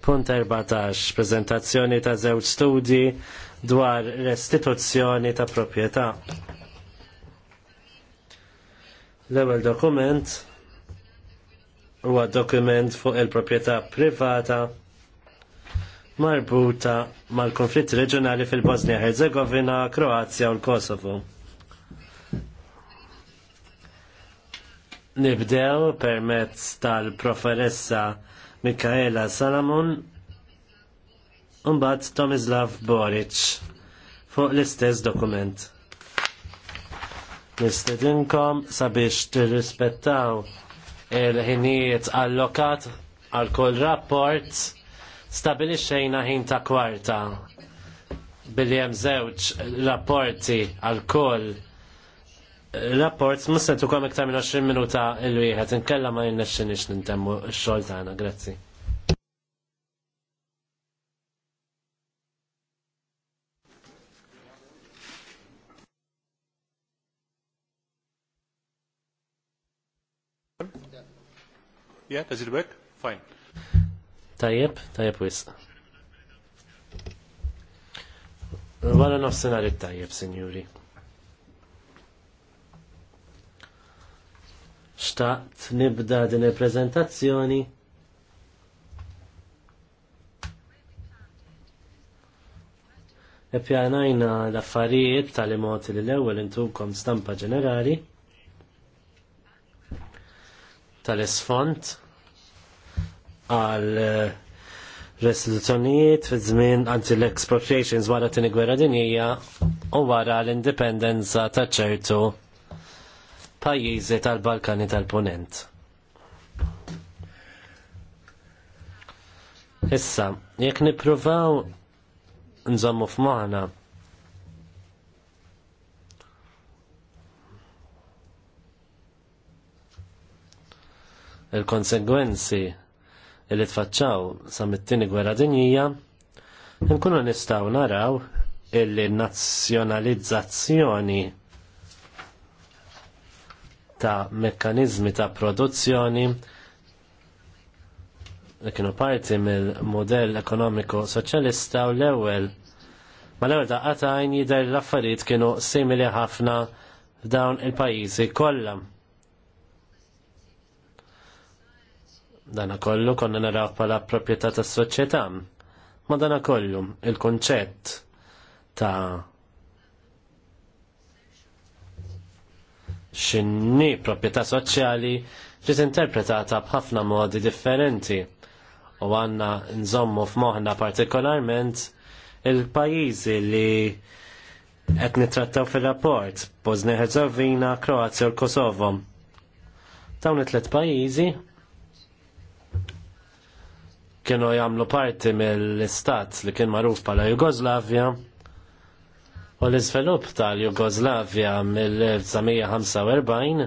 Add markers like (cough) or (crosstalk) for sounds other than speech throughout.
Punt 14. Prezentazzjoni ta' żewġ studji dwar restituzzjoni ta' proprjetà. L-ewwel dokument huwa dokument fuq il-proprjetà privata marbuta mal-konflitti reġjonali fil-Bosnia Herzegovina, Kroazja u l-Kosovo. Nibdew permezz tal proferessa Mikaela Salamon Umbat Tomislav Boric fuq l-istess dokument. Nistedinkom sabiex tirrispettaw il-ħinijiet allokat għal kull rapport stabilixxejna ħin ta' kwarta billi hemm żewġ rapporti għal kull rapport tu tukom iktar minn 20 minuta il-wieħed, inkella ma jinnexxinix nintemmu x-xogħol tagħna, grazzi. Yeah, does it work? Fine. Tajjeb, tajjeb wisq. Wara nofsinhar it-tajjeb, sinjuri. xtaqt nibda din il-prezentazzjoni Epjanajna l-affarijiet tal-imot li l-ewel intukom stampa ġenerali tal-isfont għal eh, restituzzjonijiet fi żmien anti l-expropriations wara tini gwerra dinija u wara l-indipendenza ta' ċertu pajjiżi tal-Balkani tal-Ponent. Issa, jekk nippruvaw nżommu f'moħħna il-konsegwenzi li tfaċċaw sa mit-tieni gwerra dinjija, nkunu nistgħu naraw illi nazzjonalizzazzjoni ta' mekkanizmi ta' produzzjoni li kienu parti mill-modell ekonomiku soċjalista u l-ewwel ma l-ewwel ta' qatajn jidher l-affarijiet kienu simili ħafna f'dawn il-pajjiżi kollha. Dana kollu konna naraw bħala proprjetà tas-soċjetà. Ma dana kollu il-kunċett ta' xinni proprjetà soċjali ġiet interpretata b'ħafna modi differenti u għandna nżommu f'moħħna partikolarment il-pajjiżi li qed nittrattaw fir-rapport Bosnia Herzegovina, Kroazja u l-Kosovo. Dawn it-tliet pajjiżi kienu jagħmlu parti mill-istat li kien magħruf bħala Jugoslavja U l-izvelup tal-Jugoslavja mill-1945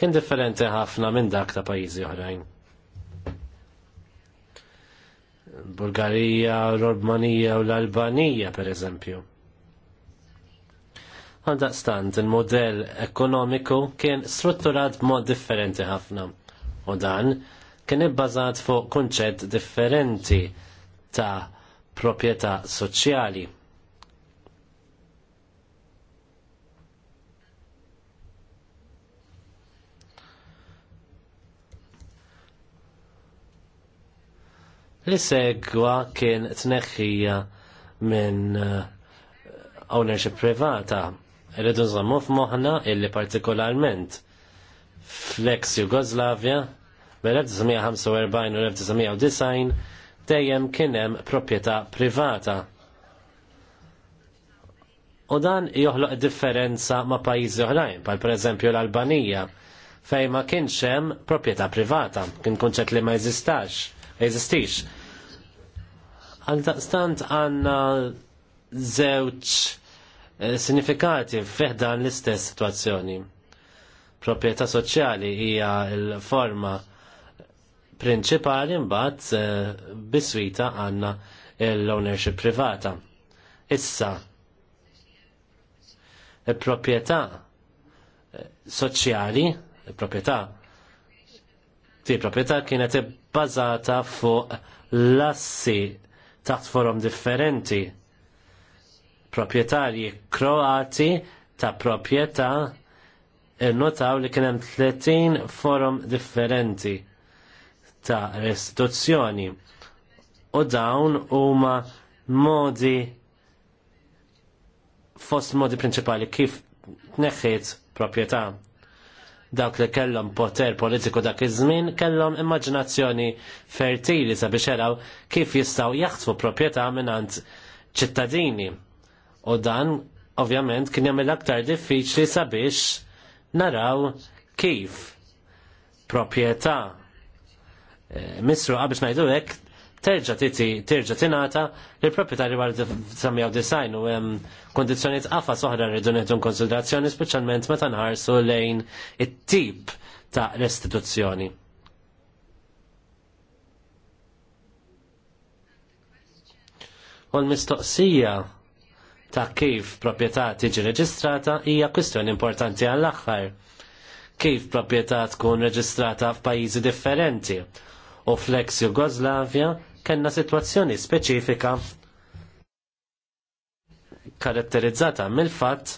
kien differenti ħafna minn dak ta' pajjiżi oħrajn. Bulgarija, l u l-Albanija, per eżempju. Għaldaqstant, il-modell ekonomiku kien strutturat b'mod differenti ħafna. U dan kien ibbażat fuq kunċett differenti ta' proprjetà soċjali. Li segwa kien tneħħija minn eh, ownership privata. Rridu nżammu f'moħħna illi partikolarment flex Jugoslavia bel-1945 mela u 1990 dejjem kien hemm proprjetà privata. U dan joħloq differenza ma' pajjiżi oħrajn, bħal pereżempju l-Albanija, fejn ma kienx hemm proprjetà privata, kien kunċett li ma jeżistax, jeżistix. Għal daqstant għandna żewġ eh, sinifikati fiħdan l-istess sitwazzjoni. Proprjetà soċjali hija l-forma prinċipali mbagħad eh, biswita għandna l-ownership privata. Issa il-proprjetà eh, soċjali, il-proprjetà ti proprjetà kienet bbażata fuq lassi taħt forum differenti. Proprjetarji kroati ta' proprjetà notaw li kien hemm 30 forum differenti ta' restituzzjoni. U dawn huma modi fost modi prinċipali kif tneħħit proprjetà dawk li kellhom poter politiku dak iż-żmien kellhom immaġinazzjoni fertili sabiex eraw kif jistgħu jaħtfu proprjetà mingħand ċittadini. U dan ovvjament kien jagħmel aktar diffiċli sabiex naraw kif proprjetà Mistru, għabix ngħidu hekk terġa titi, terġa tinata li proprietari għal samjaw design u hemm kondizjoniet għafa soħra rridu neħdu konsiderazzjoni speċjalment meta nħarsu lejn it-tip ta' restituzzjoni. U l-mistoqsija ta' kif proprjetà tiġi reġistrata hija kwistjoni importanti għall-aħħar. Kif proprjetà tkun reġistrata f'pajjiżi differenti? u flex Jugoslavja kellna sitwazzjoni speċifika karatterizzata mill-fatt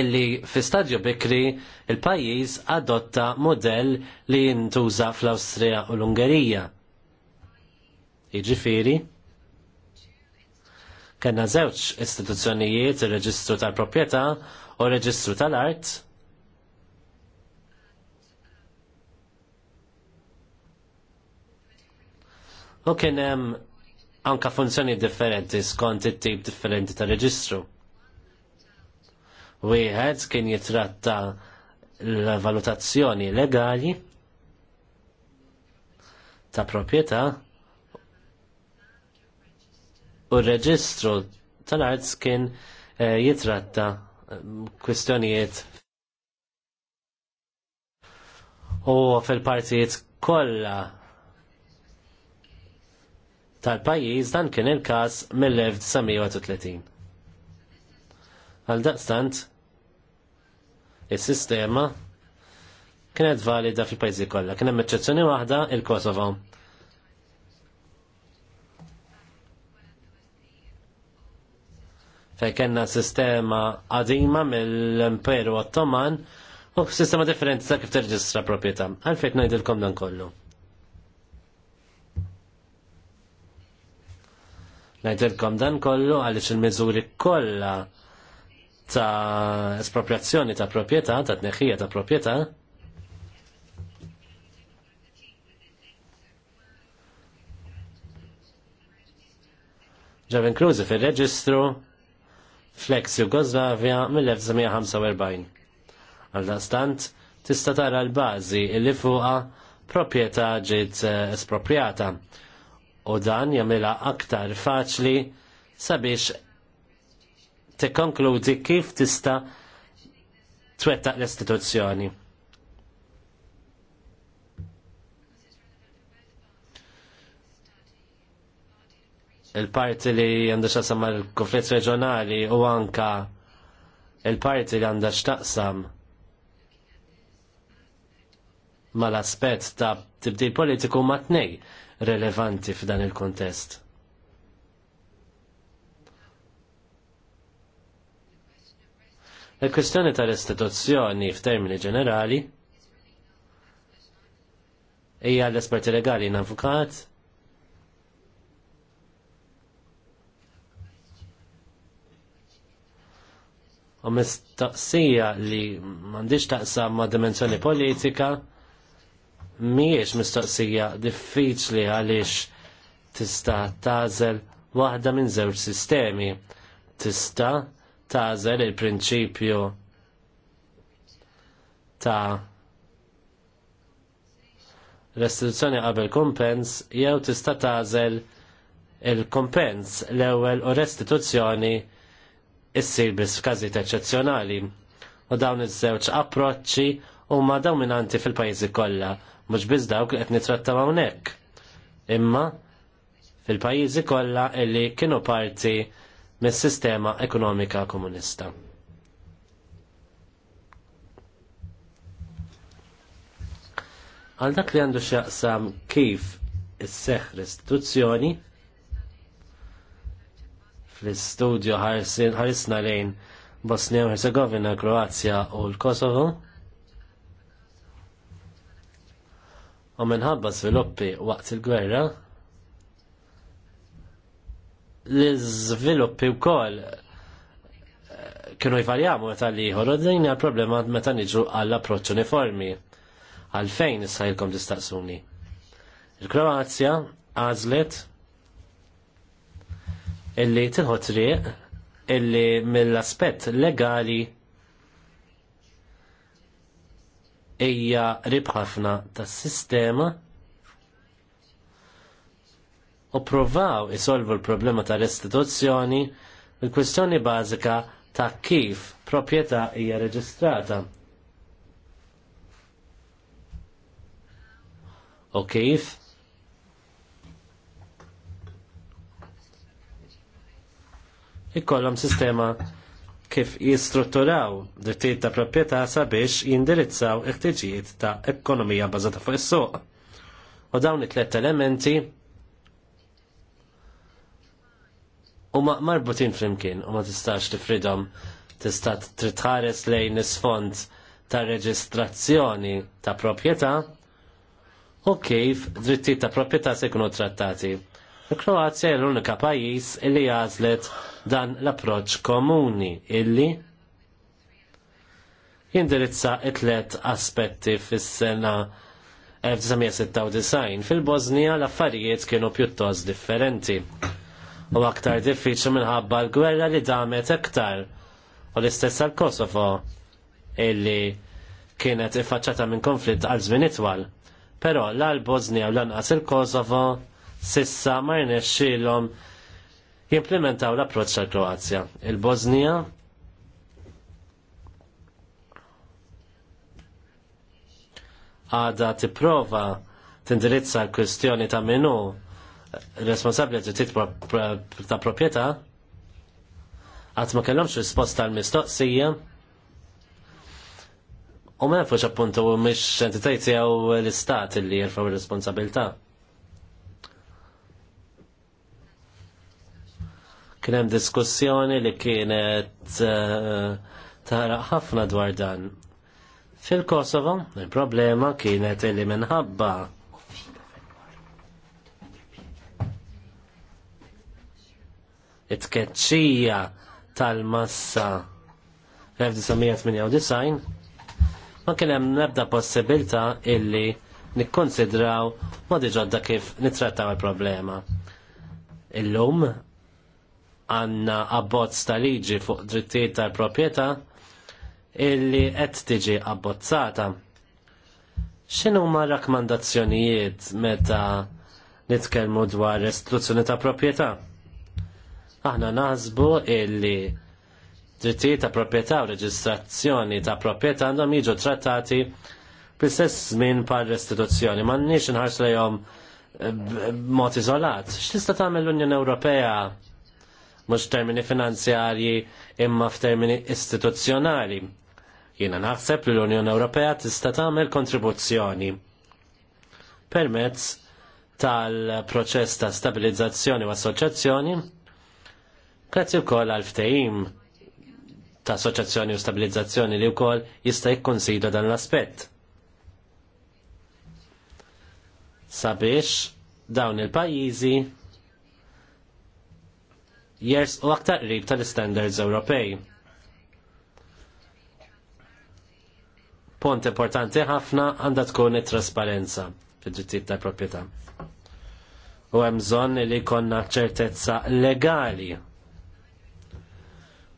illi fi stadju bikri il-pajjiż adotta modell li jintuża fl-Awstrija u l-Ungerija. Jiġifieri, kellna żewġ istituzzjonijiet ir-Reġistru tal-Proprjetà u r-Reġistru tal-Art U kien hemm anka funzjoni differenti skont it-tip differenti ta' reġistru. Wieħed kien jitratta l-valutazzjoni legali ta' proprjetà u r-reġistru tal-arts kien eh, jitratta eh, kwistjonijiet u fil-partijiet kollha tal-pajjiż dan kien il-każ mill-1930. Għal daqstant, is-sistema kienet valida fil pajzi kollha. Kien hemm eċċezzjoni waħda il-Kosovo. fej kena sistema għadima mill-Imperu Ottoman u sistema differenti ta' kif terġistra proprjetà. Għalfejn ngħidilkom dan kollu. Najdilkom dan kollu għaliex il-miżuri kollha ta' espropriazzjoni ta' proprjetà, ta' tneħħija ta' proprjetà. Ġew inklużi fir-reġistru Flex Jugoslavia mill-1945. Għal-dastant, tista tara l-bazi illi fuqa proprjetà ġiet eh, esproprijata u dan jagħmilha aktar faċli sabiex tikkonkludi kif tista' twettaq l-istituzzjoni. il-parti li għandha xaqsam mal konflitt reġjonali u anka il-parti li għandha xtaqsam mal-aspett ta' tibdil politiku ma' tnej relevanti f'dan il-kontest. Il-kwestjoni tal-istituzzjoni f'termini ġenerali hija l-esperti legali n avukat u mistaqsija li m'għandix taqsam ma' dimensjoni politika mhijiex mistoqsija diffiċli għaliex tista' tażel waħda minn żewġ sistemi. Tista' tażel il-prinċipju ta' restituzzjoni qabel kompens jew tista' tażel il-kompens l-ewwel u restituzzjoni issir biss f'każijiet eċċezzjonali. U dawn iż-żewġ approċċi huma dominanti fil-pajjiżi kollha, mhux biss dawk li qed nittrattaw hawnhekk. Imma fil-pajjiżi kollha li kienu parti mis-sistema ekonomika komunista. Għal dak li għandu xaqsam kif is-seħ restituzzjoni fl-istudju ħarisna lejn Bosnia u Herzegovina, Kroazja u l-Kosovo. U minħabba sviluppi waqt il-gwerra, li sviluppi wkoll eh, kienu jvarjamu meta li jħorru din hija problema meta niġu għall approċċ uniformi. Għalfejn issa jilkom tistaqsuni. Il-Kroazja għażlet illi tilħu triq illi mill-aspett legali Ejja rib ħafna tas-sistema u provaw isolvu l-problema ta' restituzzjoni il-kwestjoni bażika ta' kif proprjetà hija reġistrata. U kif ikollhom sistema kif jistrutturaw drittijiet ta' proprjetà sabiex jindirizzaw il-ħtiġijiet ta' ekonomija bbażata fuq is-suq. U dawn it-tlet elementi huma marbutin flimkien u ma tistax tifridhom tista' tritħares lejn isfond ta' reġistrazzjoni ta' proprjetà u kif drittijiet ta' proprjetà se jkunu trattati. Il-Kroazja hija l-unika pajjiż li għażlet dan l-approċċ komuni illi jindirizza it-tlet aspetti fis-sena 1996. Fil-Bosnija l-affarijiet kienu pjuttost differenti u aktar diffiċli minħabba l-gwerra li damet iktar u l-istess għal Kosovo illi kienet iffaċċata minn konflitt għal żmien itwal. Però l-Bosnija u lanqas il-Kosovo sissa ma jnexxilhom jimplementaw l-approċċ tal Kroazja. Il-Bosnija għada tipprova tindirizza l-kwestjoni ta' minu responsabli ġitit ta' proprjetà għat ma kellhomx risposta għal mistoqsija u ma nafux appuntu mhix entitajti jew l-istat li jerfaw ir-responsabilità. Kien hemm diskussjoni li kienet eh, tara ħafna dwar dan. Fil-Kosovo, il-problema kienet li minħabba it-tkeċċija tal-massa 1998 ma kien hemm nebda possibilità illi nikkonsidraw modi ġodda kif nittrattaw il-problema. Illum għanna abbozz ta' liġi fuq drittijiet tal-propieta illi qed tiġi abbozzata. X'inhu ma rakkomandazzjonijiet meta nitkellmu dwar restituzzjoni ta' proprjetà? Aħna naħsbu illi drittijiet ta' proprjetà u reġistrazzjoni ta' proprjetà għandhom jiġu trattati bl-istess żmien par restituzzjoni. M'għandniex nħarsu lejhom mod iżolat. X'tista' tagħmel l-Unjoni Ewropea mhux termini finanzjarji imma f'termini istituzzjonali. Jiena naħseb li l-Unjoni Ewropea tista' tagħmel kontribuzzjoni permezz tal-proċess ta' stabilizzazzjoni u assoċjazzjoni, grazzi wkoll għal ftehim ta' assoċjazzjoni u stabilizzazzjoni li wkoll jista' jikkonsidra dan l-aspett. Sabiex dawn il-pajjiżi jers u aktar qrib tal-standards Ewropej. Pont importanti ħafna għandha tkun it-trasparenza fid-drittijiet tal-proprjetà. U hemm bżonn li jkollna ċertezza legali.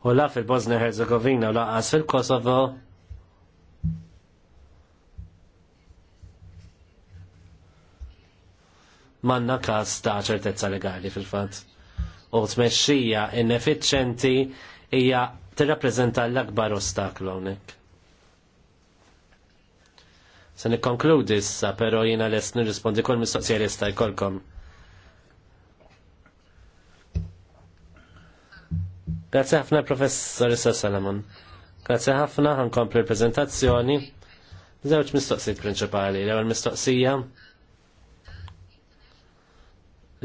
U la fil-Bosnia Herzegovina u laqas fil-Kosovo manna kas ta' ċertezza legali fil-fatt u tmexxija ineffiċċenti hija tirrappreżenta l-akbar ostaklu hawnhekk. Se nikkonkludi issa, però jiena lest nirrispondi kull mis-soċjalista jkollkom. Grazie ħafna professor Issa Salamon. Grazie ħafna ħankompli l-prezentazzjoni. Żewġ mistoqsijiet prinċipali. L-ewwel mistoqsija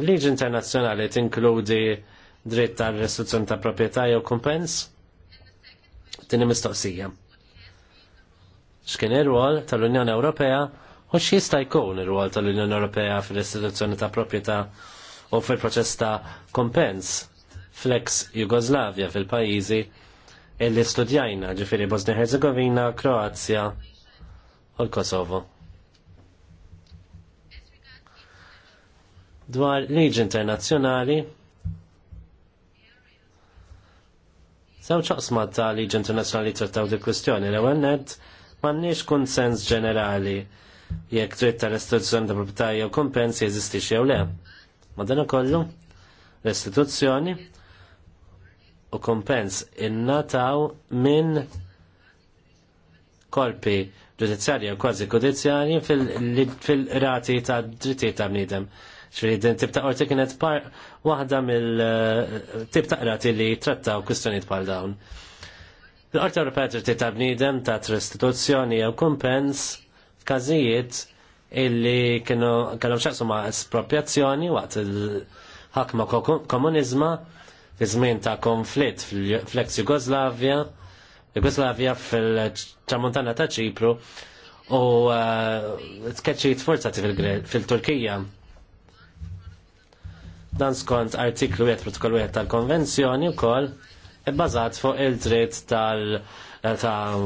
Liġi internazzjonali tinkludi dritt tal restituzzjoni ta' proprjetà jew kumpens? Tini mistoqsija. X'kien ir-rwol tal-Unjoni Ewropea u x'jista' jkun ir-rwol tal-Unjoni Ewropea fir-restituzzjoni ta' proprjetà u fil-proċess ta' kumpens flex Jugoslavja fil-pajjiżi illi studjajna ġifieri Bosnia Herzegovina, Kroazja u l-Kosovo. dwar liġi internazzjonali Sew ċaqsma ta' liġi internazzjonali trattaw di kwistjoni l ewwel nett m'għandniex konsens ġenerali jekk dritt tal-restituzzjoni ta' proprjetà jew kompensi jeżistix jew le. Madankollu, restituzzjoni u kompens innataw minn kolpi ġudizzjarji u kważi ġudizzjarji fil-rati ta' drittijiet ta' bniedem. Xri din tip kienet par waħda mill eh, tibta qrati li trattaw kwistjonijiet bħal dawn. L-Qorti Ewropea Dritti ta' Bniedem ta' restituzzjoni jew kumpens f'każijiet illi kienu kellhom xaqsu ma' espropjazzjoni waqt il-ħakma komuniżma fi żmien ta' konflitt fl-ex Jugoslavja, Jugoslavja fil-ċamuntana ta' Ċipru u eh, t-forzati forzati fil-Turkija. Dan skont artiklu 1 protokollu jett tal-konvenzjoni u koll e bazat fuq il-dritt tal- eh, ta'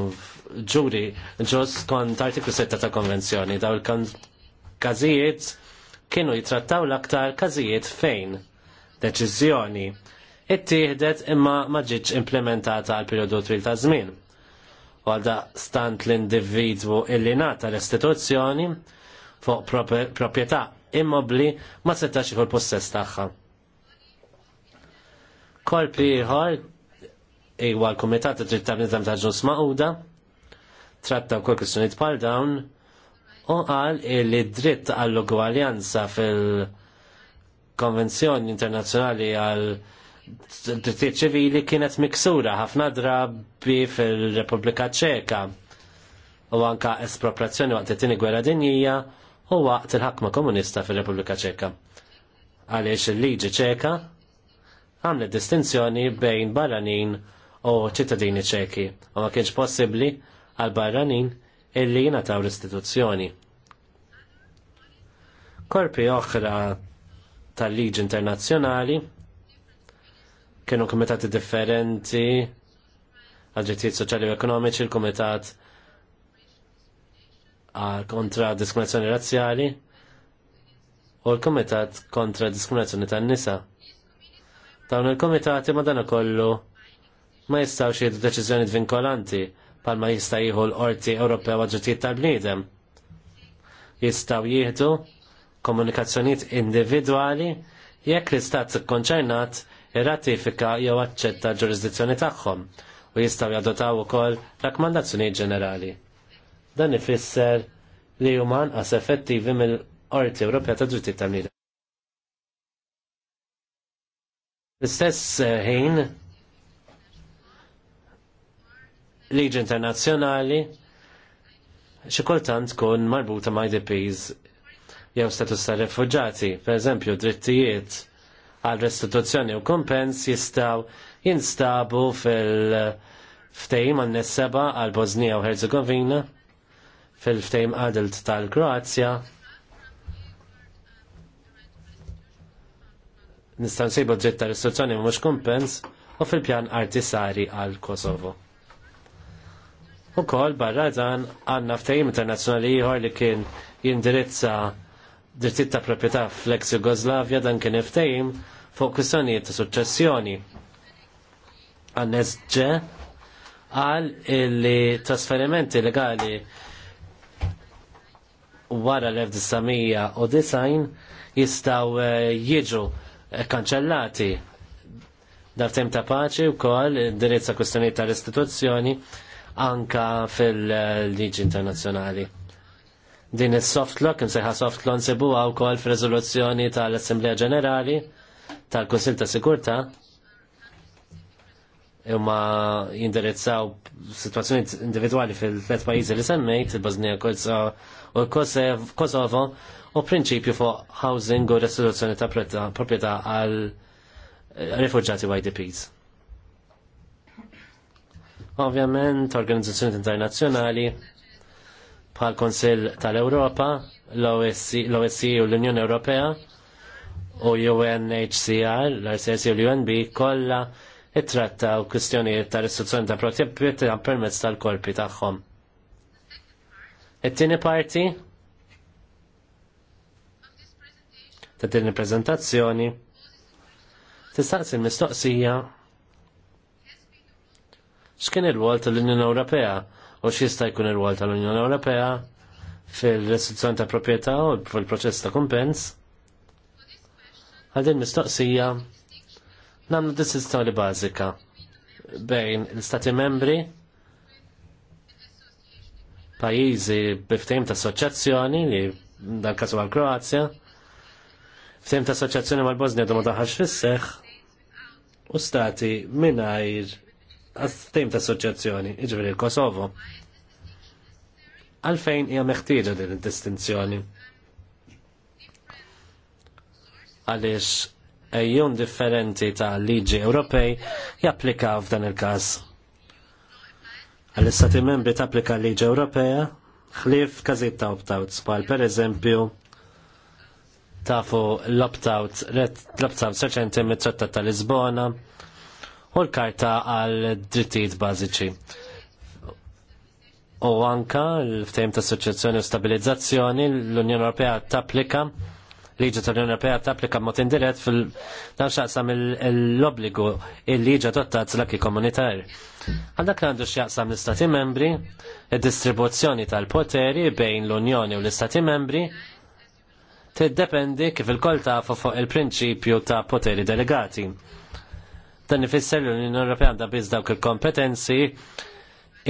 ġuri ġus kont artiklu 6 tal-konvenzjoni daw il-kazijiet kienu jitrattaw l-aktar kazijiet fejn deċiżjoni ittieħdet imma ma ġietx implementata għal perjodu twil ta' żmien. U għal stant l-individwu illi nata l-istituzzjoni fuq proprjetà immobli ma setax jħol possess tagħha. Korp ieħor iwa l-Kumitat trid tal-Nizam ta' Ġus Maquda tratta wkoll kwistjonijiet bħal dawn u qal li dritt għall-ugwaljanza fil-Konvenzjoni Internazzjonali għal drittijiet ċivili kienet miksura ħafna drabi fil-Repubblika Ċeka u anka espropriazzjoni waqt it-tieni gwerra dinjija Huwa waqt ħakma komunista fil-Repubblika Ċeka. Għaliex il-liġi ċeka għamlet distinzjoni bejn barranin u ċittadini ċeki u ma kienx possibbli għal barranin illi jingħataw l-istituzzjoni. Korpi oħra tal-liġi internazzjonali kienu komitati differenti għal ġittijiet soċjali u ekonomiċi, il-komitat kontra diskriminazzjoni razzjali u l-Komitat kontra diskriminazzjoni tan-nisa. Dawn il-Komitati dan kollu ma jistaw jiedu deċiżjoni vinkolanti palma jista' jieħu l-Qorti Ewropea għad tal-Bniedem. Jistaw jieħdu komunikazzjonijiet individwali jekk l-istat konċernat irratifika jew aċċetta ġurisdizzjoni tagħhom u jistgħu jadotaw ukoll rakkomandazzjonijiet ġenerali. Dan ifisser li huma anqas effettivi mill-Qorti Ewropea ta' Drittijiet tal-Nida. L-istess eh, ħin liġi internazzjonali xi kultant tkun marbuta ma' IDPs jew status ta' refugġati, per eżempju drittijiet għal restituzzjoni u kompens jistaw jinstabu fil-ftejim għal nesseba għal Bosnija u Herzegovina fil-ftejm adult tal-Kroazja nistan sejbu dritt ta' istruzzjoni mhux kumpens u fil-pjan artisari għal Kosovo. U kol barra dan għanna ftejm internazzjonali ieħor li kien jindirizza drittijiet ta' proprjetà flex Jugoslavja dan kien ftejm fuq kwistjonijiet ta' suċċessjoni. Għannes ġe għal il-trasferimenti legali wara l-1990 jistaw eh, jiġu eh, kanċellati dar-tem ta' paċi u kol dirizza kustjoni ta' restituzzjoni anka fil-liġi internazjonali. Din is-soft law, kim seħa soft law kol wkoll f'riżoluzzjoni tal-Assemblea Ġenerali tal-Kunsil ta' Sigurtà imma jindirizzaw situazzjoni individuali fil-tlet pajizi li semmejt, il-Bosnija u l-Kosovo, u prinċipju fuq housing u restituzzjoni ta' proprjetà għal eh, rifugġati YDPs. Ovvjament, organizzazzjoni internazzjonali bħal Konsil tal-Europa, l osc u l-Unjoni Ewropea u UNHCR, l-RCS u l-UNB kollha ittrattaw kwistjonijiet ta' restrizzjoni ta' ta' permezz tal-korpi tagħhom. It-tieni parti ta' din il-preżentazzjoni tistaqsi l-mistoqsija x'kien ir-rwol tal-Unjoni Ewropea u x'jista' jkun ir-rwol tal-Unjoni Ewropea fil-restrizzjoni ta' proprjetà u fil-proċess ta' kumpens. Għal din mistoqsija Nannu distinzjoni bażika bejn l-Stati membri pajizi b'ftim ta' soċazzjoni li dan kasu għal Kroazja, ftehim ta' assoċjazzjoni mal-Bosnia d daħħax fisseħ u stati minnajr għal-ftim ta' assoċjazzjoni, iġveri il-Kosovo. Għalfejn hija meħtieġa din id-distinzjoni. Għalix ejjun differenti ta' liġi Ewropej japplika f'dan il-każ. Għall-istati membri tapplika liġi Ewropea ħlief każijiet ta' opt-outs, bħal pereżempju tafu l-opt-out, l-opt-out reċenti mit tratta ta' Lisbona u l-karta għal drittijiet bażiċi. U anka l-ftejm ta' soċjazzjoni u stabilizzazzjoni l-Unjoni Ewropea tapplika liġi tal-Unjoni Ewropea tapplika mod indirett fil-dan xaqsam l-obbligu il-liġi adottat l-akki komunitar. Għal dak għandu x'jaqsam l-Istati membri, id-distribuzzjoni tal-poteri bejn l-Unjoni u l-Istati membri tiddependi kif il-kol ta' fuq il-prinċipju ta' poteri delegati. Dan ifisser l-Unjoni Ewropea għandha biss dawk il-kompetenzi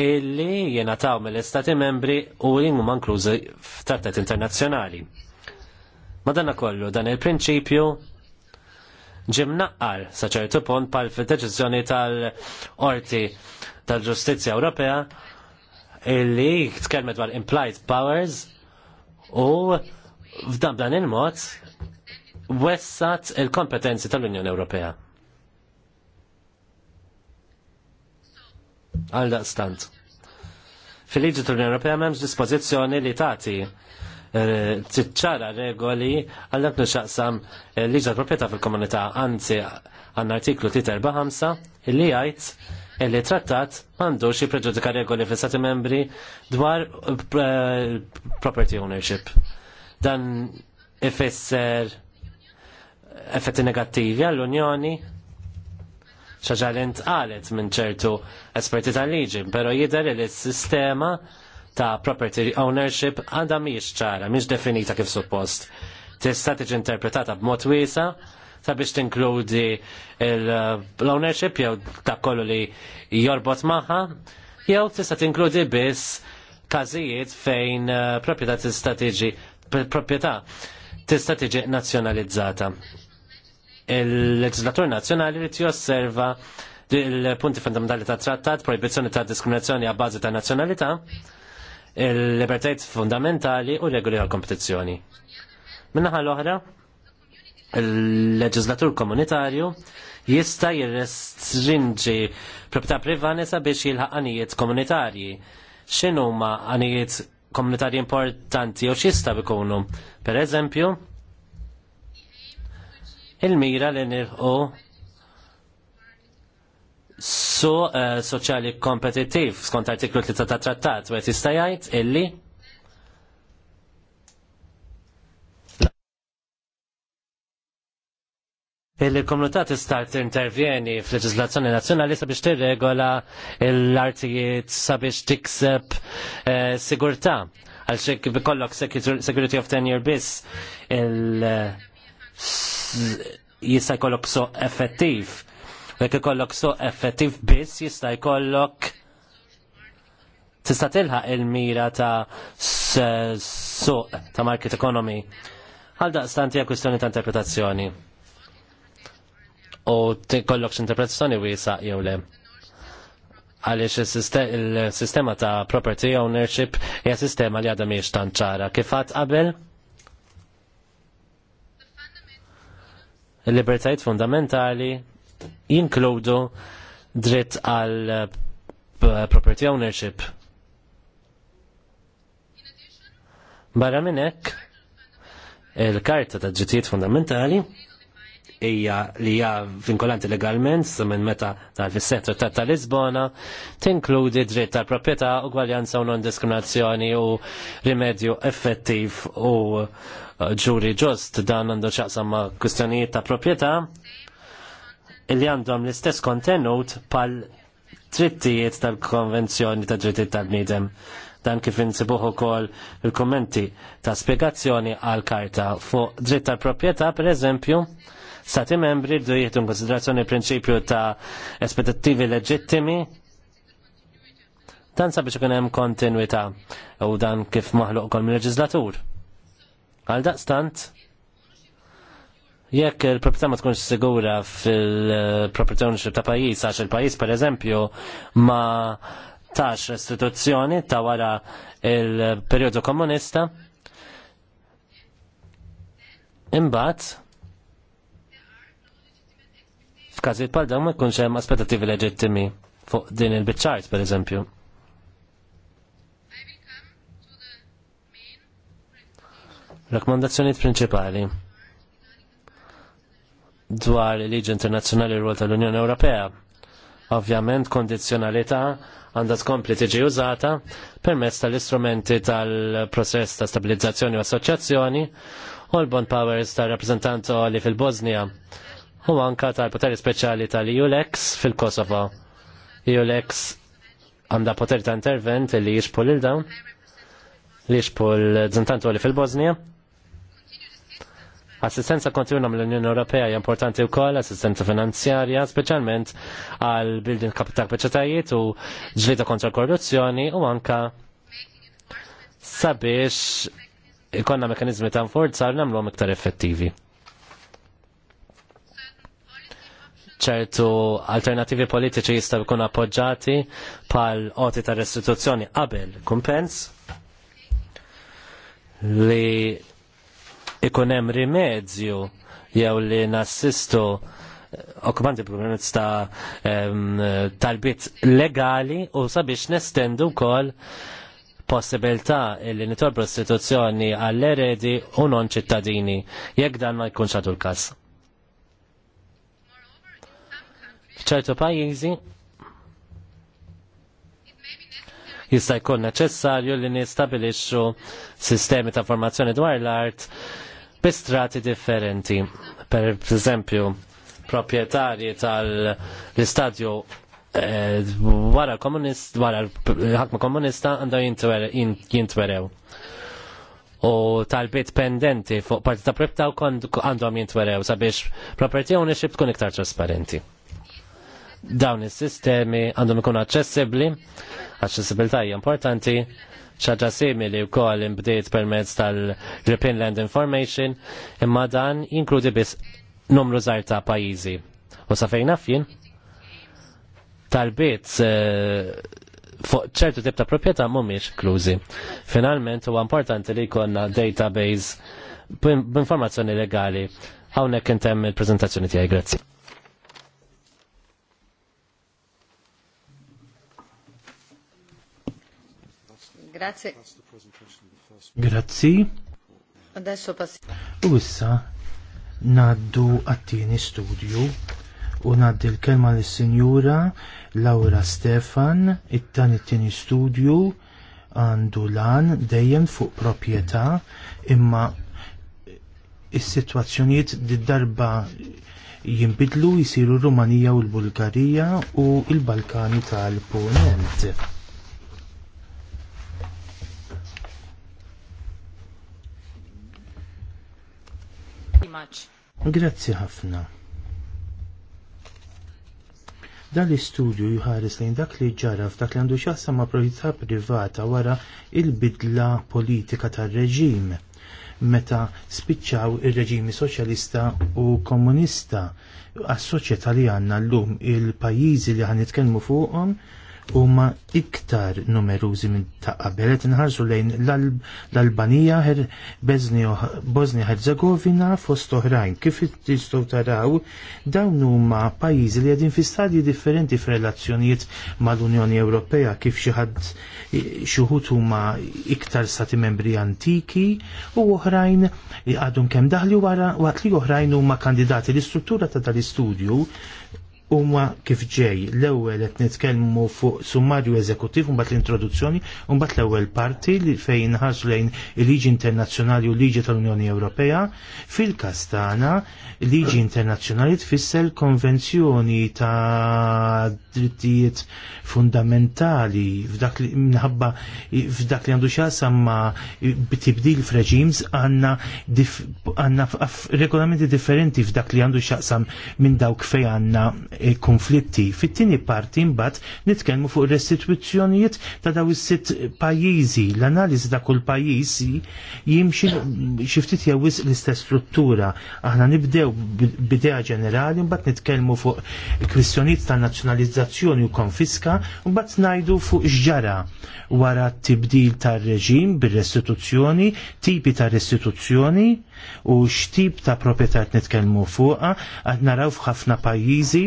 illi jenataw mill-Istati membri u li huma inklużi f'trattat internazzjonali. Madonna kollu, dan il-prinċipju ġim naqqal saċertu punt pal deċizjoni tal-Orti tal-Ġustizja Ewropea illi tkellmet dwar implied powers u f'dan dan il-mod wessat il-kompetenzi tal-Unjoni Ewropea. Għal daqstant. Fil-liġi tal-Unjoni Ewropea memx dispozizjoni li tati Eh, titċara regoli għal dak xaqsam eh, liġa proprjetà fil-komunità anzi għan artiklu 345 illi jgħid illi trattat għandu xie preġudika regoli fil stati membri dwar eh, property ownership. Dan ifisser effetti negattivi għall-Unjoni xaġa int ntqalet minn ċertu esperti tal-liġi, pero jidher li s-sistema ta' property ownership għandha miex ċara, miex definita kif suppost. Tista' tiġi interpretata b'mod wiesa sabiex tinkludi uh, l-ownership jew ta' kollu li jorbot magħha, jew tista' tinkludi biss każijiet fejn uh, proprjetà tista' tiġi proprjetà tista' tiġi nazzjonalizzata. Il-leġislatur nazzjonali li josserva il-punti fundamentali ta' trattat, proibizzjoni ta' diskriminazzjoni għal bażi ta' nazzjonalità, il-libertajt fundamentali u regoli għal kompetizzjoni. Minnaħa l-oħra, il-leġislatur komunitarju jista' jirrestringi proprjetà privanesa biex jilħaq għanijiet komunitarji. Xinu ma għanijiet komunitarji importanti u x'jista' ikunu? Per eżempju, il-mira li nilħu su eh, soċjali kompetitiv skont artiklu 3 ta' trattat u qed jista' jgħid illi Il-komunità tista' intervjeni f'leġislazzjoni nazzjonali sabiex tirregola l-artijiet sabiex tikseb eh, sigurtà għal xek bikollok security of tenure biss il jista' jkollok so effettiv Jekk ikollok so effettiv biss jista' jkollok tista' tilħaq il-mira ta' suq ta' market economy. Għal daqstant hija kwistjoni ta' interpretazzjoni. U tkollokx interpretazzjoni wiesa' jew le għaliex il-sistema ta' property ownership hija sistema li għadha miex tant ċara. Kif għad qabel? Il-libertajt fundamentali jinkludu dritt għal eh, property ownership. Barra minn hekk, il-karta ta' ġittijiet fundamentali hija li hija vinkolanti legalment minn meta tal fis-settur ta' tal-Lisbona tinkludi dritt tal-proprjetà, ugwaljanza u non-diskriminazzjoni u rimedju effettiv u eh, ġuri ġust dan għandu xaqsam ma' kwistjonijiet ta' proprjetà Illi għandhom l-istess kontenut pal trittijiet tal-konvenzjoni ta' drittijiet tal-bnidem. Dan kif insibuħu kol il-kommenti ta' spiegazzjoni għal-karta fuq dritt tal-propieta, per eżempju, stati membri rridu jieħdu konsiderazzjoni prinċipju ta' espettattivi leġittimi dan sabiex ikun hemm kontinwità u dan kif maħluq ukoll mil leġislatur Għal daqstant, jekk il-proprietà ma tkunx sigura fil-proprietà ownership ta' pajjiż għax il-pajjiż pereżempju ma tax restituzzjoni ta' wara il-perjodu komunista. Imbagħad f'każijiet bħal dawn ma jkunx hemm aspettattivi leġittimi fuq din il-biċċart pereżempju. Rakkomandazzjonijiet prinċipali dwar il-liġi internazzjonali r tal-Unjoni Ewropea. Ovvjament kondizjonalità għandha tkompli tiġi użata permezz tal-istrumenti tal-process ta' stabilizzazzjoni u assoċjazzjoni u l-bond powers tal-rappresentant li fil bosnia u anka tal-poteri speċjali tal-EULEX fil-Kosovo. EULEX għandha poteri ta' intervent li jixpul il-dawn li jixpul zintantu li fil bosnia Assistenza kontinua mill-Unjoni Ewropea hija importanti wkoll, assistenza finanzjarja, speċjalment għal building kapital peċetajiet u ġlida kontra korruzzjoni u anka sabiex ikonna mekanizmi ta' forza nagħmluhom iktar effettivi. ċertu alternativi politiċi jistaw ikun appoġġati pal oti ta' restituzzjoni qabel kumpens li ikun hemm rimedju jew li nassistu okkupanti permezz ta' talbit legali u sabiex nestendu wkoll possibilità li nitol prostituzzjoni għall-eredi u non ċittadini, jekk dan ma jkunx għadu l-kas. ċertu pajjiżi jista' jkun neċessarju li nistabilixxu sistemi ta' formazzjoni dwar l-art bi strati differenti. Per eżempju, proprietarji tal-istadju eh, wara komunist, wara ħakma komunista għandu jintwerew. U tal-bit pendenti fuq parti ta' prepta u għandhom jintwerew sabiex property ownership tkun iktar trasparenti. Dawn is-sistemi għandhom ikun aċċessibbli, aċċessibilità hija importanti, ċaġa simili u koll imbdiet permezz tal-European Land Information imma dan jinkludi biss numru żgħar ta' pajjiżi. U sa fejn jien? Tal-bit eh, fuq ċertu tip ta' proprjetà mhumiex klużi. Finalment huwa importanti li jkollna database b'informazzjoni legali. Hawnhekk intemm il-preżentazzjoni tiegħi, grazzi. Grazie. Grazzi. Adesso passiamo. U issa naddu għattini studju u il l-kelma l-Sinjura Laura Stefan, it tani it-tini studju għandu lan dejjem fuq proprjetà imma is-sitwazzjonijiet d-darba jimbidlu jisiru Rumanija u l-Bulgarija u l-Balkani tal-Punent. Grazzi ħafna. Dan l-istudju jħares lejn dak li ġara f'dak li għandu xassa ma' proprietà privata wara il-bidla politika tar-reġim meta spiċċaw ir-reġimi soċjalista u komunista għas-soċjetà li għandna llum il-pajjiżi li ħanitkellmu fuqhom huma iktar numerużi minn ta' qabel nħarsu inħarsu lejn l-Albanija, Bosnia Herzegovina fost oħrajn. Kif tistgħu taraw dawn huma pajjiżi li qegħdin fi stadji differenti f'relazzjonijiet mal-Unjoni Ewropea kif xi ħadd xi huma iktar stati membri antiki u oħrajn għadhom kemm daħli wara waqt li oħrajn huma kandidati l-istruttura ta' tal-istudju huma kif ġej. L-ewwel qed nitkellmu fuq summarju eżekuttiv mbagħad l-introduzzjoni u mbagħad l-ewwel parti li fejn ħarsu lejn il-liġi internazzjonali u l-liġi tal-Unjoni Ewropea. Fil-Kastana, liġi internazzjonali tfisser konvenzjoni ta' drittijiet fundamentali f'dak li minħabba f'dak li għandu xasam ma' tibdil f'reġims għandna għandna regolamenti differenti f'dak li għandu xaqsam minn dawk fej għandna konflitti. Fit-tieni parti mbagħad nitkellmu fuq restituzzjonijiet ta' daw is-sitt pajjiżi. L-analiżi ta' kull pajjiż jimxi xi ftit jewis l-istess struttura. Aħna nibdew bidea ġenerali mbagħad nitkellmu fuq kwistjonijiet ta' nazzjonalizzazzjoni u konfiska u mbagħad ngħidu fuq x'ġara wara t-tibdil tar-reġim bir-restituzzjoni, tipi ta' restituzzjoni u x'tip ta' proprjetà nitkellmu fuqha, qed naraw f'ħafna pajjiżi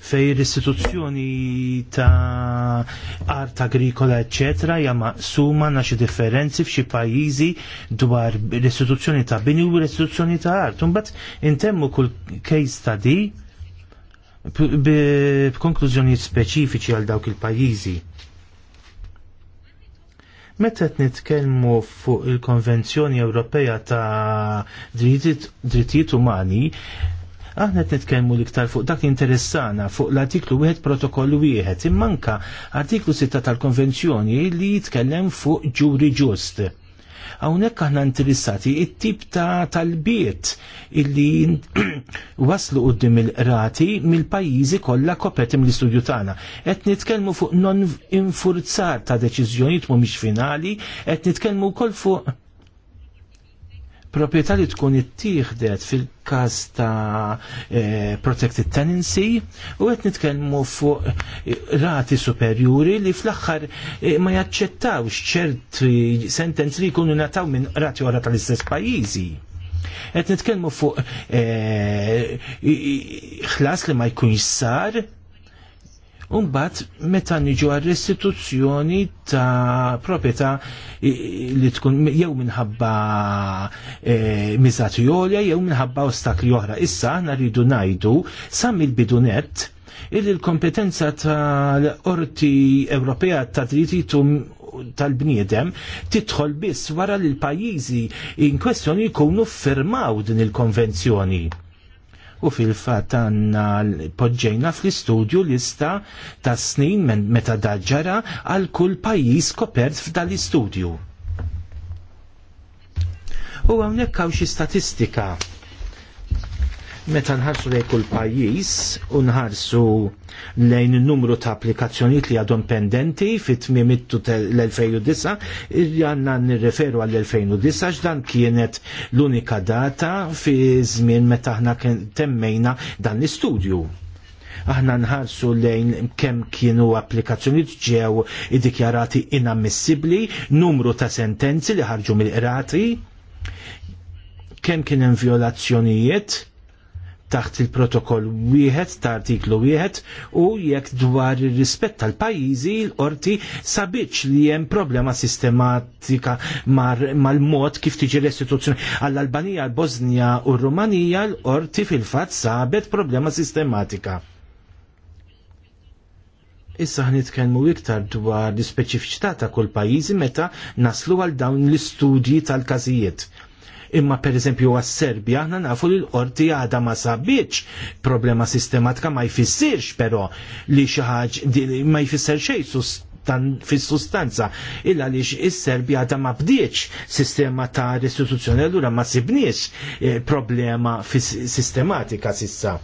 fej l-istituzzjoni ta' art agrikola eccetera ja maqsuma na xi differenzi f'xi pajjiżi dwar l-istituzzjoni ta' bini u l-istituzzjoni ta' art. Imbagħad intemmu kull case study b'konklużjoni speċifiċi għal dawk il-pajjiżi. Meta qed nitkellmu fuq il-Konvenzjoni Ewropea ta' Drittijiet Umani, Aħna qed nitkellmu l-iktar fuq dak interessana fuq l-artiklu wieħed protokollu wieħed immanka artiklu 6 tal-konvenzjoni li jitkellem fuq ġuri ġust. Hawnhekk aħna interessati it-tip ta' tal-biet illi (clears throat) waslu quddiem il-rati mill-pajjiżi kollha kopet l-istudju tagħna. Qed nitkellmu fuq non infurzar ta' deċiżjonijiet mhumiex finali, qed nitkellmu wkoll fuq proprjetà li tkun ittieħdet fil-każ ta' eh, protected tenancy u qed nitkellmu fuq eh, rati superjuri li fl-aħħar eh, ma jaċċettawx ċerti sentenzi li jkunu nataw minn rati ora tal-istess pajjiżi. Qed nitkellmu fuq ħlas li ma jkunx sar Umbat, meta niġu għal restituzzjoni ta' proprjetà li tkun jew minħabba e, eh, jolja jew minħabba ostakli oħra. Issa aħna rridu ngħidu sa mill-bidunet illi l-kompetenza tal-Orti Ewropea ta' Drititu tal-bniedem titħol biss wara li l-pajjiżi in kwestjoni jkunu firmaw din il-konvenzjoni u fil-fat għanna podġejna fl-istudju lista ta' snin meta daġġara għal kull pajis kopert f'dal-istudju. U għawnek għaw xi statistika Meta nħarsu lejn kull pajjiż u nħarsu lejn numru ta' applikazzjonijiet li għadhom pendenti fit tmiemittu l-2009, għandna nirreferu għall-2009 x'dan kienet l-unika data fi żmien meta aħna temmejna dan l-istudju aħna nħarsu lejn kemm kienu applikazzjonijiet ġew iddikjarati inammissibbli, numru ta' sentenzi li ħarġu mill-qrati, kemm kien hemm violazzjonijiet taħt il-protokoll wieħed ta' artiklu wieħed u jekk dwar ir-rispett tal-pajjiżi l-qorti sabiċ li hemm problema sistematika mal-mod kif tiġi restituzzjoni għall-Albanija, l-Bosnija u r-Rumanija l-qorti fil-fatt sabet problema sistematika. Issa ħnitkellmu iktar dwar l-ispeċifiċità ta' kull pajjiżi meta naslu għal dawn l-istudji tal-każijiet. Imma pereżempju għas-Serbja aħna nafu li l-qorti għadha ma sabiċ problema sistematika ma jfissirx però li xi ħaġa ma jfisser xejn fis-sustanza illa għaliex is-Serbja ta' ma bdiċ sistema ta' restituzzjoni allura ma sibniex eh, problema sistematika sissa.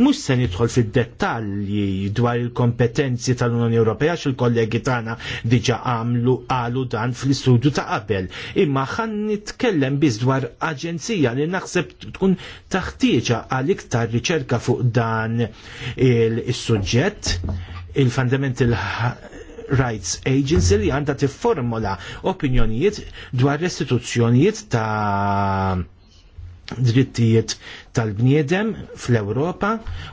Mhux se nidħol fid-dettalji dwar il-kompetenzi tal-Unjoni Ewropea x'il-kollegi tagħna diġà għamlu qalu dan fl-istudju ta' qabel. Imma ħan nitkellem biss dwar aġenzija li naħseb tkun taħtieġa għal iktar riċerka fuq dan il-suġġett il-fundamental Rights Agency li għandha tifformula opinjonijiet dwar restituzzjonijiet ta' drittijiet tal-bniedem fl-Ewropa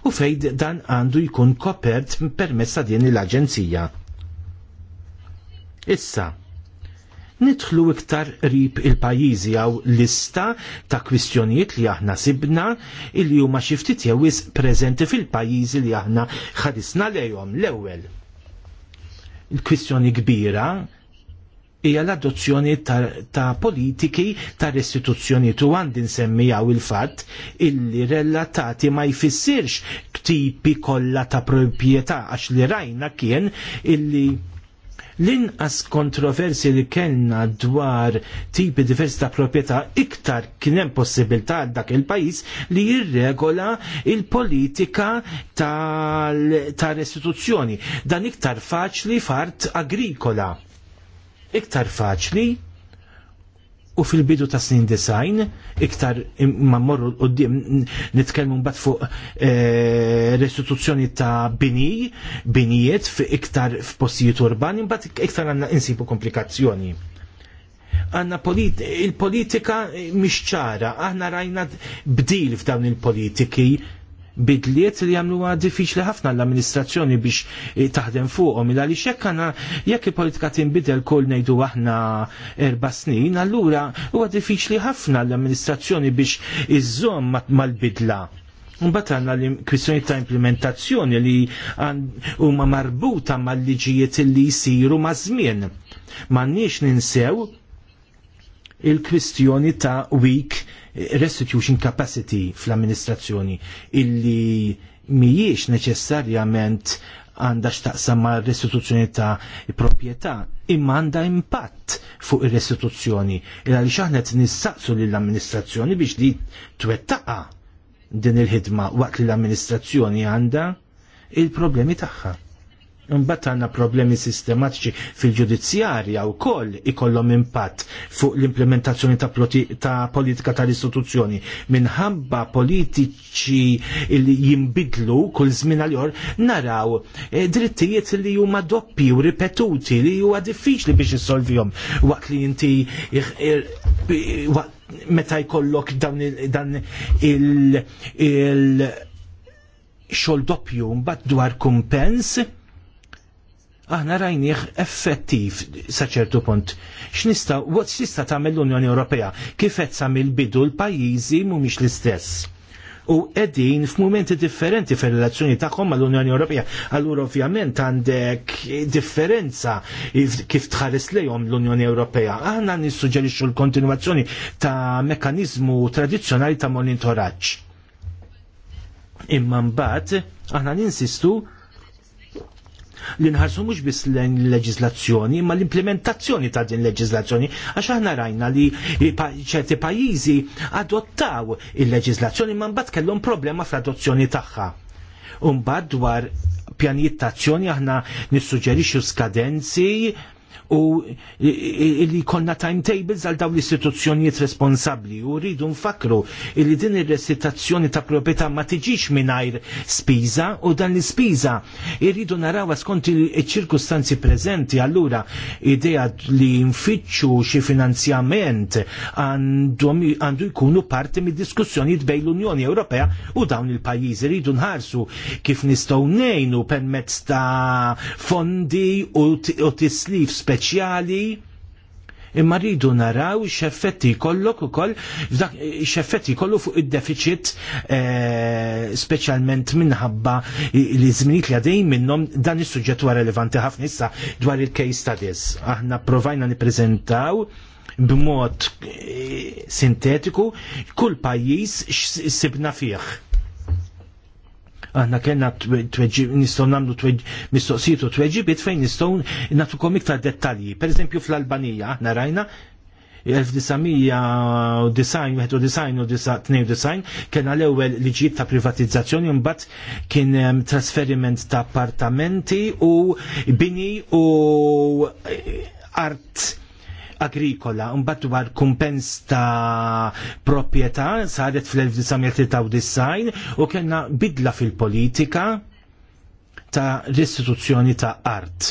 u fejn dan għandu jkun kopert permessa din l-Aġenzija. Issa, nidħlu iktar rib il-pajizi għaw lista ta' kwistjonijiet li aħna sibna il-li huma xiftit jewis prezenti fil-pajizi li aħna ħadisna lejhom l-ewwel kwistjoni kbira hija l-adozzjoni ta', ta politiki ta' restituzzjoni tu għandi nsemmijaw il-fatt illi relatati ma jfissirx ktipi kollha ta' proprjetà għax li rajna kien illi L-inqas kontroversi li kellna dwar tipi diversi ta' proprjetà iktar kien hemm possibilità dak il-pajjiż li jirregola il-politika ta' restituzzjoni. Dan iktar faċli fart agrikola. Iktar faċli u fil-bidu ta' snin design, iktar ma' morru qoddim nitkellmu mbagħad fuq eh, restituzzjoni ta' bini, binijiet iktar f'postijiet urbani, mbagħad iktar għandna insibu komplikazzjoni. Għanna il-politika eh, mhix ċara, aħna rajna bdil f'dawn il-politiki bidliet li għamluwa diffiċli ħafna l-amministrazzjoni biex eh, taħdem fuqhom il għaliex jekk għandna jekk il-politika tinbidel kol nejdu aħna erba' snin, allura huwa diffiċli ħafna l-amministrazzjoni biex iżżomm mal-bidla. Mbagħad għandna li kwistjoni ta' implementazzjoni li huma marbuta mal-liġijiet li jsiru ma' żmien. M'għandniex ninsew il-kwistjoni ta' week restitution capacity fl-amministrazzjoni illi mijiex neċessarjament għandha x'taqsam ma' restituzzjoni ta' proprjetà imma għandha impatt fuq ir-restituzzjoni il għaliex aħna qed nissaqsu lill-amministrazzjoni biex li twettaqa din il-ħidma waqt li l-amministrazzjoni għandha il-problemi tagħha. Mbagħad għandna problemi sistematiċi fil-ġudizzjarja wkoll ikollhom impatt fuq l-implementazzjoni ta', ta politika tal-istituzzjoni minħabba politiċi li jinbidlu kull żmien għal naraw eh, drittijiet li huma doppi u ripetuti li huwa diffiċli biex issolvihom waqt li inti eh, eh, meta jkollok dan il- xol doppju mbagħad dwar kumpens aħna rajnieħ effettiv saċertu punt. X'nista' what tista' tagħmel l-Unjoni Ewropea kif qed samil bidu l-pajjiżi mhumiex l-istess. U qegħdin f'mumenti differenti fir-relazzjoni tagħhom mal-Unjoni Ewropea. Allura ovvjament għandek differenza kif tħares lejhom l-Unjoni Ewropea. Aħna nissuġġerixxu l-kontinwazzjoni ta' mekkaniżmu tradizzjonali ta' monitoraġġ. Imma mbagħad aħna ninsistu li nħarsu mhux bis l leġizlazzjoni ma l-implementazzjoni ta' din leġiżlazzjoni għax aħna rajna li ċerti pajjiżi adottaw il leġizlazzjoni ma mbagħad kellhom problema fl-adozzjoni tagħha. Umbagħad dwar pjanijiet ta' azzjoni aħna nissuġġerixxu skadenzi u li konna timetables għal dawn l-istituzzjonijiet responsabbli u rridu nfakru li din ir resitazzjoni ta' proprjetà ma tiġix mingħajr spiża u dan l-ispiża irridu narawha skont il-ċirkustanzi preżenti allura idea li nfittxu xi finanzjament għandu jkunu parti mid-diskussjoni bejn l-Unjoni Ewropea u dawn il-pajjiżi rridu nħarsu kif nistgħu ngħinu permezz ta' fondi u tislifs speċjali imma rridu naraw x'effetti jkollok ukoll x'effetti jkollu fuq id-deficit eh, speċjalment minħabba li żminijiet li għaddej minnhom dan is-suġġett huwa relevanti ħafna issa dwar il-case studies. Aħna provajna nippreżentaw b'mod eh, sintetiku kull pajjiż x'sibna fih Aħna kellna nistgħu nagħmlu mistoqsitu u tweġibiet fejn nistgħu nagħtukom iktar dettalji. Pereżempju fl-Albanija aħna rajna 1992 kena l-ewel liġijiet ta' privatizzazzjoni mbagħad kien ehm, trasferiment ta' appartamenti u bini u eh, art agrikola, mbagħad dwar kumpens ta' proprjetà saret fl-1993 u kellna bidla fil-politika ta' restituzzjoni ta' art.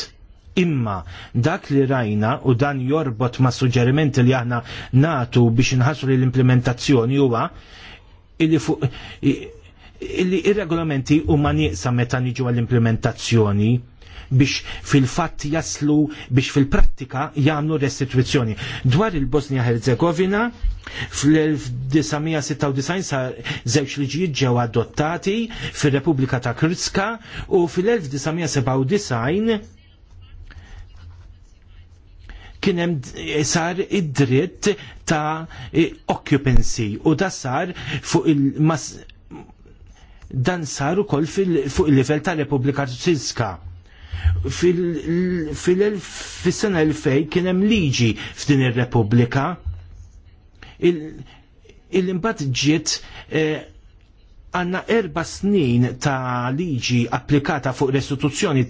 Imma dak li rajna u dan jorbot ma' suġġerimenti li aħna natu biex inħassu l-implementazzjoni huwa illi fuq illi ir-regolamenti huma nieqsa meta niġu għall-implementazzjoni biex fil-fatt jaslu biex fil-prattika jagħmlu restituzzjoni. Dwar il-Bosnia Herzegovina fl-1996 sa żewġ liġijiet ġew adottati fir-Repubblika ta' Kritska u fil-1997 kien hemm sar id-dritt ta' e, occupancy u da sar fuq il-mas dan sar ukoll fuq il-livell ta' Repubblika Ċiska fil-sena fil, fil kien hemm liġi f'din ir-Repubblika il-imbat il ġiet eh, għanna eh, erba snin ta' liġi applikata fuq restituzzjoni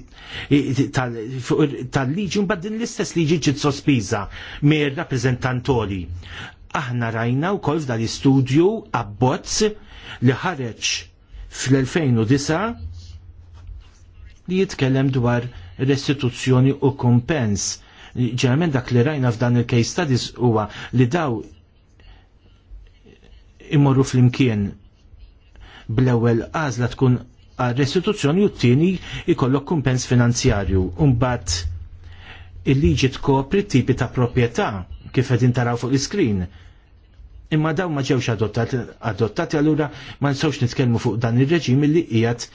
tal-liġi ta mbagħad din l-istess liġi ġiet sospiża mir rappreżentantoli. Aħna rajna wkoll kolf dal istudju abbozz li ħareġ fl-2009 li jitkellem dwar restituzzjoni u kumpens. Ġermen dak li rajna f'dan il-case studies huwa li daw imorru fl-imkien bl-ewwel għażla tkun għal restituzzjoni u t-tieni ikollok kumpens finanzjarju. Umbat il-liġi tkopri tipi ta' proprjetà kif qed intaraw fuq l-iskrin. Imma daw ma ġewx adottati, adottati allura ma nsawx nitkellmu fuq dan ir-reġim li qiegħed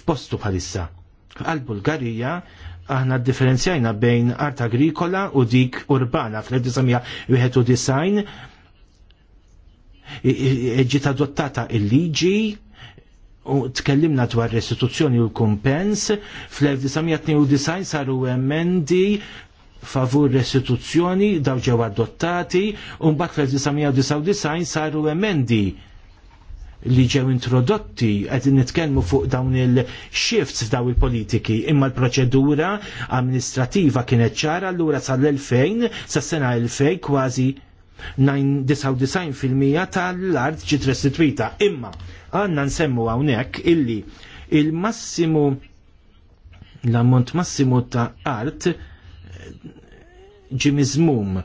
f'postu bħalissa. Għal-Bulgarija aħna differenzjajna bejn art agrikola u dik urbana fl-1991 ġiet adottata il-liġi u tkellimna dwar restituzzjoni u kumpens fl-1992 saru emendi favur restituzzjoni daw ġew adottati u mbagħad fl-1999 saru emendi li ġew introdotti qed nitkellmu fuq dawn il-shifts f'daw il-politiki imma l-proċedura amministrativa kienet ċara allura sal-2000 sas-sena 2000 kważi 99% tal-art ġiet restituita. Imma għandna nsemmu hawnhekk illi il-massimu l-ammont massimu ta' art ġimizmum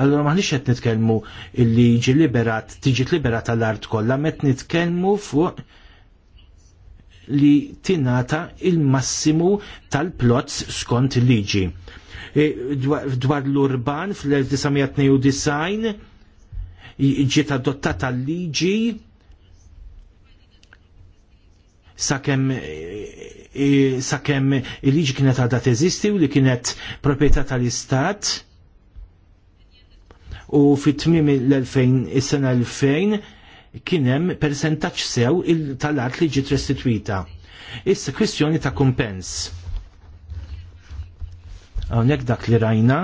Allora maħniex qed nitkellmu illi ġi liberat, tiġi liberat għall art kollha, met nitkellmu fuq li tinata il-massimu tal-plots skont liġi. E, dwar l-urban fl-1992 ġiet adottata liġi sakemm e, sakemm il-liġi kienet għadha teżisti u li kienet proprjetà tal-istat u fit-tmim l-2000 is-sena 2000 kienem percentaċ sew tal-art li ġiet restituita. Issa kwistjoni ta' kumpens. Hawnhekk dak li rajna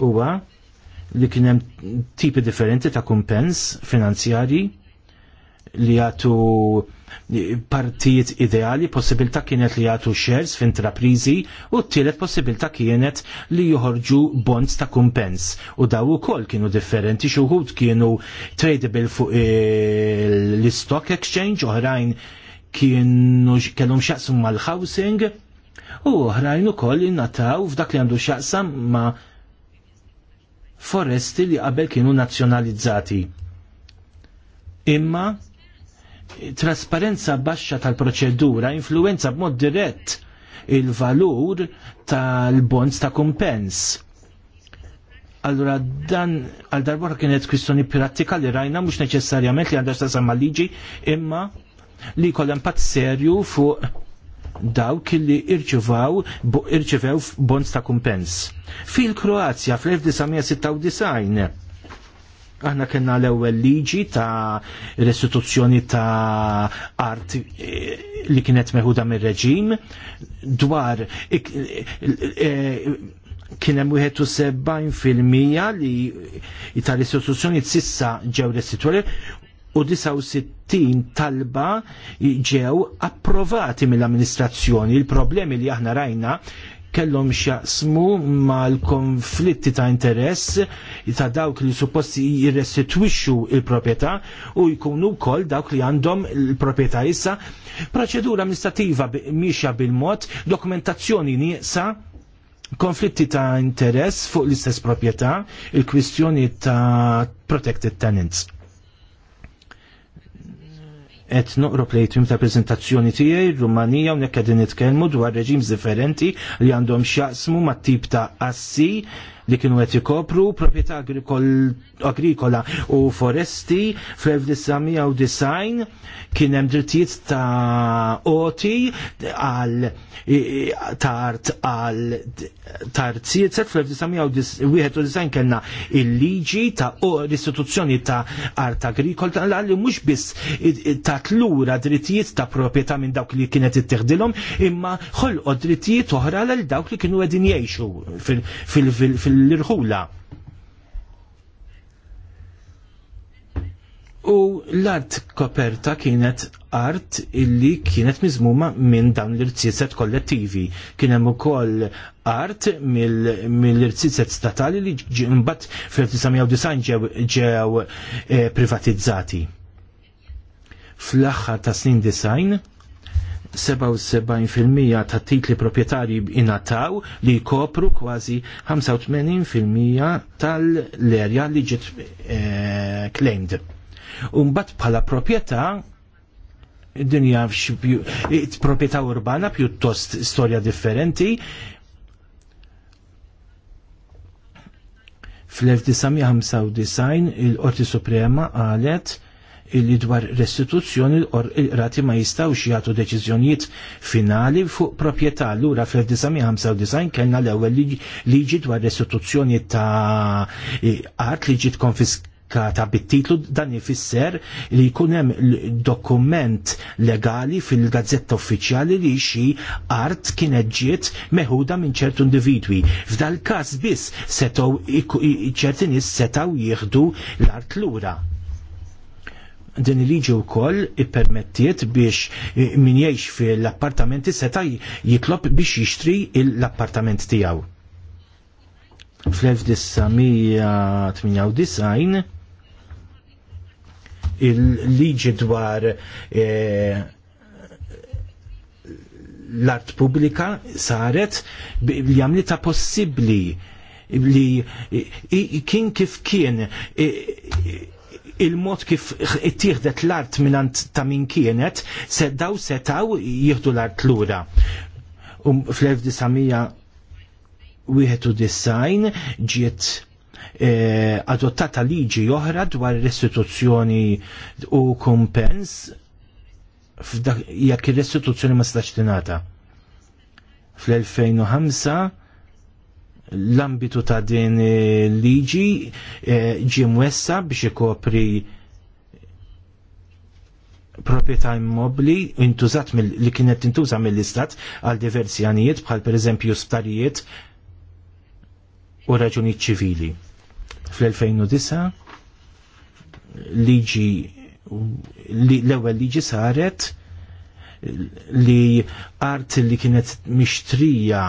huwa li kienem tipi differenti ta' kumpens finanzjari li jagħtu partijiet ideali, possibilta kienet li jagħtu shares f'intraprizi u t-tielet possibilta kienet li joħorġu bonds ta' kumpens. U daw ukoll kienu differenti, xi wħud kienu tradable fuq eh, l-stock exchange, oħrajn kienu kellhom xaqsum mal-housing u oħrajn ukoll innataw f'dak li għandu xaqsam ma' foresti li qabel kienu nazzjonalizzati. Imma trasparenza baxxa tal-proċedura influenza b'mod dirett il-valur tal-bonds ta' kumpens. Allura dan għal darbora kienet kwistjoni pratika li rajna mhux neċessarjament li għandax ta' sama liġi imma li kollem pat serju fuq dawk li irċivaw irċivew bonds ta' kumpens. Fil-Kroazja fl-1996 Aħna kena l-ewwel liġi ta' restituzzjoni ta' art eh, li kienet meħuda mir-reġim dwar eh, kien hemm wieħed u sebgħin fil-mija li tal-istituzzjoni sissa ġew restituzzjoni u 69 talba ġew approvati mill-amministrazzjoni. Il-problemi li aħna rajna kellhom xjaqsmu mal-konflitti ta' interess ta' dawk li supposti jirrestitwixxu il-proprjetà u jkunu wkoll dawk li għandhom il-proprjetà issa. Proċedura amministrativa miexja bil-mod, dokumentazzjoni nieqsa konflitti ta' interess fuq l-istess proprjetà, il-kwistjoni ta' protected tenants et noqrob lejtrim ta' prezentazzjoni tijaj Rumanija u nekk qegħdin nitkellmu dwar reġims differenti li għandhom x'jaqsmu mat-tip ta' assi li kienu qed jikopru proprjetà agrikola u foresti fl-1990 kien hemm drittijiet ta' oti għal tart għal tarziet fl-1991 kellna il-liġi ta' l-istituzzjoni ta' art agrikol tal-għalli mhux biss ta' tlura drittijiet ta' proprjetà minn dawk li kienet ittiħdilhom imma ħolqod drittijiet oħra l dawk li kienu qegħdin jgħixu fil- l-irħula. U l-art koperta kienet art illi kienet miżmuma minn dawn l-irtizet kollettivi. Kien hemm ukoll art mill-irtizet statali li mbagħad fil-1990 ġew eh, privatizzati. Fl-aħħar ta' snin design 77% ta' titli proprjetarji inataw li kopru kważi 85% tal-erja li ġiet eh, claimed. Umbat bħala proprjetà dinja proprjetà urbana pjuttost storja differenti fl-1995 il-Qorti Suprema għalet li dwar restituzzjoni il-rati ma jistawx jagħtu deċiżjonijiet finali fuq proprjetà. ura fl-1995 kellna l-ewwel liġi dwar restituzzjoni ta' e, art li ġiet konfiskata bit-titlu dan ifisser li jkun hemm dokument legali fil-gazzetta uffiċjali li xi art kienet ġiet meħuda minn ċertu individwi. F'dal każ biss setgħu ċerti nies setgħu jieħdu l-art lura din il-liġi u koll permettiet biex eh, min jiex fil-appartamenti seta jitlob biex jixtri l-appartament tijaw. Fl-1998 il-liġi dwar eh, l-art publika saret li jamlita possibli li kien kif kien il-mod kif ittieħdet l-art minant ta' min kienet, se daw setaw jieħdu l-art lura. Um, fl-1991 ġiet eh, adottata liġi oħra dwar restituzzjoni u kompens jekk ir-restituzzjoni ma stax tingħata. Fl-2005 l-ambitu ta' din liġi eh, ġie mwessa biex ikopri proprietà immobli intużat li kienet intuża mill-istat għal diversi għanijiet bħal pereżempju sptarijiet u raġuni ċivili. Fl-2009 liġi li, l-ewwel liġi saret li art li kienet mixtrija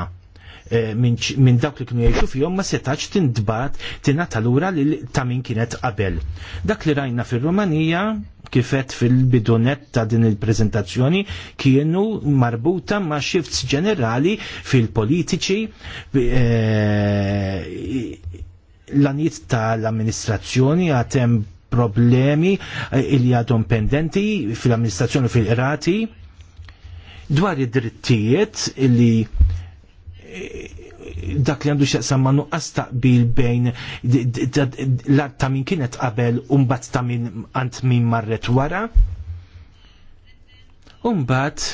Eh, minn dawk li kienu jgħixu fihom ma setax tindbat tingħata lura ta' min kienet qabel. Dak li rajna fir-Rumanija kifet fil bidonet ta' din il-prezentazzjoni kienu marbuta ma' shifts ġenerali fil-politiċi eh, l-anijiet tal-amministrazzjoni għatem problemi eh, il għadhom pendenti fil-amministrazzjoni fil-irati dwar id-drittijiet li dak li għandu xaqsam ma nuqqas taqbil bejn ta' min kienet qabel umbat ta' min għant min marret wara. Umbat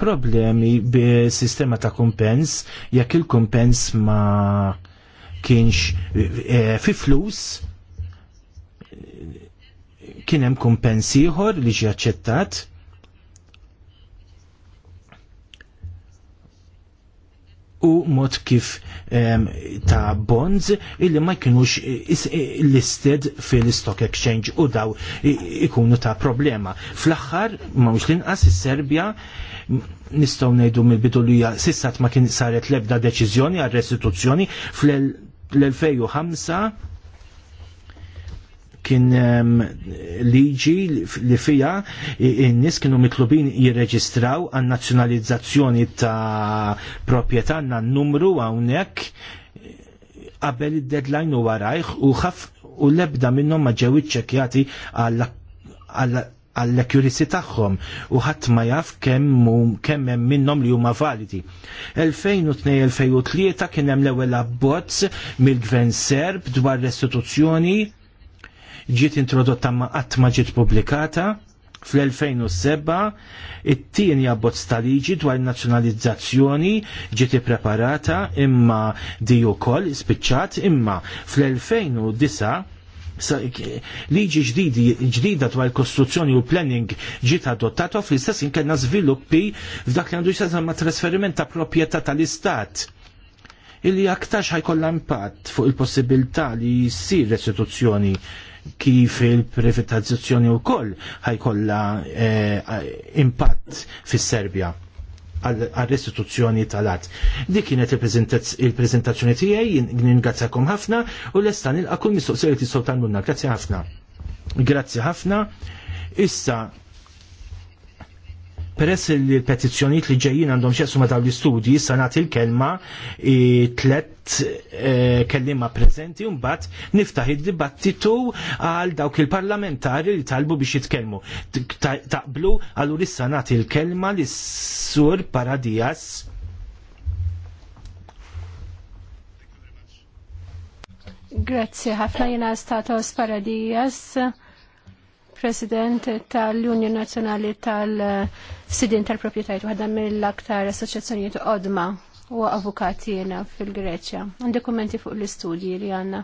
problemi bi sistema ta' kumpens, jekk il-kumpens ma kienx eh, fi flus, kienem kumpens ieħor li ġi aċċettat u mod kif ta' bonds illi ma jkunux listed fil-stock exchange u daw ikunu ta' problema. Fl-axħar, ma' mux linqas, il-Serbia nistaw nejdu mill-bidu li sissat ma kien saret lebda deċizjoni għal restituzzjoni fl-2005 kien liġi li fija n-nis kienu mitlubin jirreġistraw għan nazzjonalizzazzjoni ta' propieta għanna numru għawnek qabel id-deadline u warajħ u ħaf u lebda minnhom ma ġew iċċekjati għall-accuracy tagħhom u ħadd ma jaf kemm kemm hemm minnhom li huma validi. 2002-2003 kien hemm l-ewwel abbozz mill-Gvern Serb dwar restituzzjoni ġiet introdotta ma qatt ma ġiet pubblikata fl-2007 it-tieni abbozz ta' liġi dwar nazzjonalizzazzjoni ġiet ippreparata imma di wkoll spiċċat imma fl-2009 liġi ġdida dwar kostruzzjoni u planning ġiet adottato fl-istess inkella żviluppi f'dak li għandu jistazam ma' trasferiment ta' proprjetà tal-istat illi aktarx ħajkollha impatt fuq il-possibilità li jsir restituzzjoni kif il-privatizzazzjoni u koll ħajkolla eh, impatt fis serbja għal-restituzzjoni tal-att. Dik kienet il-prezentazzjoni tiegħi, ningrazzakom ħafna u l-estan il-akun mistoqsijiet jistgħu tagħmluna. Grazzi ħafna. Grazzi ħafna. Issa Peress il l li ġejjin għandhom xessu ma tal-istudji, issa nagħti l-kelma tlet e, kellima prezenti, un mbagħad niftaħ id-dibattitu għal dawk il-parlamentari li talbu biex jitkellmu. Taqblu allura issa nagħti l-kelma lis sur Paradijas. Grazzi ħafna jiena status Paradijas President tal-Unjon Nazzjonali tal-Sidin tal u waħda mill-aktar assoċjazzjonijiet odma u avukati fil-Greċja. Għandi dokumenti fuq l-istudji li għanna.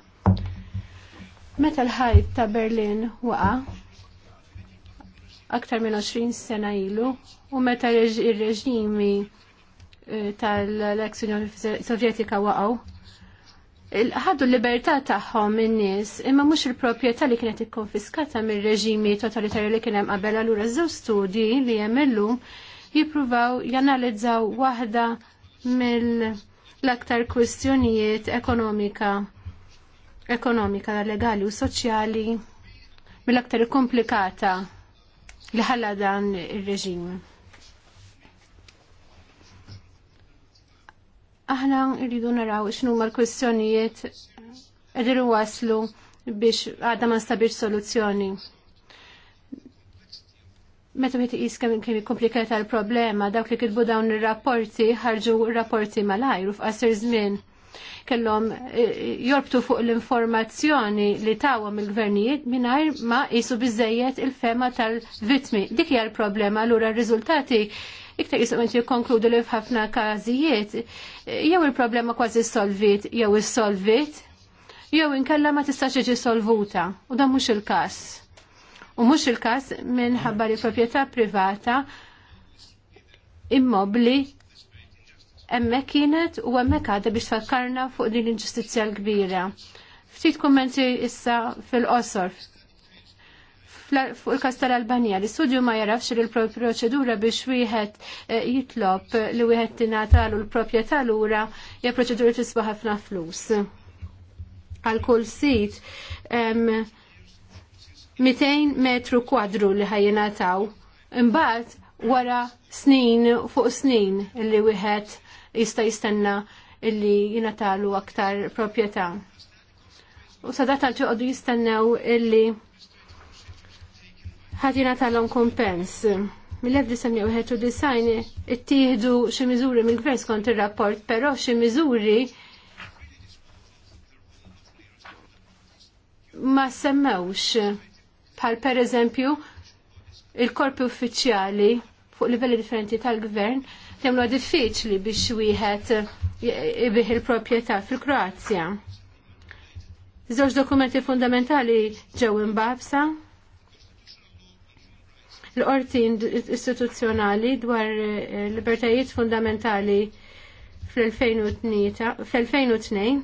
Meta l-ħajt ta' Berlin waqa, aktar minn 20 sena ilu, u meta ir-reġimi eh, tal-ex Unjoni Sovjetika waqgħu ħaddu l-libertà tagħhom in-nies imma mhux il-proprjetà li kienet ikkonfiskata mir-reġimi totalitarju li kien hemm qabel allura żew studji li hemm illum jippruvaw janalizzaw waħda mill-aktar kwistjonijiet ekonomika ekonomika legali u soċjali mill-aktar komplikata li ħalla dan ir-reġim. aħna rridu naraw x'nu ma l-kwistjonijiet rridu waslu biex għadha ma nstabir soluzzjoni. Meta għet iqis kemm kemm komplikata l-problema dawk li kitbu dawn ir-rapporti ħarġu rapporti malajr u f'qasir żmien kellhom eh, jorbtu fuq l-informazzjoni li tawhom il-gvernijiet mingħajr ma qisu biżejjed il-fema tal-vitmi. Dik hija l-problema, allura r-riżultati iktar jisuqment konkludu li f'ħafna każijiet jew il-problema kważi solvit jew il solvit jew inkella ma tistax iġi solvuta u dan mhux il-każ. U mhux il-każ minħabba li proprjetà privata immobli emmek kienet u emmek għada biex fakkarna fuq din l-inġustizja l-kbira. Ftit kummenti issa fil-qosor fuq il-kas tal-Albanija. L-istudju ma jarafx li l-proċedura biex wieħed eh, jitlob li wieħed tingħatalu l-proprjetà lura hija proċedura tiswa ħafna flus. Għal kull sit 200 metru kwadru li ħajjingħataw. Imbagħad wara snin fuq snin li wieħed jista' jistenna illi jingħatalu aktar proprjetà. U sadat għal jistennew illi ħatina tal on kompens. Mill-1991 ittieħdu xi miżuri mill-gvern skont ir-rapport, però xi miżuri ma semmewx bħal per eżempju il-korpi uffiċjali fuq livelli differenti tal-gvern jagħmlu diffiċli biex wieħed jibih il-proprjetà fil-Kroazja. Żewġ dokumenti fundamentali ġew imbabsa l-qorti istituzzjonali dwar eh, libertajiet fundamentali fl-2002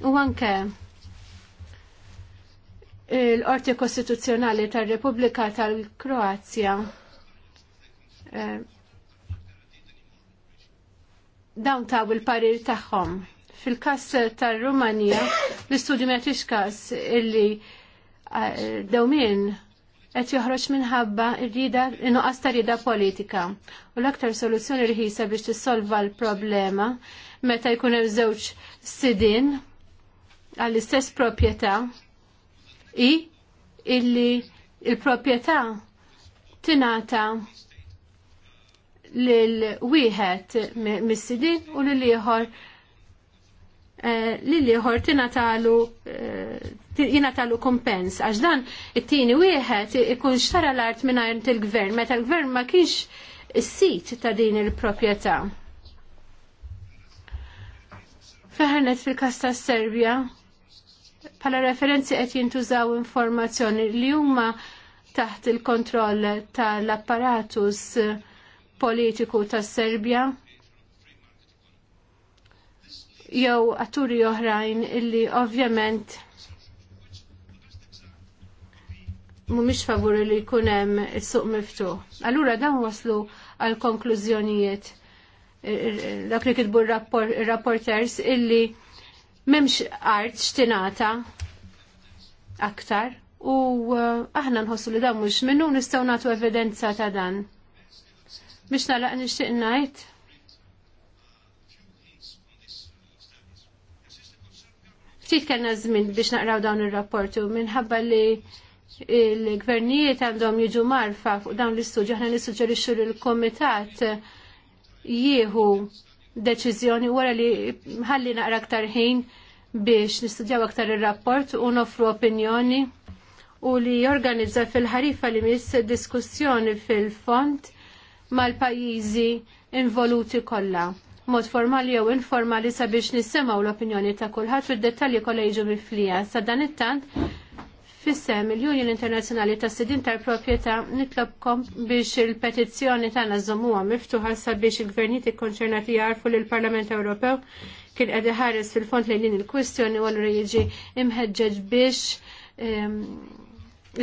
u anke eh, l-Qorti Kostituzzjonali tar-Repubblika tal-Kroazja eh, dawn taw il-parir tagħhom. Fil-kas tar-Rumanija l-istudju metix kas illi dawmin qed joħroġ minħabba rrida nuqqas ta' rida politika. U l-aktar soluzzjoni rħisa biex tissolva l-problema meta jkun hemm żewġ sidin għall-istess proprjetà i illi il-proprjetà tingħata lil wieħed mis-sidin u lil ieħor eh, ieħor liħor tinatalu eh, jina talu kompens, għax dan it-tini wieħed ikun xtara l-art minn il-gvern, meta l-gvern ma kienx is-sit ta' din il-propieta. Feħernet fil-kasta Serbia, pala referenzi qed jintużaw informazzjoni li huma taħt il-kontroll tal-apparatus politiku tas Serbja jew atturi oħrajn illi ovvjament mhumiex favuri li jkun hemm is-suq miftu. Allura dan waslu għal konklużjonijiet e, e, dak li kitbu rapporters illi memx art xtinata aktar u e, aħna nħossu li dan mhux minnu nistgħu nagħtu evidenza ta' dan. Biex nalaq nixtieq ngħid ftit kellna żmien biex naqraw dawn ir rapportu minħabba li il-gvernijiet għandhom jiġu marfa fuq dawn l-istudju, ħna nissuġġerixxu li l-komitat jieħu deċiżjoni wara li ħalli naqra aktar ħin biex nistudjaw aktar ir-rapport u nofru opinjoni u li jorganizza fil-ħarifa li mis diskussjoni fil-fond mal-pajjiżi involuti kollha mod formali jew informali sabiex nisimgħu l-opinjoni ta' kulħadd fid-dettalji kollha jiġu miflija. Sa dan it-tant Fissem il-Union Internazzjonali ta' Sidin tal-Proprjetà nitlobkom biex il-petizzjoni tagħna żommuha miftuħa sabiex il-gvernijiet ikkonċernati jarfu li l-Parlament Ewropew kien qed ħares fil-fond lejn din il-kwistjoni u allura jiġi imħeġġeġ biex ehm,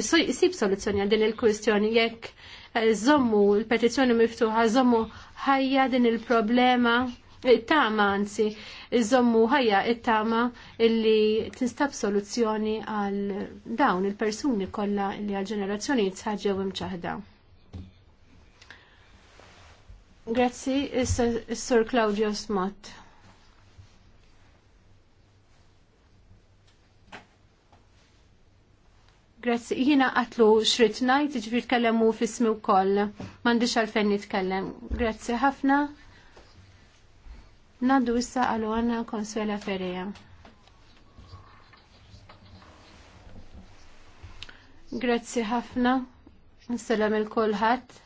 jsib soluzzjoni għal din il-kwistjoni jekk eh, żommu l-petizzjoni miftuħa żommu ħajja din il-problema it-tama anzi iżommu ħajja it-tama illi tinstab soluzzjoni għal dawn il-persuni kollha li għal ġenerazzjoni tħaġġew imċaħda. Grazzi, is-Sur Claudio Smott. Grazzi, jina għatlu xrit najt, ġifir tkellemu fismi u koll, mandi xalfen nitkellem. Grazzi ħafna. Naddu issa għal għanna konsuela Ferreja. Grazzi ħafna, nsellam il-kolħat.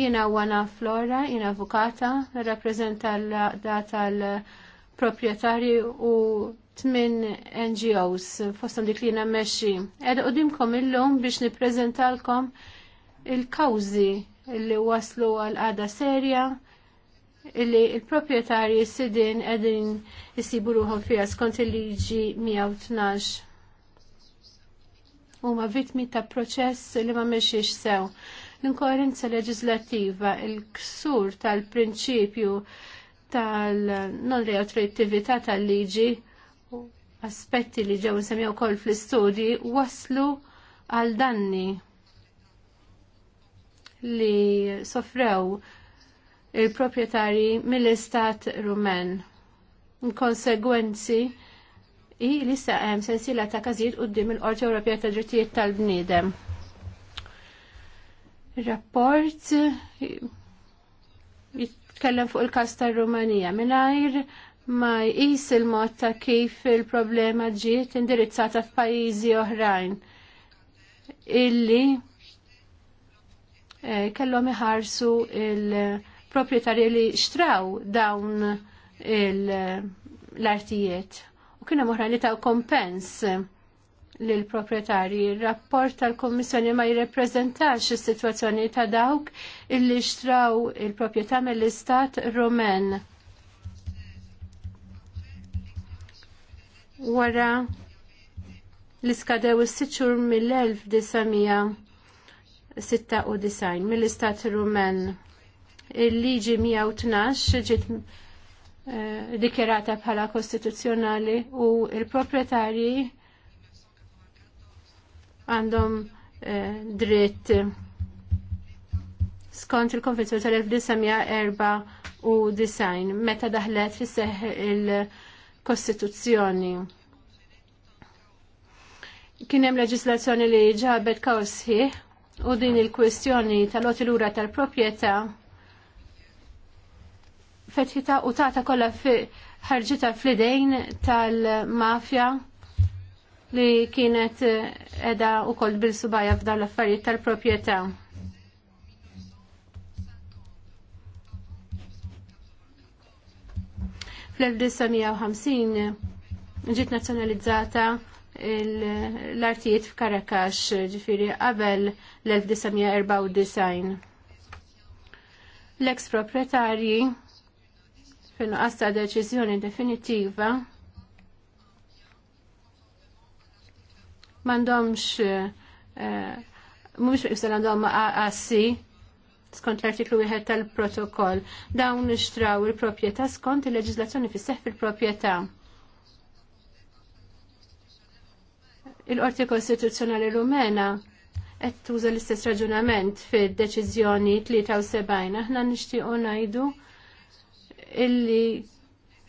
Jina għana Flora, jina avukata, rappresenta l-data l propietari u tmin NGOs, fostom dik li jina meċi. Edha u dimkom il-lum biex niprezentalkom il-kawzi li waslu għal-għada serja illi il-propietari s-sidin edin jisiburuħom fija skont il-liġi 112. Huma vitmi ta' proċess li ma mexiex sew. L-inkoerenza leġislattiva, il-ksur tal-prinċipju non reattrattività tal-liġi aspetti li ġew semmew ukoll fl-istudji waslu għal danni li sofrew il proprjetarji mill-istat rumen. Konsegwenzi i li hemm sensila ta' każijiet quddiem il-Qorti Ewropea ta' Drittijiet tal-Bniedem. Rapport jitkellem fuq il-kas tar rumanija mingħajr ma jis il-mod ta' kif il-problema ġiet indirizzata f'pajjiżi oħrajn illi eh, kellhom iħarsu il- proprjetari li xtraw dawn l-artijiet. U kienem moħra li ta' kompens li l-proprietari. rapport tal-Kommissjoni ma jirrepreżentax is-sitwazzjoni ta' dawk illi xtraw il-proprjetà mill-Istat Rumen. Wara li skadew is sitxur mill-1996 mill-Istat Rumen il-liġi 112 ġiet eh, dikjerata bħala kostituzzjonali u il-proprietarji għandhom eh, dritt skont il-konvenzjoni tal-1904 u design meta daħlet fisseħ il-kostituzzjoni. Kien hemm leġislazzjoni li ġabet kawsħi u din il-kwestjoni tal-otilura tal-proprjetà lura tal proprjetà fetħita u tata kolla ħarġita fl-idejn tal-mafja li kienet eh, edha u koll bil-subajja f'daw l-affarijiet tal-propieta. Fl-1950 ġiet nazzjonalizzata l-artijiet f'Karakax, ġifiri qabel l-1994. L-eks proprietarji fin-nuqqas ta' deċiżjoni definitiva m'għandhomx eh, mhumiex iqsel għandhom għassi skont l-artiklu wieħed tal-protokoll dawn ixtraw il-proprjetà skont il-leġiżlazzjoni fis-seħħ fil-proprjetà. Il-Qorti Kostituzzjonali Rumena qed tuża l-istess raġunament fid-deċiżjoni 73 aħna nixtiequ ngħidu illi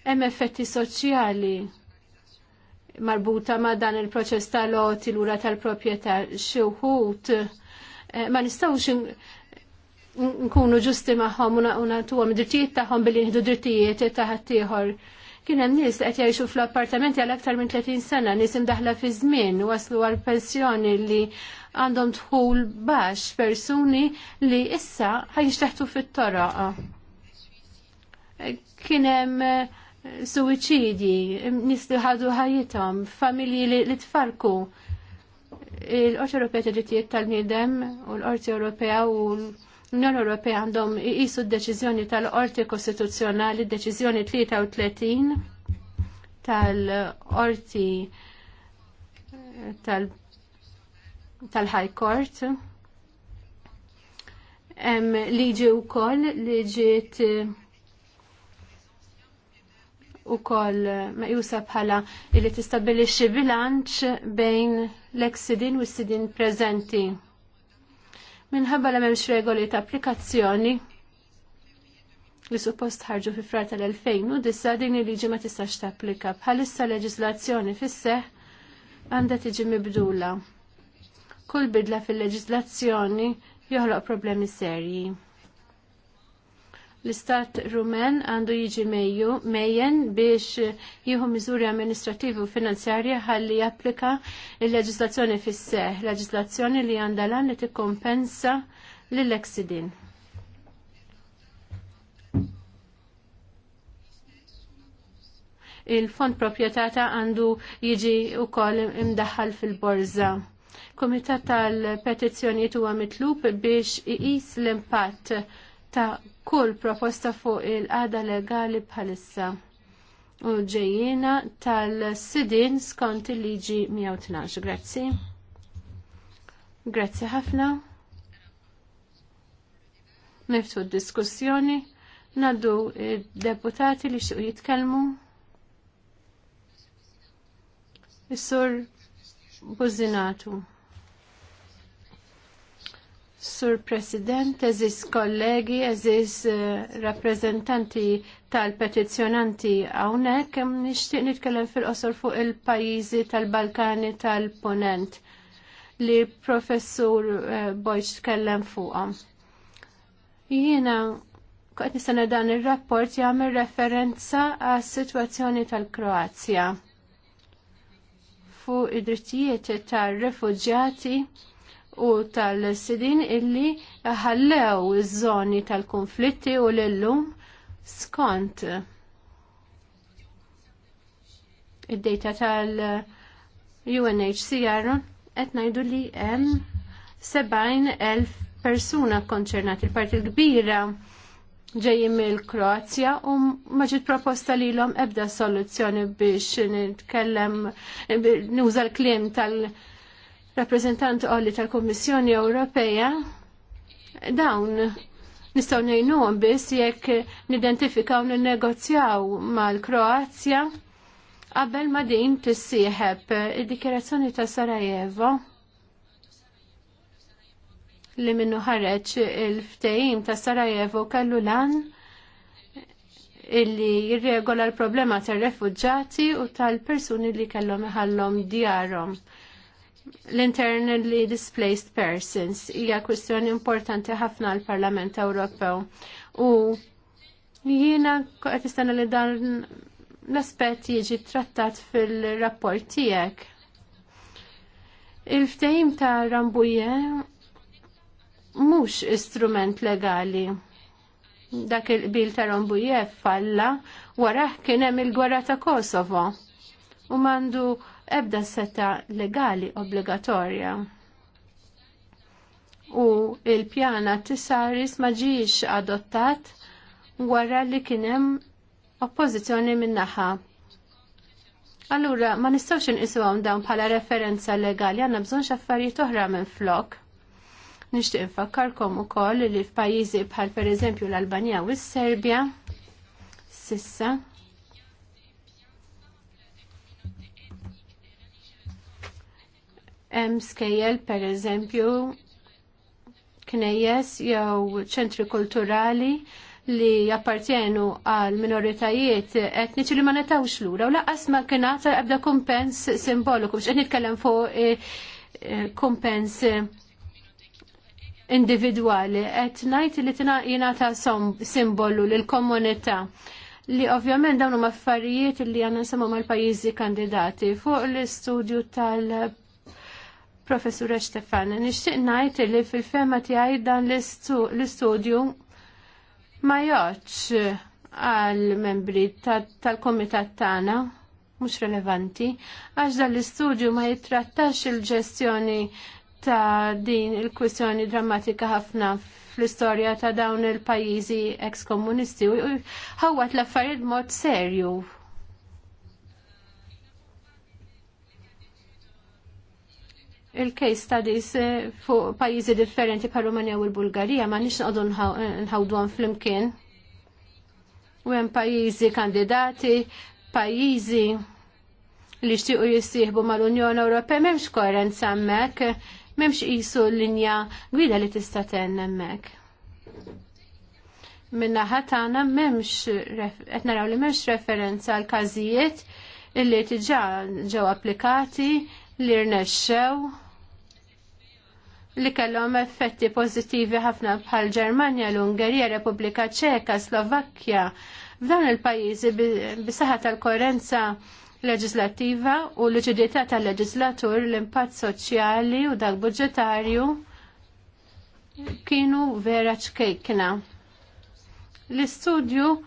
hemm effetti soċjali marbuta ma' dan il-proċess tal-loti l-ura tal-propieta xewħut eh, ma' nistawx nkunu ġusti maħħom u tuħom drittijiet taħħom billi nħidu drittijiet taħħatiħor. Kien hemm nies qed jgħixu fl-appartamenti għal aktar minn 30 sena, nies imdaħla fi żmien waslu għal pensjoni li għandhom dħul baxx persuni li issa taħtu fit-toroq kienem eh, suwiċidi, nis ħadu ħajitom, familji li tfarku. Il-Qorti Ewropea ta' Drittijiet tal-Nidem u l-Qorti Ewropea u l-Unjoni Ewropea għandhom jisu d-deċiżjoni tal-Qorti Kostituzzjonali, d-deċiżjoni 33 tal-Qorti eh, tal-High Court. Liġi u koll liġiet ukoll meqjusa bħala li tistabilixxi bilanċ bejn l-eksidin u s-sidin prezenti. Minħabba li m'hemmx regoli ta' applikazzjoni li suppost ħarġu fi frata l l-2000 u dissa din il-liġi ma tistax tapplika bħalissa leġislazzjoni fisse għanda għandha tiġi mibdula. Kull bidla fil-leġislazzjoni joħloq problemi serji. L-istat rumen għandu jiġi meju, mejjen biex jieħu miżuri amministrativi u finanzjarji ħalli japplika il-leġislazzjoni fis seħħ leġislazzjoni li għandha lan li tikkompensa lill-eksidin. Il-fond proprjetata għandu jiġi wkoll imdaħħal fil borza Komitat tal-petizzjonijiet huwa mitlup biex iqis l-impatt ta' kull proposta fuq il-qada legali bħalissa u ġejjina tal-sidin skont il-liġi 112. Grazzi. Grazzi ħafna. Niftu d-diskussjoni. Naddu deputati li xuq jitkelmu. Is-sur Buzinatu. Sur President, eżis kollegi, eżis eh, rappresentanti tal-petizjonanti għawnek, nishtiq nitkellem fil-qosor fuq il-pajizi tal-Balkani tal-Ponent li professur eh, Bojċ tkellem fuqom. Jiena, kot nisana dan il-rapport jgħamil referenza għas situazzjoni tal-Kroazja fuq id-drittijiet tal-refugġati u tal-sidin illi ħallew iż-żoni tal-konflitti u l-lum skont id-data tal-UNHCR qed ngħidu li hemm 70,000 persuna konċernati il-parti l-kbira ġejjin mill-Kroazja u ma ġiet proposta lilhom ebda soluzzjoni biex nitkellem nuża l-kliem tal- -klim tal rappresentant għalli tal-Kommissjoni Ewropeja, dawn nistaw nejnuhom biss jekk nidentifikaw ninnegozjaw mal-Kroazja qabel ma din tissieħeb id-dikjerazzjoni ta' Sarajevo li minnu ħareġ il-ftehim ta' Sarajevo kellu lan illi jirregola l-problema tar-refuġġati u tal-persuni li kellhom iħallhom djarhom l-internally displaced persons hija kwistjoni importanti ħafna għall parlament Ewropew. U jiena qed istana li dan l-aspett jiġi trattat fil-rapport tiegħek. Il-ftehim ta' Rambuje mhux istrument legali. Dak il-qbil ta' Rambuje falla waraħ kien hemm il-gwerra ta' Kosovo. U mandu ebda seta legali obbligatorja u il-pjana tisaris ma ġiex adottat wara li kien hemm oppożizzjoni min-naħa. Allura, ma nistgħux inqisu għam dawn bħala referenza legali għanna bżon xaffarijiet oħra minn flok. Nixtieq infakkarkom ukoll li f'pajjiżi bħal pereżempju l-Albanija u s-Serbja sissa hemm skejjel pereżempju knejjes jew ċentri kulturali li jappartjenu għal minoritajiet etniċi li ma netawx lura u laqas ma kien għata ebda kumpens simboliku biex nitkellem fuq eh, eh, kumpens eh, individwali qed ngħid li jingħata simbolu l komunità li ovvjament dawn huma affarijiet li għanna nsemmu mal-pajjiżi kandidati fuq l-istudju tal- Professur Stefan, nixtieq ngħid li fil-fema tiegħi dan l-istudju ma joċ għal membri tal-komitat tagħna mhux relevanti għax dan l-istudju ma jittrattax il-ġestjoni ta' din il-kwistjoni drammatika ħafna fl-istorja ta' dawn il-pajjiżi ex-komunisti u ħawat l-affarijiet mod serju il-case studies eh, fuq pajjiżi differenti pa' Rumania u l-Bulgarija ma nix nqodu eh, nħawdu fl-imkien. U hemm pajjiżi kandidati, pajjiżi li xtiqu jissieħbu mal-Unjoni Ewropea m'hemmx koerenza hemmhekk, m'hemmx qisu linja gwida li tista' tenn hemmhekk. Min-naħa tagħna m'hemmx qed naraw li m'hemmx referenza għal każijiet illi tiġà ġew applikati li rnexxew li kellhom effetti pożittivi ħafna bħal Ġermanja, l-Ungerija, Repubblika Ċeka, Slovakkja. F'dawn il-pajjiżi bisaħħa tal-koerenza leġislattiva u l-ġudità tal-leġislatur l-impatt soċjali u dak budġetarju kienu vera ċkejkna. L-istudju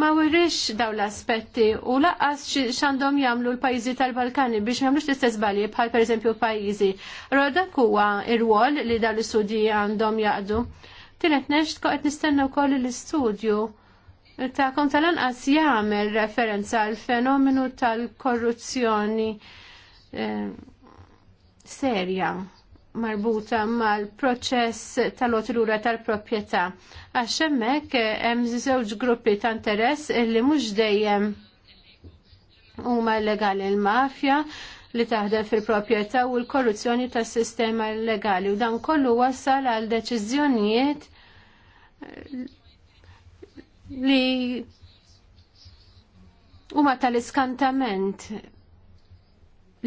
ma wirrix daw l-aspetti u laqqas xandom jamlu l-pajizi tal-Balkani biex jamlux l-istess bali bħal per eżempju pajizi. Roda kuwa ir-wol li daw l-istudji għandhom jaqdu. Tilet neċt koqet nistenna wkoll l-istudju ta' kom tal-anqas jagħmel referenza għal fenomenu tal-korruzzjoni eh, serja marbuta mal-proċess tal-otrura tal-proprjetà. Għax hemmhekk hemm żewġ gruppi ta' interess li mhux dejjem huma legali l-mafja li taħdem fil-proprjetà u l-korruzzjoni tas-sistema legali u dan kollu wassal għal deċiżjonijiet li huma tal-iskantament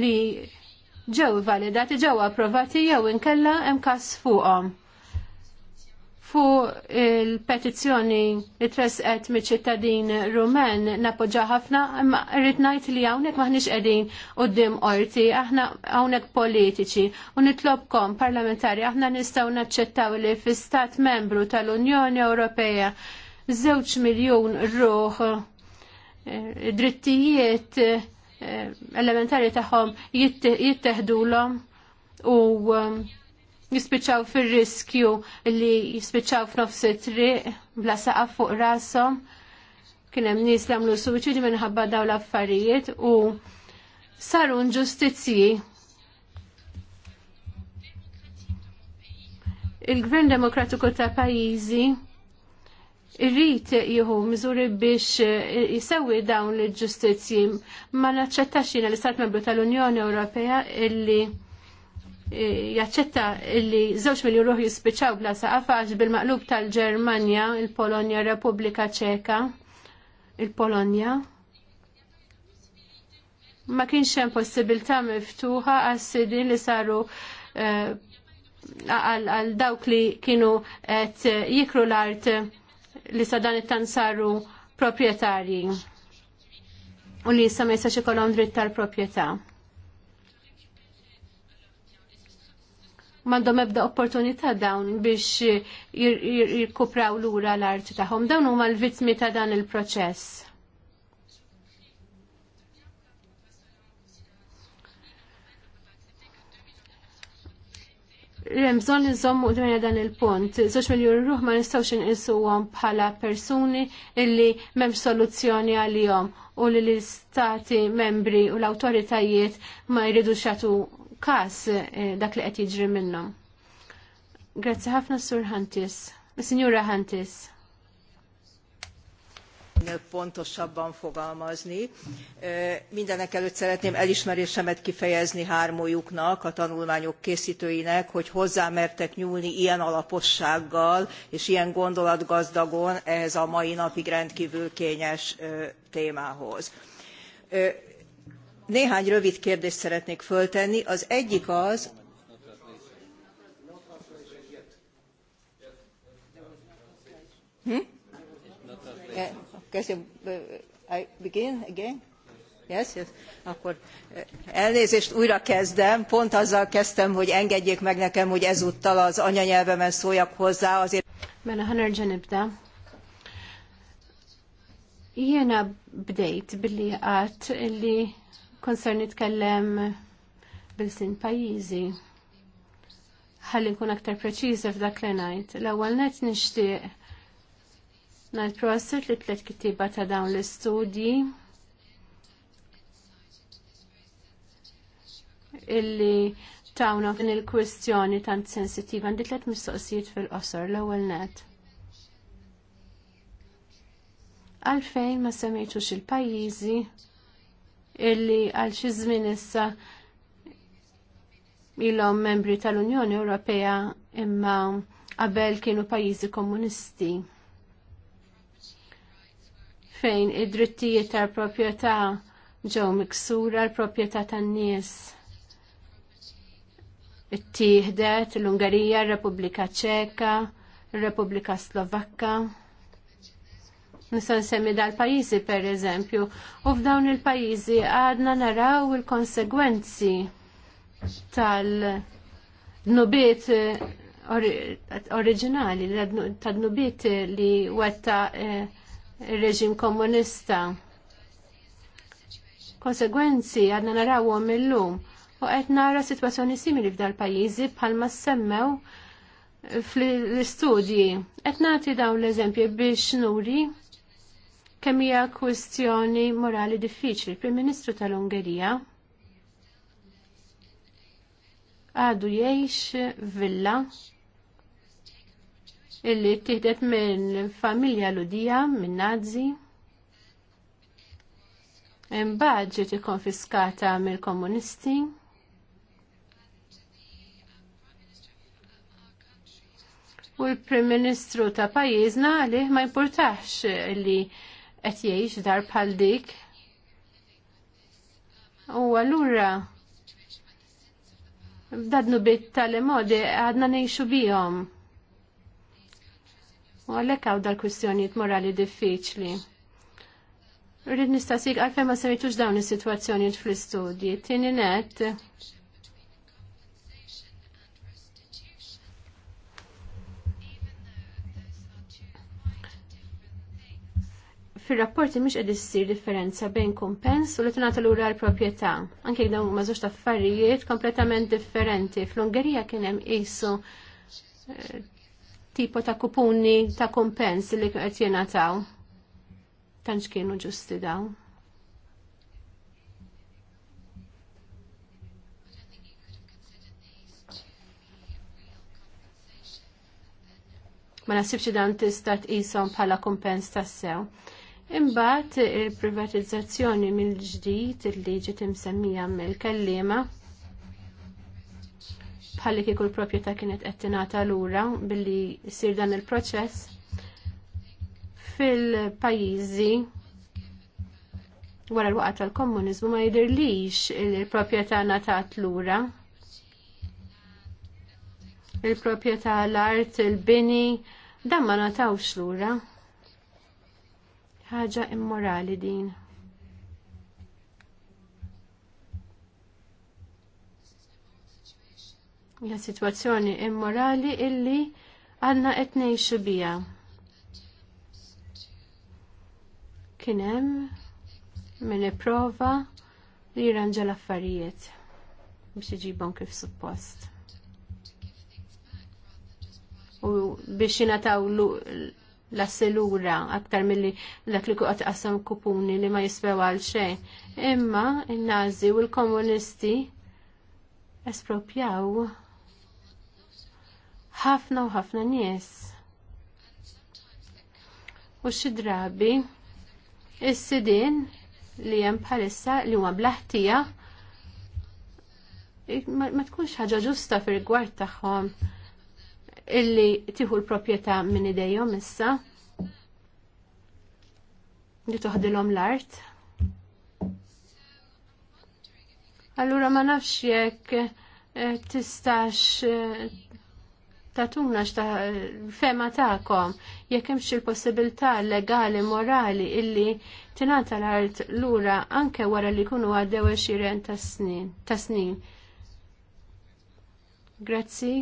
li ġew validati, ġew approvati jew inkella hemm każ Fu il-petizzjoni li tresqet miċ ċittadin rumen napoġġa ħafna, imma rrid ngħid li hawnhekk maħniex qegħdin quddiem qorti, aħna hawnhekk politiċi u nitlobkom parlamentari aħna nistgħu naċċettaw li fi stat membru tal-Unjoni Ewropea żewġ miljun ruħ eh, drittijiet Eh, elementari tagħhom jitteħdulhom u um, jispiċċaw fir-riskju li jispiċċaw f'nofs it-triq bla saqaf fuq rashom. Kien hemm nies li għamlu suwiċidi minħabba dawn l-affarijiet u saru ġustizji il-Gvern Demokratiku ta' pajjiżi irrit jieħu mżuri biex eh, jisawi dawn l-ġustizzji ma naċċettax jiena li istat membru tal-Unjoni Ewropea illi eh, jaċċetta illi żewġ miljon ruħ jispiċaw bla saqafax bil-maqlub tal-Ġermanja, il-Polonja, Repubblika Ċeka, il-Polonja. Ma kienx hemm possibilità miftuħa għas-sidin li saru eh, għal dawk li kienu qed jikru l-art li sa dan it-tan saru proprjetarji u li issa ma jistax ikollhom dritt tal-proprjetà. M'għandhom ebda opportunità dawn biex jirkupraw lura l-arti tagħhom. Dawn huma l-vittmi ta' dan il-proċess. Remżon li u d dan il-punt. Zoċ miljon ruħ ma nistawx għom bħala persuni illi memx soluzzjoni għalihom u li l-istati membri u l-autoritajiet ma jridu xatu kas eh, dak li qed jiġri minnhom. Grazzi ħafna Sur Hantis. Signora Hantis pontosabban fogalmazni. Mindenek előtt szeretném elismerésemet kifejezni hármójuknak, a tanulmányok készítőinek, hogy hozzámertek nyúlni ilyen alapossággal és ilyen gondolatgazdagon ehhez a mai napig rendkívül kényes témához. Néhány rövid kérdést szeretnék föltenni. Az egyik az, Hm? hm? Because uh, I begin again? Yes, yes. Akkor eh, elnézést újra kezdem. Pont azzal kezdtem, hogy engedjék meg nekem, hogy ezúttal az anyanyelvemen szóljak hozzá. Azért... a hanar dzsenibda. Ilyen a bdejt billi át, illi konser kellem bil-sin pajizi. Ħalli nkun aktar preċiża f'dak li ngħid. L-ewwel net nixtieq nal proset li tlet kittiba ta' dawn l-istudji illi tawna fin il-kwistjoni tant sensitiva għandi tlet mistoqsijiet fil-qosor l-ewwel net. Għalfejn ma semmejtux il-pajjiżi illi għal xi żmien issa ilhom membri tal-Unjoni Ewropea imma qabel kienu pajjiżi komunisti fejn id-drittijiet tal-proprjetà ġew miksura l-proprjetà tan-nies ittieħdet l-Ungarija, r-Repubblika Ċeka, r-Repubblika Slovakka. Nisan semmi dal-pajizi per eżempju, u f'dawn il-pajizi għadna naraw il-konsegwenzi tal-nubiet eh, oriġinali, tal-nubiet li wetta eh, il-reġim komunista. Konsegwenzi għadna narawhom illum u qed nara sitwazzjoni simili f'dal pajjiżi bħalma semmew fl-istudji. Qed nagħti dawn l eżempju biex nuri kemm hija kwistjoni morali diffiċli. Prim Ministru tal-Ungerija għadu jgħix villa illi tieħdet minn familja ludija minn Nazi. Imbagħad ġiet ikkonfiskata mill-komunisti. U l-Prim Ministru ta' pajjiżna għalih ma jimportax li qed jgħix dar bħal dik. U allura b'dadnu bit tal-modi għadna ngħixu bihom. U għalhekk hawn dal-kwistjonijiet morali diffiċli. Rrid nistaqsik għalfejn ma semmejtux dawn is-sitwazzjonijiet fl-istudji. Tieni net fil-rapporti mhix qed issir differenza bejn kumpens u li tingħata lura l-proprjetà. Anke jekk dawn huma żewġ affarijiet kompletament differenti. Fl-Ungerija kien hemm qisu eh, tipo ta' kupuni ta' kompens li għet jena jingħataw. Tanċ kienu ġusti dawn. ma nasibx dan tista' tqishom bħala kumpens sew Imbagħad il-privatizzazzjoni mill-ġdid li ġiet imsemmija mill-kellima bħalli kieku l-proprjetà kienet qed tingħata lura billi sir dan il-proċess fil-pajjiżi wara l-waqgħa tal-komuniżmu ma jidirlix il-proprjetà l lura. Il-proprjetà l-art, il-bini, dan ma l lura. Ħaġa immorali din. hija sitwazzjoni immorali illi għandna qed ngħixu biha. Kien hemm min ipprova li jirranġa l-affarijiet biex iġibhom kif suppost. U biex jingħataw la selura aktar milli dak li kuqat qasam kupuni li ma jisbew għal xej. Imma n-Nazi u l-Komunisti espropjaw ħafna u ħafna nies. U xi drabi is-sidin li hemm bħalissa li huwa blaħtija ma tkunx ħaġa ġusta fir-rigward tagħhom illi tieħu l-proprjetà minn idejhom issa li toħdilhom l-art. Allura ma nafx jekk eh, tistax eh, tatuna xta fema ta'kom jekk hemmx il-possibilità legali morali illi tingħata l-art lura anke wara li jkunu għaddew xiren ta' snin ta' snin. Grazzi.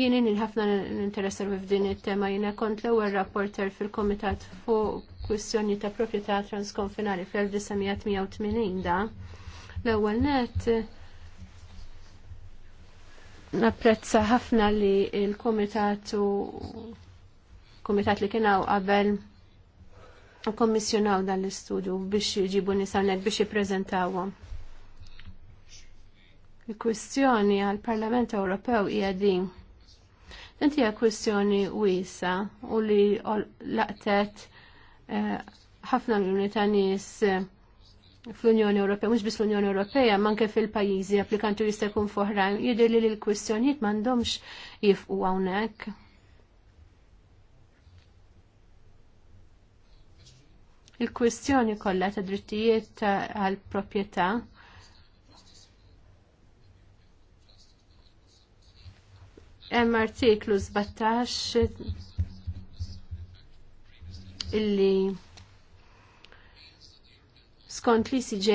Jien inil ħafna n-interessar f'din it-tema jiena kont l-ewwel rapporter fil-Komitat fuq kwistjoni ta' proprjetà transkonfinali fl-1980 da. L-ewwel net Napprezza ħafna li il komitatu komitat li kienaw qabel kommissjonaw dan l-istudju biex jġibu nisanet biex jiprezentawhom. Il-kwistjoni għal-Parlament Ewropew hija din. Inti hija kwistjoni wiesa u li laqtet eh, ħafna l-unità nies eh, fl-Unjoni Ewropea, mhux biss l-Unjoni Ewropea, manke fil-pajjiżi applikantu jista' jkun foħrajn, jidher li l-kwistjonijiet m'għandhomx jifqu hawnhekk. Il-kwistjoni kollha ta' drittijiet għal proprjetà Hemm artiklu 17 illi skont li CJ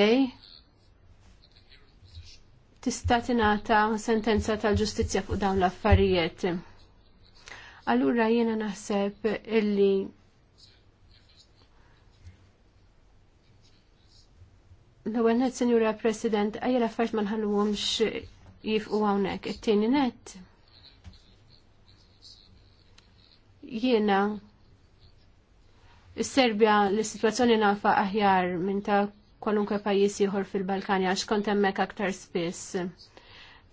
tista' tingħata sentenza tal-ġustizzja fuq dawn l-affarijiet. Allura jiena naħseb illi L-ewwel net, Sinjura President, ejja l-affarijiet ma nħalluhomx jifqu hawnhekk. It-tieni net jiena Is-Serbja l-situazzjoni nafa aħjar minn ta' kwalunkwe pajjiż ieħor fil-Balkani għax kont hemmhekk aktar spiss.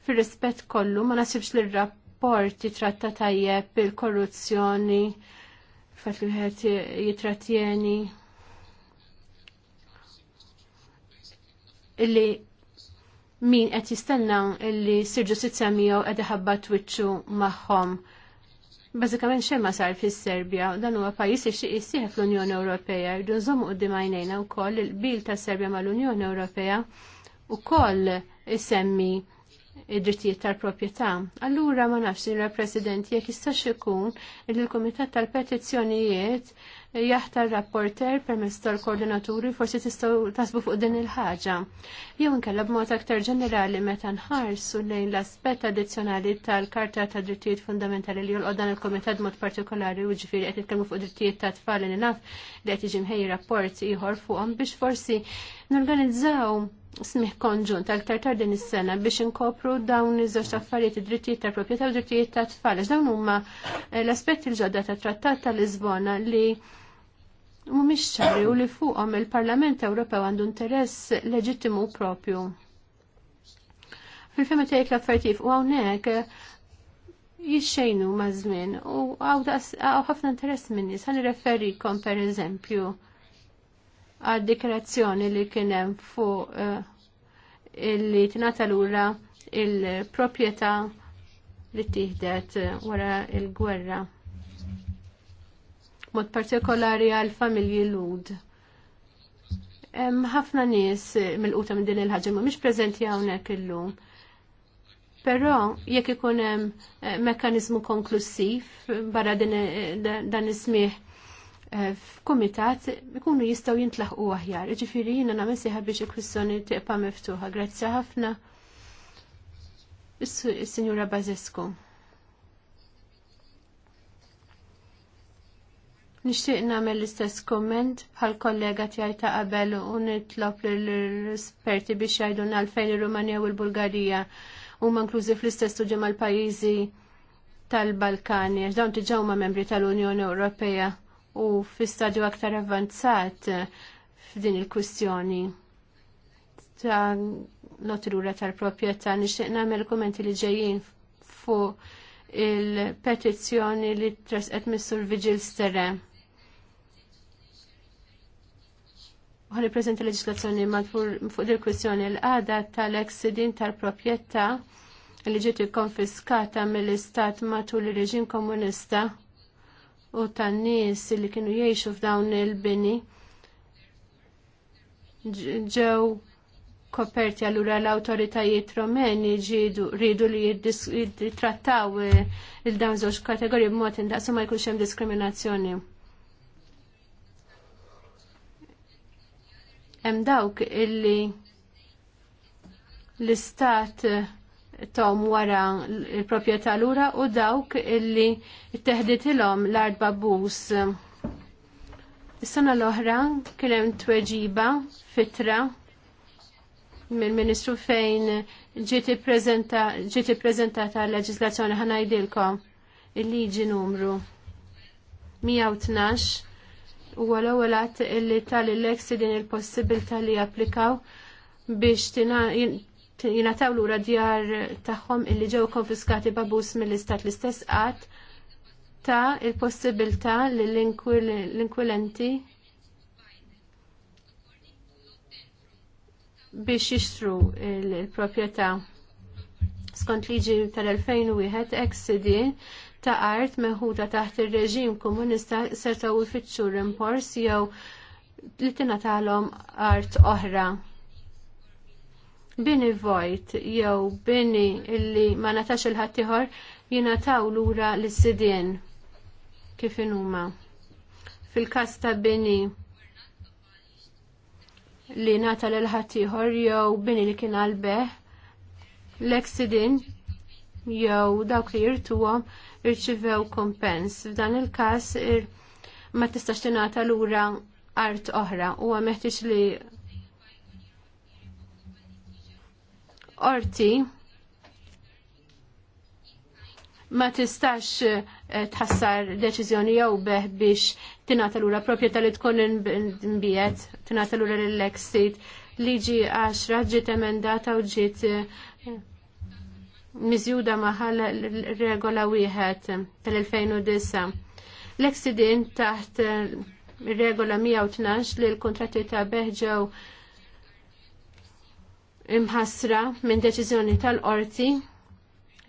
Fir-rispett kollu ma nasibx li r-rapport jitratta tajjeb il-korruzzjoni fat li wieħed jitrattieni illi min qed jistenna illi sir ġustizzja miegħu qed iħabba twiċċu magħhom Bażikament xemma sar fis-Serbja, dan huwa pajjiż li xi jissieħ fl-Unjoni Ewropea, rridu nżommu qudiem għajnejna wkoll il-bil tas-Serbja mal-Unjoni Ewropea wkoll isemmi id-drittijiet tal-proprjetà. Allura ma nafx il President jekk jistax ikun li l-Kumitat tal-Petizzjonijiet jaħtar rapporter permezz tal-koordinaturi forsi tistgħu tasbu fuq din il-ħaġa. Jew inkella b'mod aktar ġenerali meta nħarsu lejn l-aspett addizzjonali tal-Karta ta' Drittijiet Fundamentali li jolqod dan il-Komitat mod partikolari u ġifieri qed jitkellmu fuq drittijiet ta' tfal li naf li qed jiġi mħej rapport ieħor fuqhom biex forsi norganizzaw smih konġunt aktar tard din is-sena biex inkopru dawn iż-żewġ affarijiet id-drittijiet tal-proprjetà u drittijiet tat-tfal. Dawn huma eh, l-aspetti l-ġodda tat-Trattat tal-Lisbona li mhix ċari u li fuqhom il-Parlament Ewropew għandu interess leġittimu propju. Fil-fema tiegħek l-affarijiet u hawnhekk jixxejnu mażmin żmien u għaw ħafna interess minni sal referikom per eżempju għad dikerazzjoni li kienem fuq uh, illi tinata lura il proprjetà li tiħdet wara il-gwerra mod partikolari għal familji lud. ħafna nies mill-quta minn din il-ħagġa mhix preżenti hawnhekk illum. Però jekk ikun hemm eh, mekkaniżmu konklusiv barra eh, dan ismih eh, f'kumitat ikunu jistgħu jintlaħqu aħjar. Ġifieri jiena nagħmel sieħa biex il-kwissjoni tibqa' miftuħa. Grazzi ħafna. Is-Sinjura Bazescu. Nixtieq nagħmel l-istess komment bħal kollega tiegħi ta' qabel u nitlob l-esperti biex jgħidulna għalfejn ir-Rumanija u l-Bulgarija huma inklużi fl-istess studju mal-pajjiżi tal-Balkani għax dawn diġà huma membri tal-Unjoni Ewropea u fi stadju aktar avvanzat f'din il-kwistjoni ta' l tal-proprjetà nixtieq nagħmel kumenti li ġejjin fuq il-petizzjoni li trasqet Missur Vigil Stere għalli prezenti leġislazzjoni fuq il-kwestjoni l-għada tal-eksidin tal propjetta li ġiet konfiskata mill-istat matul il-reġim komunista u tan-nies li kienu jgħixu f'dawn il-bini ġew koperti allura l-autoritajiet romeni ġidu ridu li jittrattaw eh, il-dawn żewġ kategoriji b'mod indaqsu ma jkunx hemm diskriminazzjoni. Hemm dawk illi l-istat tom wara l-proprjetà lura u dawk illi teħditilhom l-art babbus. Is-sena l-oħra kien hemm tweġiba fitra mill-Ministru fejn ġieti prezentata l-leġislazzjoni ħanajdilkom il-liġi numru 112 u għal-ewwel għat illi tal l ex din il-possibilità li japplikaw biex jingħataw lura djar tagħhom illi ġew konfiskati babus mill-istat l-istess għat ta' il-possibilità li l-inkwilenti biex jixtru il-proprjetà skont liġi tal-2001 XCD ta' art meħuda taħt ir reġim komunista sertaw il-fitxur impors jew li tingħatalhom art oħra. Bini vojt jew bini illi ma natax il-ħaddieħor jingħataw lura l-sidien kif Fil-każ ta' bini li nata lil ħaddieħor jew bini li kien għalbeħ l-eksidin jew dawk li jirtuhom irċivew kompens. F'dan il-każ ma tistax tingħata lura art oħra huwa meħtieġ li orti ma tistax eh, tħassar deċiżjoni jew beħ biex tingħata lura proprjetà li tkun imbiet, tingħata lura lill-exit. Liġi għaxra ġiet emendata u ġiet eh, miżjuda maħal regola wieħed tal-2009. L-eksidin taħt regola 112 li l-kontratti ta' beħġew imħasra minn deċiżjoni tal-qorti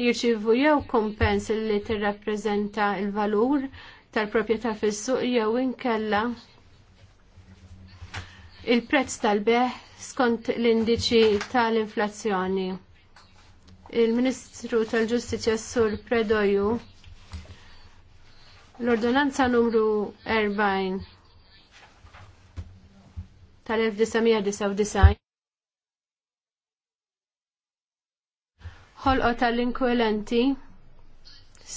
jirċivu jew kompens li tirrappreżenta l valur tal-proprjetà fis-suq jew inkella il-prezz tal-beħ skont l-indiċi tal-inflazzjoni il-Ministru tal-Ġustizja Sur Predoju l-ordonanza numru 40 tal-1999 ħolqo tal-inkwelenti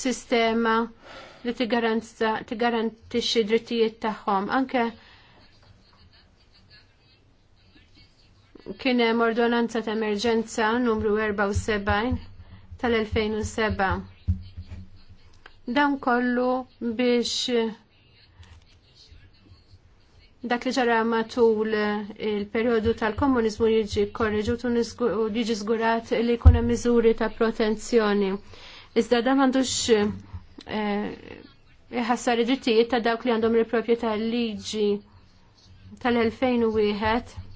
sistema li tigarantixxi drittijiet tagħhom anke Kien hemm ordonanza ta' emerġenza numru 74 tal-2007. Dan kollu biex dak li ġara matul il-perjodu tal-komuniżmu jiġi korreġut u jiġi żgurat li jkun hemm miżuri ta' protenzjoni. Iżda dan m'għandux eh, iħassar id-drittijiet ta' dawk li għandhom il-proprjetà liġi tal-2001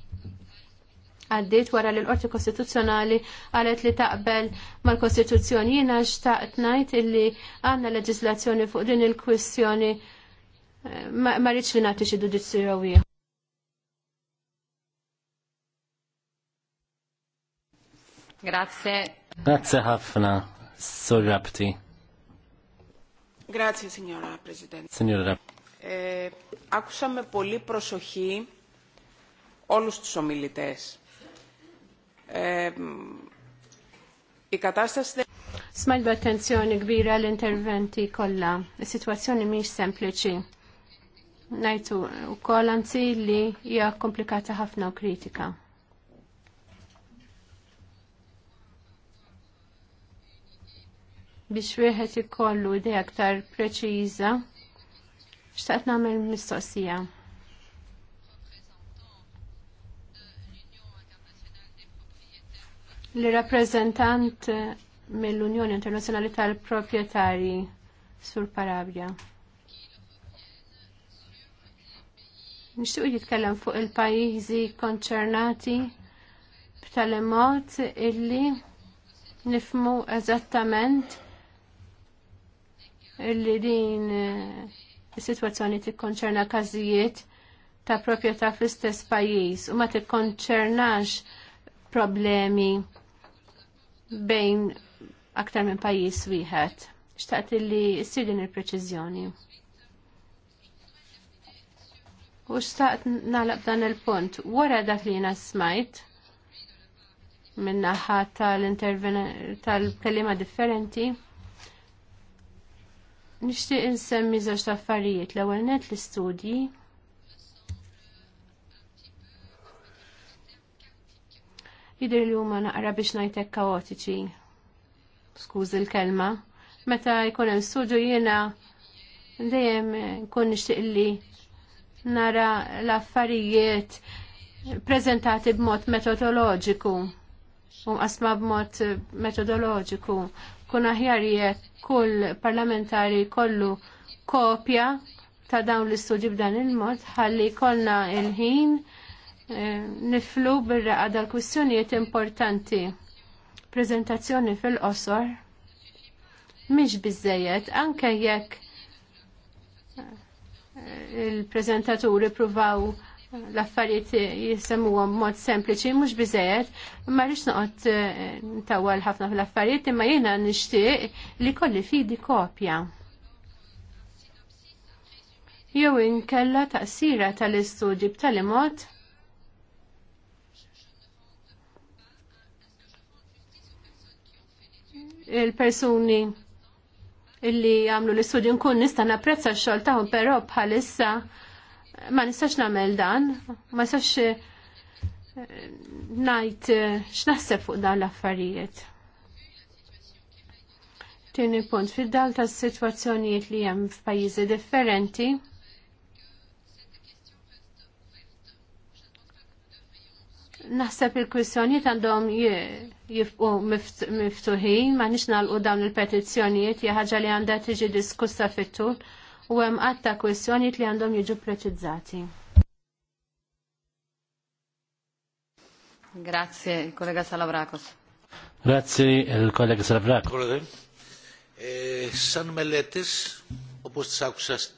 għaddit wara li l-Qorti Kostituzzjonali għalet li taqbel mal-Kostituzzjoni jina xtaqt illi għanna leġislazzjoni fuq din il-kwistjoni ma rridx li nagħti xi ġudizzju Grazie. Grazie ħafna, Sorrapti. Grazie, signora Presidente. Signora Ε, eh, άκουσα με πολύ προσοχή όλους τους ομιλητές i ehm, katastasi. Smajt b'attenzjoni kbira l-interventi kollha. Is-sitwazzjoni mhix sempliċi. Najtu u koll anzi li hija komplikata ħafna u kritika. biex wieħed ikollu idea aktar preċiża x'taqt nagħmel mistoqsija. li rappresentant eh, mill-Unjoni Internazzjonali tal-Proprietari Sur Parabja. Nixtiequ jitkellem fuq il-pajjiżi konċernati b'tali mod illi nifmu eżattament illi din eh, is-sitwazzjoni tikkonċerna każijiet ta' proprjetà fl-istess pajjiż u ma tikkonċernax problemi bejn aktar minn pajjiż wieħed. Xtaqt li ssir din il-preċiżjoni. U xtaqt nalab dan il-punt. Wara dak li jiena smajt minnaħa tal-kelima differenti, nixtieq insemmi żewġ affarijiet l-ewwel net l-istudji jidir li huma naqra biex ngħidlek kaotiċi. Skuż il-kelma. Meta jkun hemm studju jiena dejjem nkun nixtieq li nara l-affarijiet preżentati b'mod metodoloġiku u qasma b'mod metodoloġiku. Kun aħjar jekk kull parlamentari kollu kopja ta' dawn l-istudji b'dan il-mod ħalli konna il-ħin il ħin Eh, niflu birra raqa dal-kwistjonijiet importanti. Prezentazzjoni fil-qosor mhix biżejjed anke jekk eh, il-prezentaturi pruvaw l-affarijiet jisemmuhom mod sempliċi mhux biżejjed, ma rridx noqgħod eh, ntawwal ħafna fl-affarijiet imma jiena nixtieq li kolli fidi kopja. Jew inkella taqsira tal-istudji b'tali mod il-persuni illi għamlu l-istudju nkun nista' napprezza x-xogħol tagħhom, però bħalissa ma nistax nagħmel dan, ma nistax eh, ngħid eh, x'naħseb fuq dawn l-affarijiet. Tieni punt, fid-dal ta' situazzjonijiet li hemm f'pajjiżi differenti, naħseb il-kwissjonijiet għandhom jifqu miftuħin, ma nix nalqu dawn il-petizzjonijiet, ħaġa li għanda tiġi diskussa fit-tul u għem għatta kwestjoniet li għandhom jiġu preċizzati. Grazie, kollega Salavrakos. Grazie, il kollega Salavrakos. Eh, san Melletis, u post sakusas.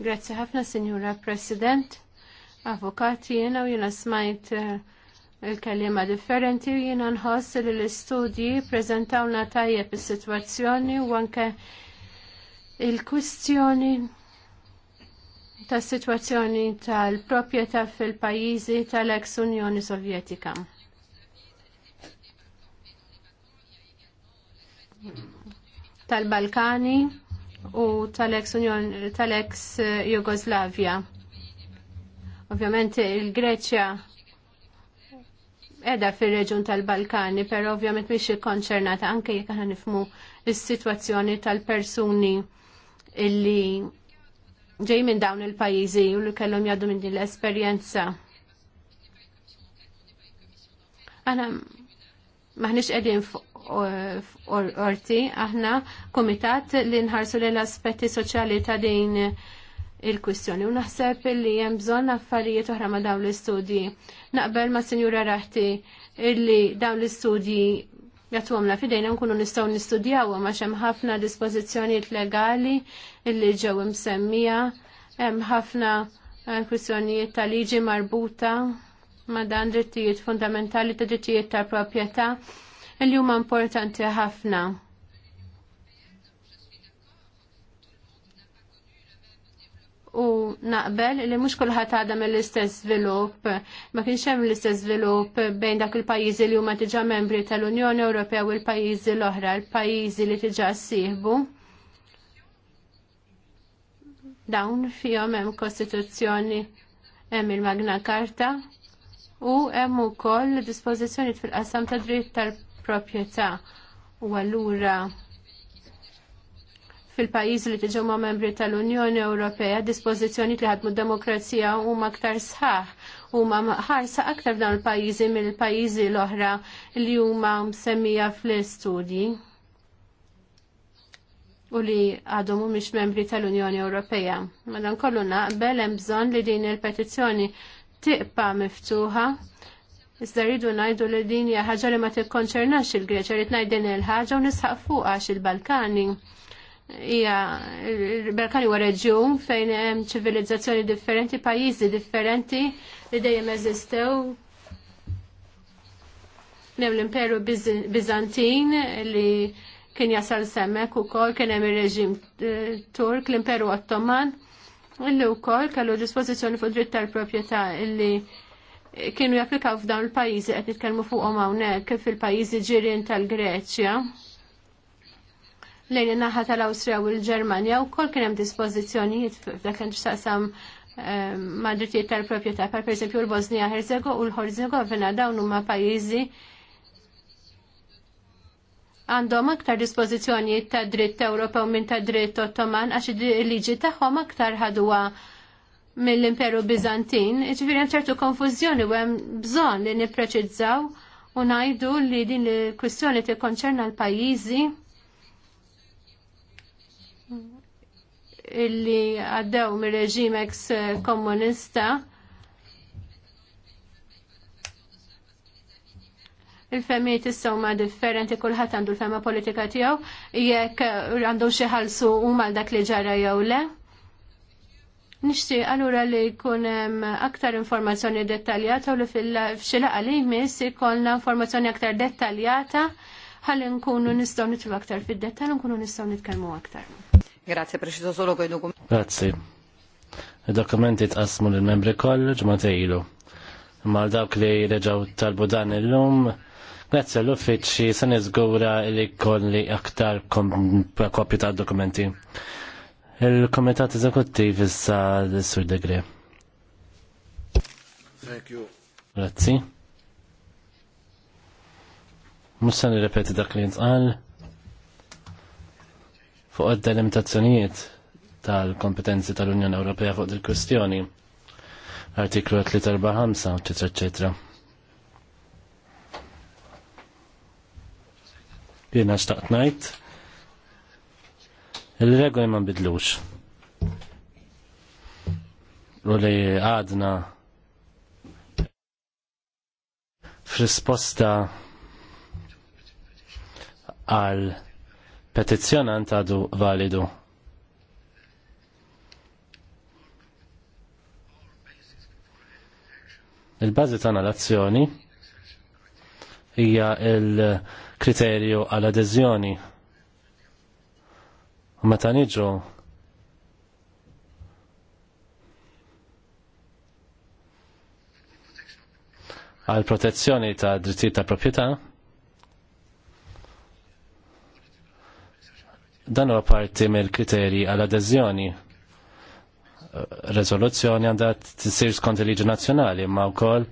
Grazie ħafna, Signora President, Avokati, jena u jena smajt eh, il-kelima differenti jiena nħoss li l-istudji prezentawna tajjeb is-sitwazzjoni u anke il-kwistjoni ta' sitwazzjoni tal-proprjetà fil-pajjiżi tal-eks Unjoni Sovjetika. tal-Balkani u tal-eks tal Jugoslavja. Ovvjament il-Greċja edha fil-reġun tal-Balkani, pero ovvjament miex konċernata anke jekk aħna nifmu il sitwazzjoni tal-persuni illi ġej minn dawn il-pajjiżi u li kellhom jgħaddu minn din l-esperjenza. Aħna maħniex qegħdin orti, aħna komitat li nħarsu l aspetti soċjali ta' din il-kwistjoni u naħseb li hemm bżonn affarijiet oħra ma' dawn l-istudji. Naqbel ma' Sinjura Raħti illi dawn l-istudji jagħtuhom la fidejna nkunu nistgħu nistudjaw ma hemm ħafna dispożizzjonijiet legali illi ġew msemmija, hemm ħafna eh, kwistjonijiet ta' liġi marbuta ma' dan drittijiet fundamentali ta' drittijiet ta' proprjetà illi huma importanti ħafna u naqbel li mhux kulħadd għadha mill-istess żvilupp, ma kienx hemm l-istess żvilupp bejn dak il-pajjiżi li huma diġà membri tal-Unjoni Ewropea u l-pajjiżi l-oħra, l-pajjiżi li diġà ssieħbu. Dawn fihom hemm kostituzzjoni hemm il-Magna Karta u hemm ukoll dispożizzjonijiet fil-qasam tad dritt tal-proprjetà u allura fil-pajjiżi li ma' membri tal-Unjoni Ewropea dispożizzjoni li ħadmu demokrazija huma aktar sħaħ huma ħarsa aktar dawn il-pajjiżi mill-pajjiżi l-oħra li huma msemmija fl-istudji u li għadhom mhumiex membri tal-Unjoni Ewropea. Madankollu naqbel hemm bżonn li din il-petizzjoni tibqa' miftuħa Iżda rridu ngħidu li din hija ħaġa li ma tikkonċernax il-Greċja, rrid ngħid din il-ħaġa u nisħaq fuqha il-Balkani hija il-Balkani huwa fejn hemm ċivilizzazzjoni differenti, pajjiżi differenti li dejjem eżistew. Nem l-Imperu Bizantin li kien jasal semmek ukoll kien hemm ir-reġim eh, Turk, l-Imperu Ottoman, illi wkoll kellu dispożizzjoni fuq dritt tal-proprjetà illi kienu japplikaw f'dawn il-pajjiżi qed nitkellmu fuqhom hawnhekk kif il-pajjiżi ġirien tal-Greċja lejn naħa tal-Awstrija u l-Ġermanja u kol kienem dispozizjonijiet f'dak il-ċtaqsam ehm, ma' drittijiet tal-proprjetà, per pereżempju l-Bosnija Herzego u l-Herzegovina dawn huma pajjiżi għandhom aktar dispożizzjonijiet ta' dritt Ewropew minn ta' dritt Ottoman għax il-liġi tagħhom aktar ħadwa mill-Imperu Bizantin, ġifieri hemm ċertu konfużjoni u hemm bżonn li nippreċizzaw u ngħidu li din il-kwistjoni tikkonċerna l-pajjiżi illi għaddew mir reġim eks komunista il issa huma differenti kulħadd għandu l femma politika tiegħu jekk għandhom xi ħalsu huma dak li ġara jew le. Nixtieq allura li jkun hemm aktar informazzjoni dettaljata u li f'xi laqgħa li jmiss ikollna informazzjoni aktar dettaljata ħalli nkunu nistgħu nitru aktar fid-dettall u nkunu nistgħu nitkellmu aktar. Grazie, preciso solo quei documenti. Grazie. Il-dokumenti tqasmu l-membri kollu ġmatejlu. Mal dawk li reġaw talbu dan illum, lum Grazie l-uffiċi, se niżgura li kolli aktar kopju ta' dokumenti. Il-Komitat Eżekuttiv issa l-Sur Degre. Thank you. Grazzi. Musa nirrepeti dak li jintqal fuq id-delimitazzjonijiet tal-kompetenzi tal-Unjoni Ewropea fuq dil-kwistjoni. Artiklu 345, eccetera, eccetera. Jiena xtaqt ngħid il-regoli ma nbidlux. U li għadna f-risposta għal petizzjonant għadu validu. Il-bazi tana l-azzjoni hija il-kriterju għal adeżjoni. U ma taniġu għal protezzjoni ta' drittijiet ta' proprjetà, Dan huwa parti mill-kriterji għal adeżjoni. Rezoluzzjoni għandha tsir skont il-liġi nazzjonali, ma wkoll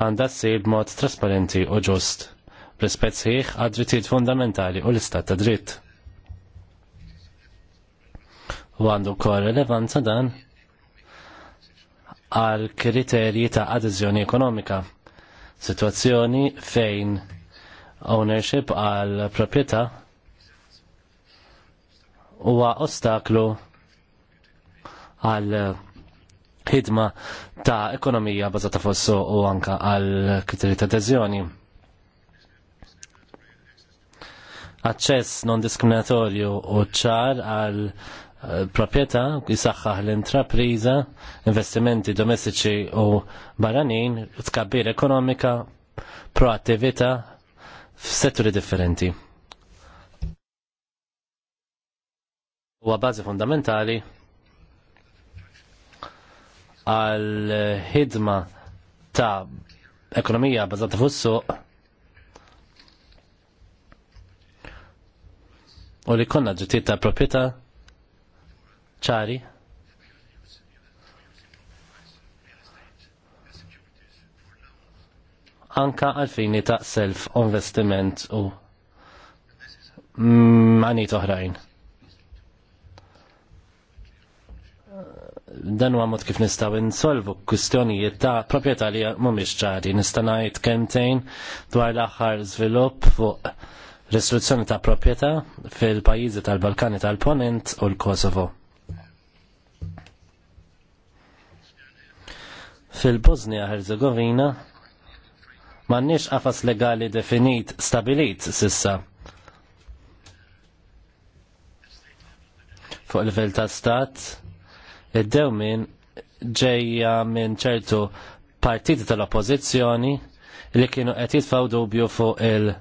għandha tsir b'mod trasparenti u ġust rispett sħiħ għad drittijiet fundamentali u l-istat ta' dritt. U għandu kor relevanza dan għal kriterji ta' adeżjoni ekonomika. Situazzjoni fejn ownership għal proprjetà huwa ostaklu għal ħidma ta' ekonomija bazata fossu u anka għal kriteri ta' adeżjoni. Aċċess non diskriminatorju u ċar għal eh, proprjetà jisaxħaħ l-intrapriża, investimenti domestiċi u barranin, tkabbir ekonomika, proattività f'setturi differenti. huwa bażi fundamentali għal ħidma ta' ekonomija bażata fuq suq u li konna ġittijiet ta' proprjetà ċari. anka għalfini ta' self-investiment u għanit oħrajn. dan huwa mod kif nistgħu insolvu kwistjonijiet ta' proprjetà li mhumiex ċari. Nista' ngħid kemtejn dwar l-aħħar żvilupp fuq restruzzjoni ta' proprjetà fil-pajjiżi tal-Balkani tal-Ponent u l-Kosovo. Fil-Bosnia Herzegovina m'għandniex qafas legali definit stabilit sissa. Fuq livell ta' stat, Id-dewmin ġejja minn ċertu partiti tal-oppożizzjoni li kienu qed jitfgħu dubju fuq il-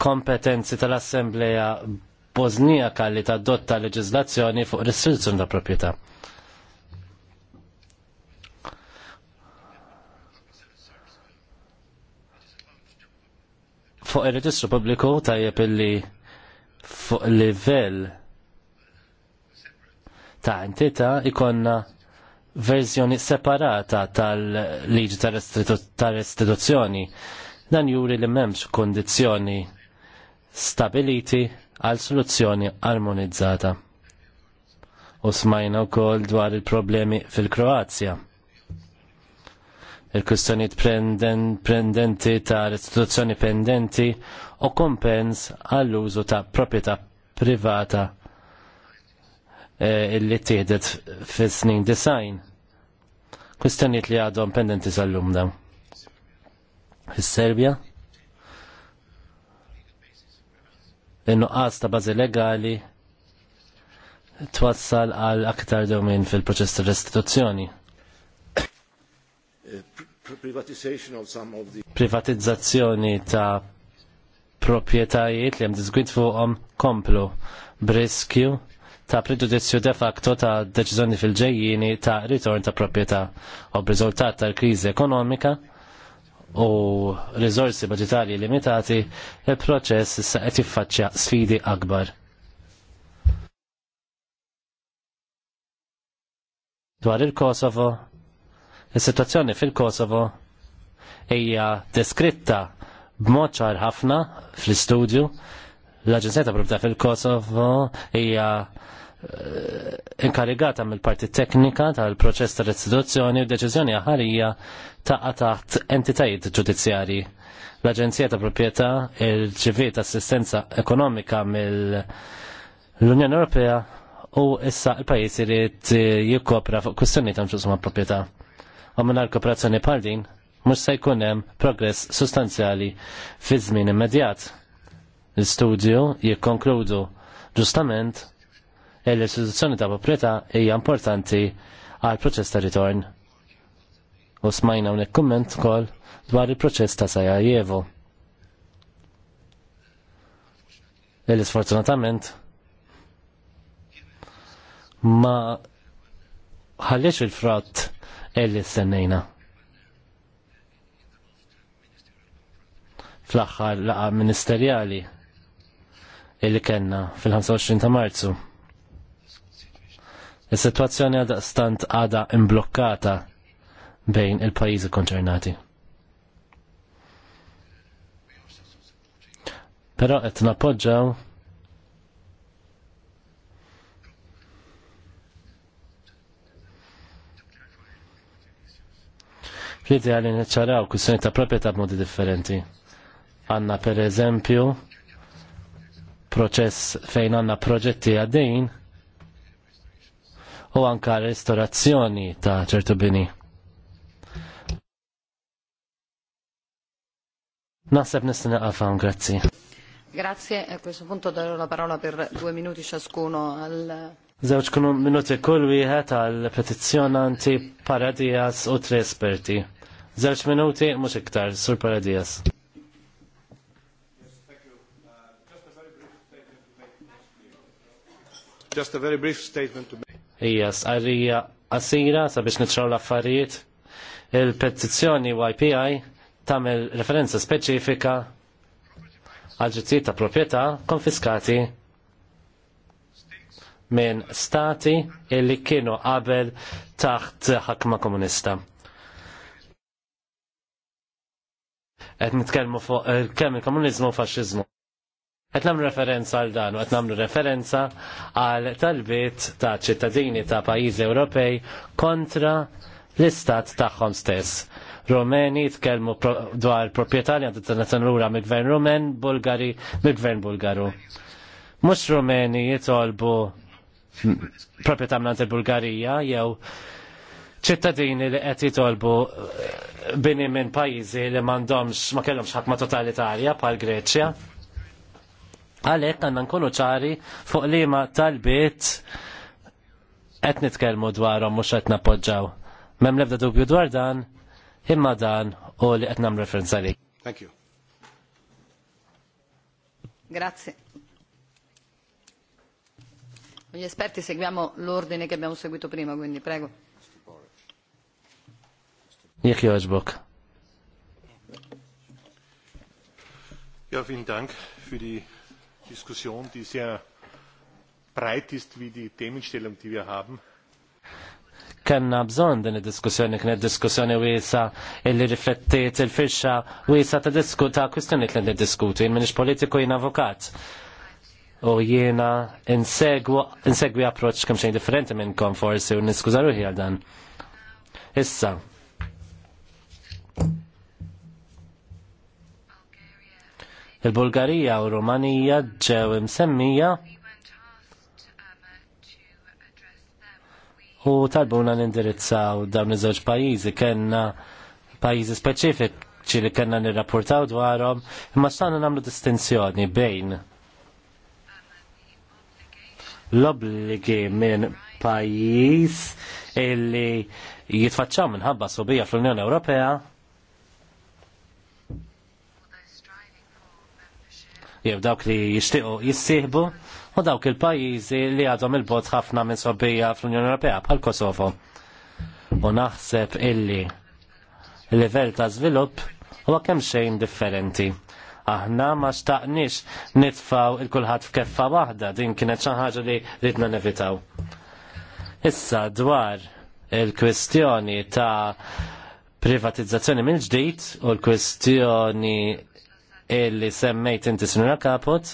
kompetenzi tal-Assembleja Bosnijaka li tadotta leġiżlazzjoni fuq restrizzjoni ta' proprjetà. Fuq ir-Reġistru Pubbliku tajjeb illi fuq livell ta' entita ikonna verżjoni separata tal-liġi tal-restituzzjoni. Dan juri li memx kondizjoni stabiliti għal soluzzjoni armonizzata. U smajna wkoll dwar il-problemi fil-Kroazja. Il-kustjoniet pendenti ta' restituzzjoni pendenti u kompens għall-użu ta' proprjetà privata Eh, illi tiedet fis-snin design. Kustaniet li għadhom pendenti sal-lum dawn. Fis-Serbja? In-nuqqas ta' bażi legali twassal għal aktar domin fil-proċess ta' restituzzjoni. Eh, Privatizzazzjoni ta' propietajiet li hemm disgwid fuqhom komplu briskju ta' preġudizzju de facto ta' deċiżjoni fil-ġejjini ta' ritorn ta' proprjetà u b'riżultat tal-kriżi ekonomika u risorsi budġetarji limitati, il-proċess issa qed jiffaċċja sfidi akbar. Dwar il-Kosovo, is-sitwazzjoni il kosovo is sitwazzjoni fil kosovo hija deskritta b'mod ċar ħafna fl-istudju l-Aġenzija ta' Proprietà fil-Kosovo hija inkarigata mill-parti teknika tal-proċess ta' restituzzjoni u deċiżjoni ħarija taqa' taħt entitajiet ġudizzjarji. L-Aġenzija ta' Proprjetà, il-ċivil ta' Assistenza Ekonomika mill-Unjoni Ewropea u issa l pajis irid jikkopra fuq kwistjoni ta' mxusma proprjetà. U minn kooperazzjoni bħal din, mhux se jkun hemm progress sostanzjali fi żmien immedjat. L-istudju jikkonkludu ġustament E l-istituzzjoni ta' proprjetà hija importanti għal proċess ta' ritorn. U smajna unek komment kol dwar il-proċess ta' Sarajevo. Illi e sfortunatament ma ħalliex il-frott illi e s-sennejna. Fl-axħar laqa ministerjali illi kena fil-25 ta' marzu. Is-sitwazzjoni għadha stant għadha imblokkata bejn il-pajjiżi konċernati. Però qed napoġġaw Ridi għalli neċċaraw kussjoni ta' proprjetà b'modi differenti. Għanna per eżempju proċess fejn għanna proġetti għaddejn u anka ristorazzjoni ta' ċertu bini. Naħseb nistina għafan, grazzi. Grazie, a questo punto darò la parola per due minuti ciascuno al... Zewċ kunu minuti kull wieħed għal petizzjonanti Paradias u tre esperti. Zewċ minuti, mux iktar, sur Paradias. Just a very brief statement to make. Ija, sqarrija qasira sabiex nitraw l-affarijiet. Il-petizzjoni YPI tagħmel referenza speċifika għal ta' proprjetà konfiskati minn stati illi kienu qabel taħt ħakma komunista. Qed nitkellmu fuq kemm il komunizmu u faxxiżmu. Qed nagħmlu referenza għal dan u qed nagħmlu referenza għal talbiet ta' ċittadini ta' pajjiżi Ewropej kontra l-istat tagħhom stess. Rumeni tkellmu dwar proprjetà ta' għandu t mill-gvern Rumen, Bulgari mill-gvern Bulgaru. Mhux Rumeni jitolbu proprjetà mnant il-Bulgarija jew ċittadini li qed jitolbu eh, bini minn pajjiżi li m'għandhomx ma kellhomx ħakma totalitarja bħal Greċja għalek għanna nkunu ċari fuq tal-bit qed nitkellmu dwarom mux qed nappoġġaw. Mem lebda dubju dwar dan, imma dan u li qed nagħmel referenza li. Thank you. Grazie. Gli esperti seguiamo l'ordine che abbiamo seguito prima, quindi prego. Jek joġbok. Ja, vielen Dank für die Diskussion, die sehr breit ist wie die Themenstellung, die wir haben. Kenna bżon din id-diskussjoni kienet diskussjoni wiesa illi riflettiet il-fisċa wiesa ta' diskuta kwistjoni li niddiskutu. Jien minix politiku jien avokat. U jiena insegwi approċ kemm xejn differenti minnkom forsi u niskuża ruħi dan. Issa, Il-Bulgarija u Rumanija ġew imsemmija u talbuna nindirizzaw dawn iż-żewġ pajjiżi kellna pajjiżi speċifiċi li kellna nirrapportaw dwarhom, imma stanna nagħmlu distinzjoni bejn l obbligi minn pajjiż illi jitfaċċaw minħabba subija fl-Unjoni Ewropea jew dawk li jixtiequ jissieħbu u dawk il-pajjiżi li għadhom il-bot ħafna minn sobbija fl-Unjoni Ewropea bħal Kosovo. U naħseb illi il-livell ta' żvilupp huwa kemm xejn differenti. Aħna ma xtaqniex nitfaw il-kulħadd f'keffa waħda, din kienet xi ħaġa li ridna nevitaw. Issa dwar il-kwestjoni ta' privatizzazzjoni mill ġdid u l-kwestjoni illi semmejt inti sinura kaput,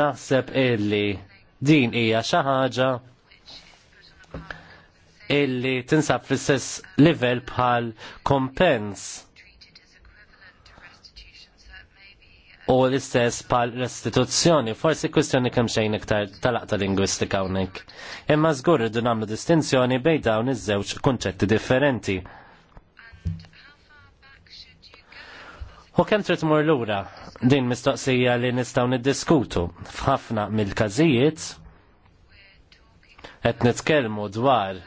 naħseb illi din hija xi ħaġa illi tinsab fl-istess livell bħal kompens. u l-istess bħal restituzzjoni, forsi kwistjoni kemm xejn iktar tal-aqta lingwistika hawnhekk. Imma żgur irdu nagħmlu distinzjoni bejn dawn iż-żewġ kunċetti differenti. U kemm trid mur lura din mistoqsija li nistgħu niddiskutu f'ħafna mill-każijiet qed nitkellmu dwar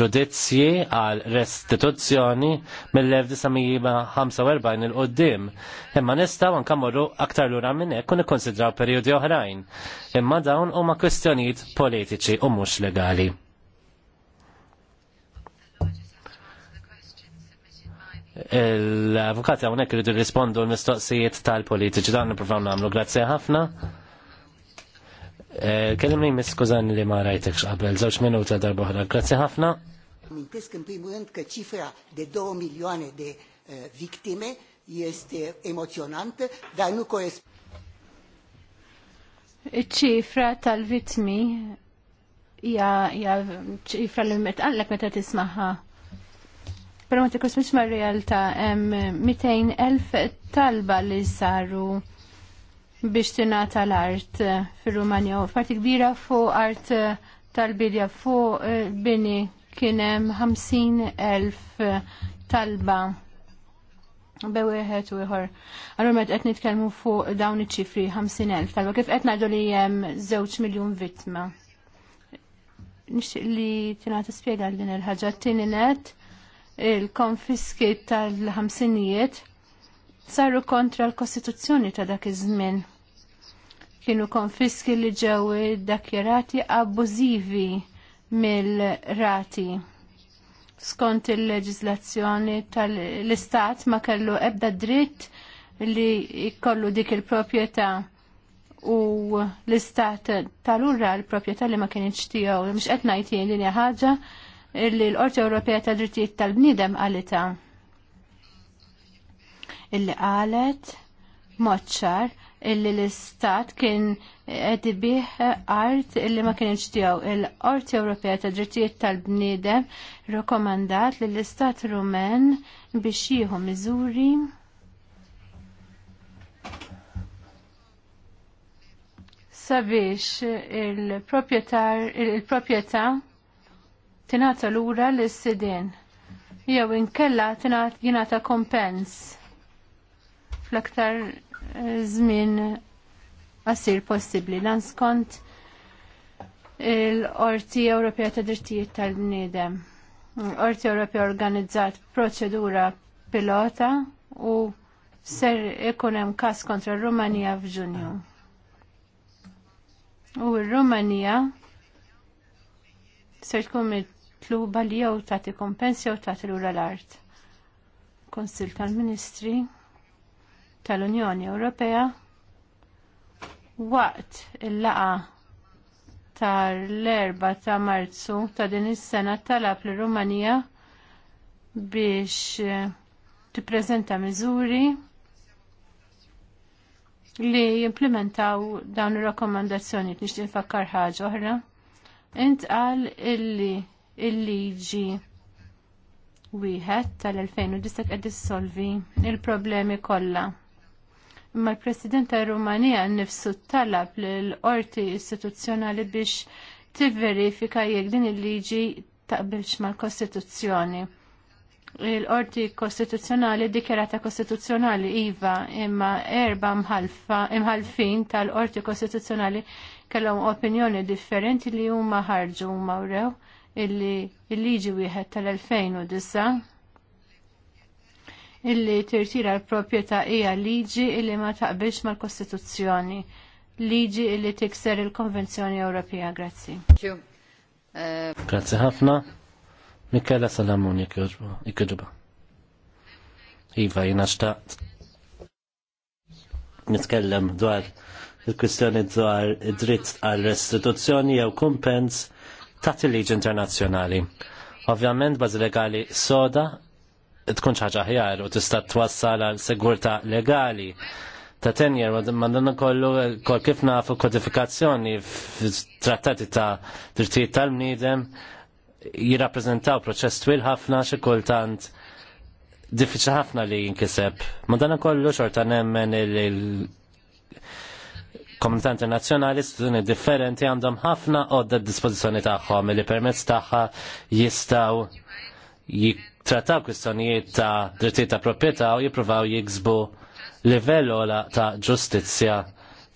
ġudizzji għal restituzzjoni mill-1945 il-qoddim. Imma nistaw anka morru aktar lura minn hekk u nikkonsidraw perjodi oħrajn. Imma dawn huma kwistjonijiet politiċi u mhux legali. l-avukati għonek rridu rispondu l-mistoqsijiet tal-politiċi dan n-profan namlu grazzi ħafna. Eh, kellimni miskużan li ma rajtekx qabel, żewġ minuta darba oħra, grazzi ħafna. Amintesc în primu rând că cifra de 2 miljoni de eh, viktime este emoționantă, dar nu corespunde. Ċifra tal-vitmi hija ċifra li metqallek meta tismaha. Pero ma tikkus ma realtà hemm 200,000 talba li saru biex tingħata l-art eh, fir Rumania. u kbira fuq art eh, tal-bidja fuq eh, bini kien hemm 50,000 talba bew u ieħor. Allura meta qed nitkellmu fuq dawn iċ-ċifri 50,000 talba kif qed ngħidu li hemm żewġ miljun vittma. Nixtieq li tingħata spjega din il-ħaġa tieni net il-konfiski tal-ħamsinijiet saru kontra l-Kostituzzjoni ta' dak iż-żmien. Kienu konfiski li ġew dakjerati abbużivi mill-rati. Skont il-leġislazzjoni tal-Istat ma kellu ebda dritt li jkollu dik il-proprjetà u l-istat tal-urra l-proprjetà li ma kienx tiegħu. Mhux qed ngħid jien din ħaġa illi l-Qorti Ewropea ta' Drittijiet tal-Bniedem għalita illi qalet moċċar illi l-Istat kien qed ibih art illi ma kienx tiegħu. Il-Qorti Ewropea ta' Drittijiet tal-Bniedem rikomandat li l-Istat Rumen biex jieħu miżuri sabiex il-proprjetà il-proprjetà il proprjetà il il proprjetà tingħata lura l sidien jew inkella jingħata kompens fl-aktar eh, żmien qasir possibbli lan skont il-Qorti Ewropea ta' Drittijiet tal-Bniedem. Qorti Ewropea organizzat proċedura pilota u ser ikun hemm każ kontra rumanija f'Ġunju. U r-Rumanija ser tkun tluba li jew tagħti kompens jew tagħti lura l-art. Konsil tal-Ministri tal-Unjoni Ewropea waqt il laqgħa tal-4 ta' Marzu ta' din is-sena talab lir rumanija biex eh, tippreżenta miżuri li jimplementaw dawn ir rakkomandazzjoni nixtieq infakkar ħaġa oħra. Intqal illi il-liġi wieħed tal-2009 qed issolvi l problemi kollha. Imma l-President tar Rumanija nnifsu talab lill qorti istituzzjonali biex tivverifika jekk din il-liġi taqbilx mal-Kostituzzjoni. Il-qorti kostituzzjonali dikjarata kostituzzjonali iva imma erba mħalfin tal-qorti kostituzzjonali kellhom opinjoni differenti li huma ħarġu huma wrew illi il-liġi wieħed tal-2009 illi tirtira l-proprjetà hija liġi illi ma taqbilx mal-Kostituzzjoni, liġi illi tikser il-Konvenzjoni Ewropea. Grazzi. Uh, Grazzi ħafna. Mikela Salamuni ikġuba. Iva, jina xtaqt. Nitkellem dwar il-kwistjoni dwar id-dritt għal restituzzjoni jew kumpens taħt il-liġi internazzjonali. Ovvjament bażi legali soda tkun ħaġa ħjar u tista' twassal għal sigurtà legali ta' tenjer, ma dan kollu kol kif nafu kodifikazzjoni f-trattati ta' drittijiet tal mnidem jirrappreżentaw proċess twil ħafna xi kultant diffiċli ħafna li jinkiseb. Ma dan kollu xorta nemmen il komunità internazzjonali, studenti differenti għandhom ħafna għodda d-dispożizzjoni tagħhom li permezz tagħha jistgħu jittrattaw kwistjonijiet ta' drittijiet ta' proprjetà u jippruvaw jiksbu livell ola ta' ġustizzja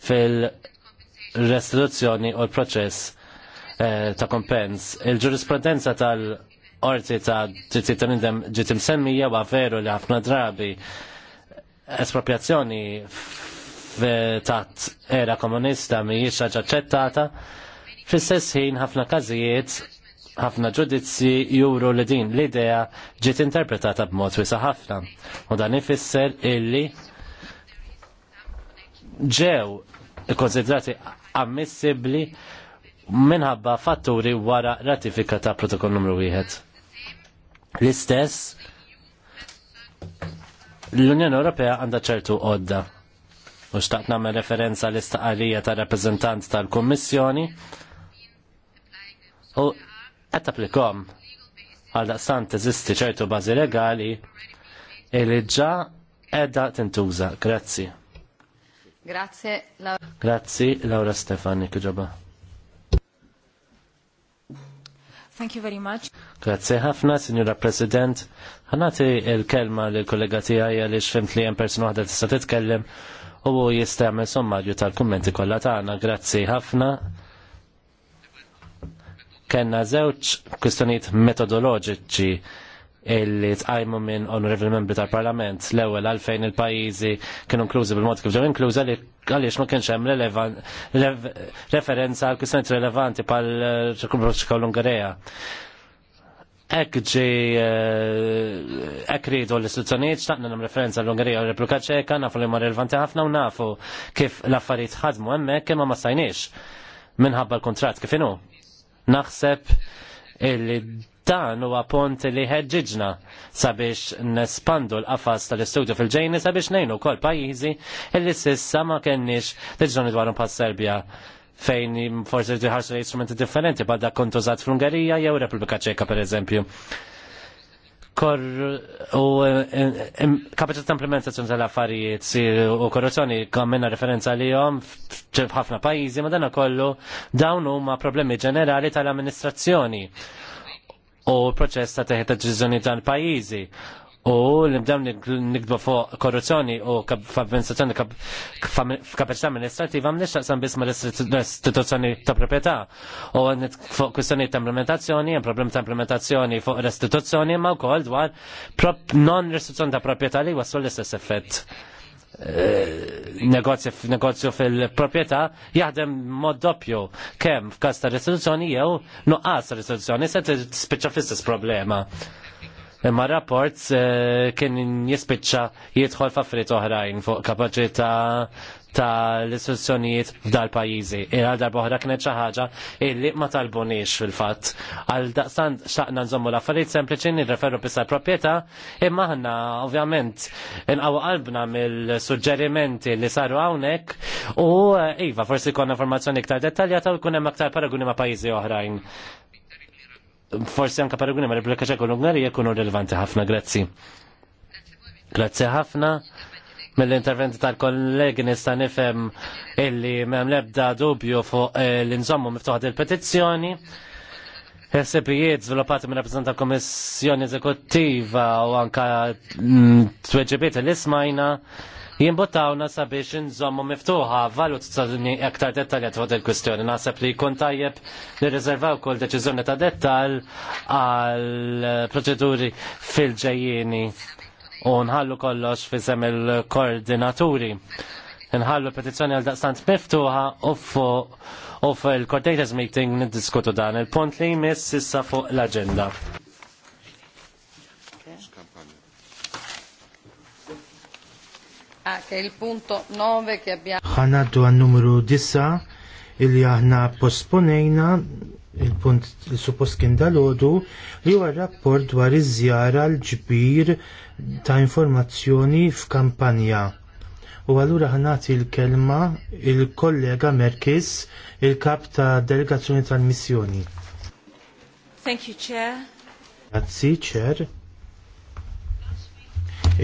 fil-restituzzjoni u l-proċess eh, ta' kompens. Il-ġurisprudenza tal-orti ta' drittijiet ta' nindem ġitim semmija wa veru li ħafna drabi espropjazzjoni taħt era komunista mi ħaġa ċettata, fl-istess ħin ħafna każijiet ħafna ġudizzi juru li din l-idea ġiet interpretata b'mod wisa ħafna. U dan ifisser illi ġew konsidrati ammissibbli minħabba fatturi wara ratifika ta' protokoll numru wieħed. L-istess l-Unjoni Ewropea għandha ċertu għodda u xtaqt nagħmel referenza l istaqalija ta' rappresentant tal-Kummissjoni u qed tapplikom għal daqstant teżisti ċertu bażi legali li ġa qiegħda tintuża. Grazzi. Grazie, Laura. Grazzi, Laura Stefani, kħġoba. Thank you very much. Grazie ħafna, Signora President. Ħanati il-kelma l-kollega tijaj għalix fimt li jem persona għadha tista titkellem u jista' jagħmel sommarju tal-kummenti kollha tagħna. Grazzi ħafna. Kenna żewġ kwistjonijiet metodologiċi illi tqajmu minn onorevoli membri tal-Parlament l-ewwel għalfejn il-pajjiżi kienu inklużi bil-mod kif ġew inkluża li għaliex ma kienx hemm referenza għal kwistjonijiet relevanti pal-Republika l-Ungerija. Ek ġi eh, ek ridu l-istituzzjonijiet, xtaqna nam referenza l-Ungerija u Repubblika Ċeka, nafu li ma relevanti ħafna u nafu kif l-affarijiet ħadmu hemmhekk kemm ma stajniex minħabba l kontrat kif inhu. Naħseb illi dan huwa pont li ħeġġiġna sabiex nespandu l-qafas tal-istudju fil-ġejni sabiex nejnu kol pajjiżi illi sissa ma kenniex deċiżjoni dwarhom pass serbja fejn forse ħarsu istrumenti differenti bħal dak kont użat fl-Ungerija jew Repubblika Ċeka pereżempju. Kor u eh, eh, kapacità implementazzjoni tal-affarijiet u korruzzjoni għamilna referenza li jom f'ħafna pajjiżi ma dan kollu dawn huma problemi ġenerali tal-amministrazzjoni u proċess ta' teħet deċiżjoni tal-pajjiżi u li bdew fuq korruzzjoni u f'avvenzazzjoni f'kapacità amministrativa m'nix taqsam biss ma l-istituzzjoni ta' proprjetà u fuq kwistjoni ta' implementazzjoni, hemm problem ta' implementazzjoni fuq restituzzjoni ma wkoll dwar non restituzzjoni ta' proprjetà li waslu l-istess effett eh, negozju fil-propieta jaħdem mod doppju kemm f'każ ta' restituzzjoni jew nuqqas restituzzjoni se tispiċċa fl-istess problema. Imma rapport eh, kien jispiċċa jidħol f'affarijiet oħrajn fuq kapaċità tal-istituzzjonijiet f'dal pajjiżi. Għal darba oħra kienet xi ħaġa illi ma talbunix fil-fatt. Għal daqstant xaqna nżommu l-affarijiet sempliċi nirreferru bisa proprjetà imma aħna ovvjament inqaw qalbna mill-suġġerimenti li saru hawnhekk u eh, iva forsi konna informazzjoni iktar dettaljata u jkun hemm aktar paraguni ma' pajjiżi oħrajn forsi anka paraguni ma' Repubblika Ċeka u l-Ungarija jkunu rilevanti ħafna, grazzi. Grazzi ħafna mill-interventi tal-kollegi nista' nifhem illi m'hemm l-ebda dubju fuq eh, l-inżommu miftuħa il-petizzjoni. Ħsibijiet żviluppati minn rappreżentant tal-Kommissjoni Eżekuttiva u anka mm, tweġibiet l-ismajna jimbottawna sabiex nżommu miftuħa valutazzjoni aktar dettaljat fuq il kustjoni Naħseb li jkun tajjeb li rezervaw kol deċiżjoni ta' dettal għal proċeduri fil-ġejjini u nħallu kollox fi il-koordinaturi. Nħallu petizzjoni għal daqstant miftuħa u fuq il coordinators Meeting niddiskutu dan il-punt li jmiss issa fuq l-agenda. Ah, ħanaddu għan numru 9 illi aħna posponejna il-punt il suppost kien dal-ħodu li huwa rapport dwar iż-żjara l-ġbir ta' informazzjoni f'kampanja. U għallura ħanati il-kelma il-kollega Merkis, il-kap ta' delegazzjoni tal-missjoni. Thank you, Chair. Grazzi, Chair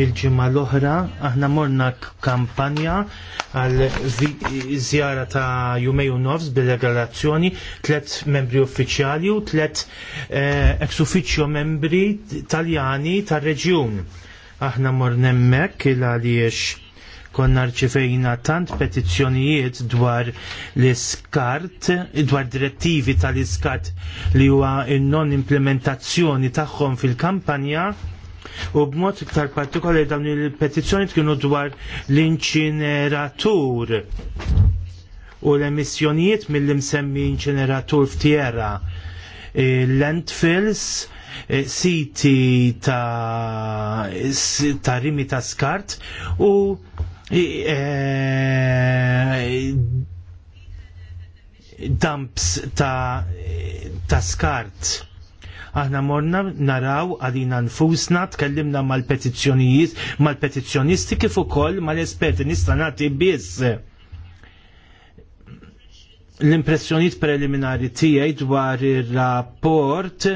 il-ġimma l-oħra aħna morna kampanja għal zjara ta' jumej u nofs bil-regalazzjoni tlet membri uffiċjali u tlet eh, ex uffiċjo membri taljani tar-reġjun. Aħna morna hemmhekk il għaliex konna rċifejna tant petizzjonijiet dwar l-iskart, dwar direttivi tal-iskart li huwa non implementazzjoni tagħhom fil-kampanja U b'mod iktar partikolari dawn il-petizzjoni kienu dwar l-inċineratur u l-emissjonijiet mill-imsemmi inċineratur f'tjera. E, landfills, e, siti ta' ta' rimi ta' skart u e, dumps ta' ta' skart Aħna morna naraw għalina nfusna, tkellimna mal-petizzjonijiet, mal-petizzjonisti kif ukoll mal-esperti nista' nagħti biss l-impressjoniet preliminari tiegħi dwar ir-rapport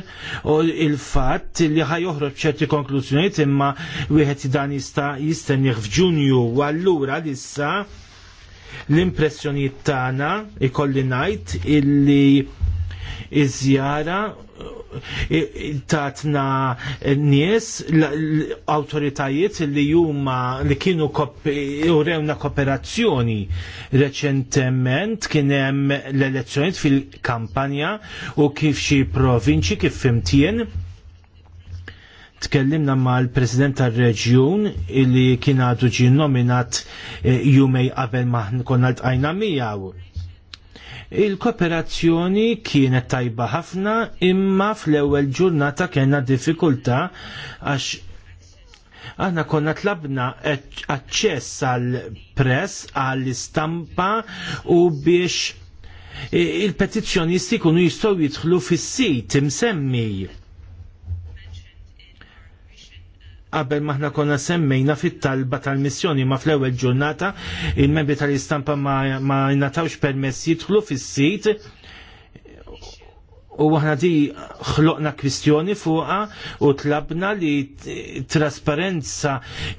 u il-fatt li ħaj joħroġ ċerti konklużjonijiet imma wieħed dan jista' jistennih f'Ġunju u allura issa l-impressjonijiet tagħna ikolli ngħid illi iż-żjara tatna nies autoritajiet li huma li kienu urewna kooperazzjoni reċentement kien hemm l-elezzjoniet fil-kampanja u kif xi provinċi kif fimtien tkellimna mal president tal-reġjun li kien għadu ġi nominat eh, jumej qabel ma konna l-tqajna miegħu Il-kooperazzjoni kienet tajba ħafna imma fl-ewwel ġurnata kellna diffikulta għax aħna konna tlabna aċċess għal press għall istampa u biex il-petizzjonisti kunu jistgħu jidħlu fis-sit imsemmi qabel maħna konna semmejna fit-talba tal-missjoni ma fl-ewwel ġurnata il-membri tal-istampa ma, ma natawx permess jidħlu fis-sit u għahna di ħloqna kwistjoni fuqa u tlabna li trasparenza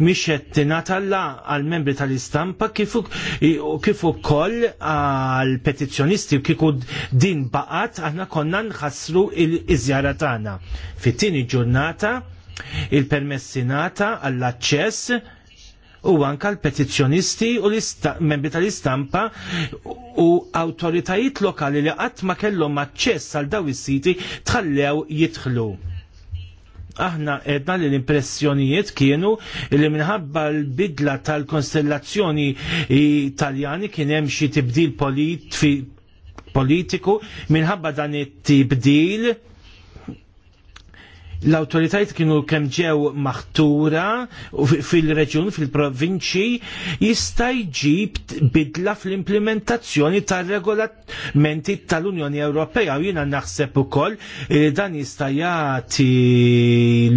miexet tinatalla għal-membri tal-istampa kifu koll għal-petizjonisti u kiku din baqat aħna konna nħassru il-izjara tagħna. Fit-tieni ġurnata Il-permessi nata għall-aċċess u anka l-petizjonisti u membri tal-istampa u autoritajiet lokali li qatt ma kellhom aċċess għal daw is-siti tħallew jidħlu. Aħna edna li l-impressjonijiet kienu li minħabba l-bidla tal-konstellazzjoni italjani kien hemm xi tibdil polit politiku minħabba dan it-tibdil l-autoritajt kienu kemm ġew maħtura fil-reġjun, fil-provinċi, jista' jġib bidla fl-implementazzjoni tar-regolamenti tal-Unjoni Ewropea. Jiena naħseb ukoll li eh, dan jista' jagħti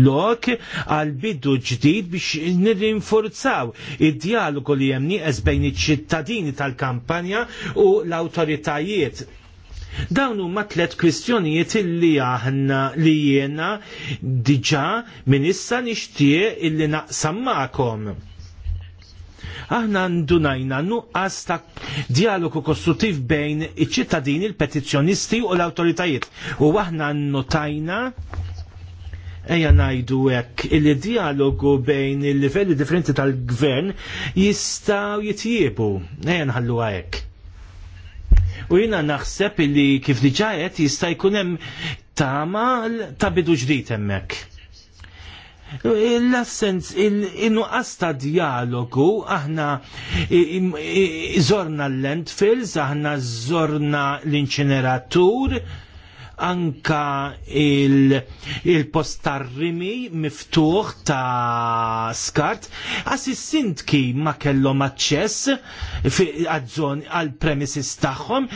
lok għal bidu ġdid biex nirrinforzaw id-dialogu li hemm nieqes bejn iċ-ċittadini tal-kampanja u l-awtoritajiet Dawn huma tliet kwistjonijiet illi aħna li jiena diġà minn issa nixtieq illi naqsam magħkom. Aħna ndunajna nuqqas ta' dialogu kostruttiv bejn iċ-ċittadini, il-petizzjonisti u l-awtoritajiet. U aħna notajna eja najdu hekk il-dialogu bejn il-livelli differenti tal-gvern jistaw jitjiebu. Eja nħallu hekk u jina naħseb li kif diġajet jista' jkun hemm tama ta' bidu ġdid hemmhekk. l assens il-nuqqas ta' dialogu, aħna zorna l lentfils aħna zorna l-inċineratur, anka il-postarrimi il miftuħ ta' skart, għas is ma kellhom aċċess għadżon għal-premises tagħhom.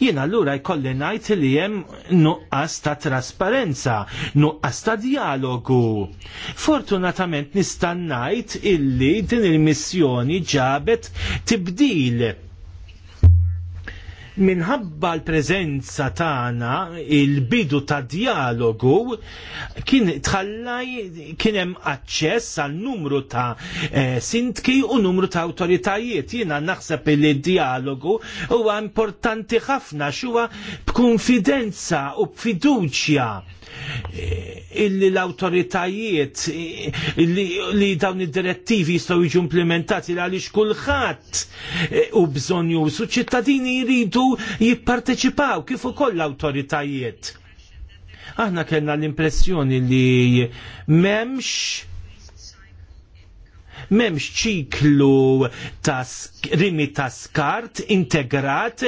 Jiena allura jkolli ngħid li hemm nuqqas ta' trasparenza, nuqqas ta' dialogu. Fortunatament nista' ngħid illi din il-missjoni ġabet tibdil minħabba l-prezenza tagħna il-bidu ta' dialogu kien tħallaj kien hemm aċċess għal numru ta' eh, sintki u numru ta' awtoritajiet. Jiena naħseb li dialogu huwa importanti ħafna xuwa b'konfidenza u b'fiduċja Eh, illi l-autoritajiet eh, li dawn id-direttivi jistgħu jiġu implementati għaliex kulħadd eh, u bżonju jużu ċittadini jridu jipparteċipaw kif ukoll l-awtoritajiet. Aħna kellna l-impressjoni li memx memx ċiklu ta' rimi ta' skart integrat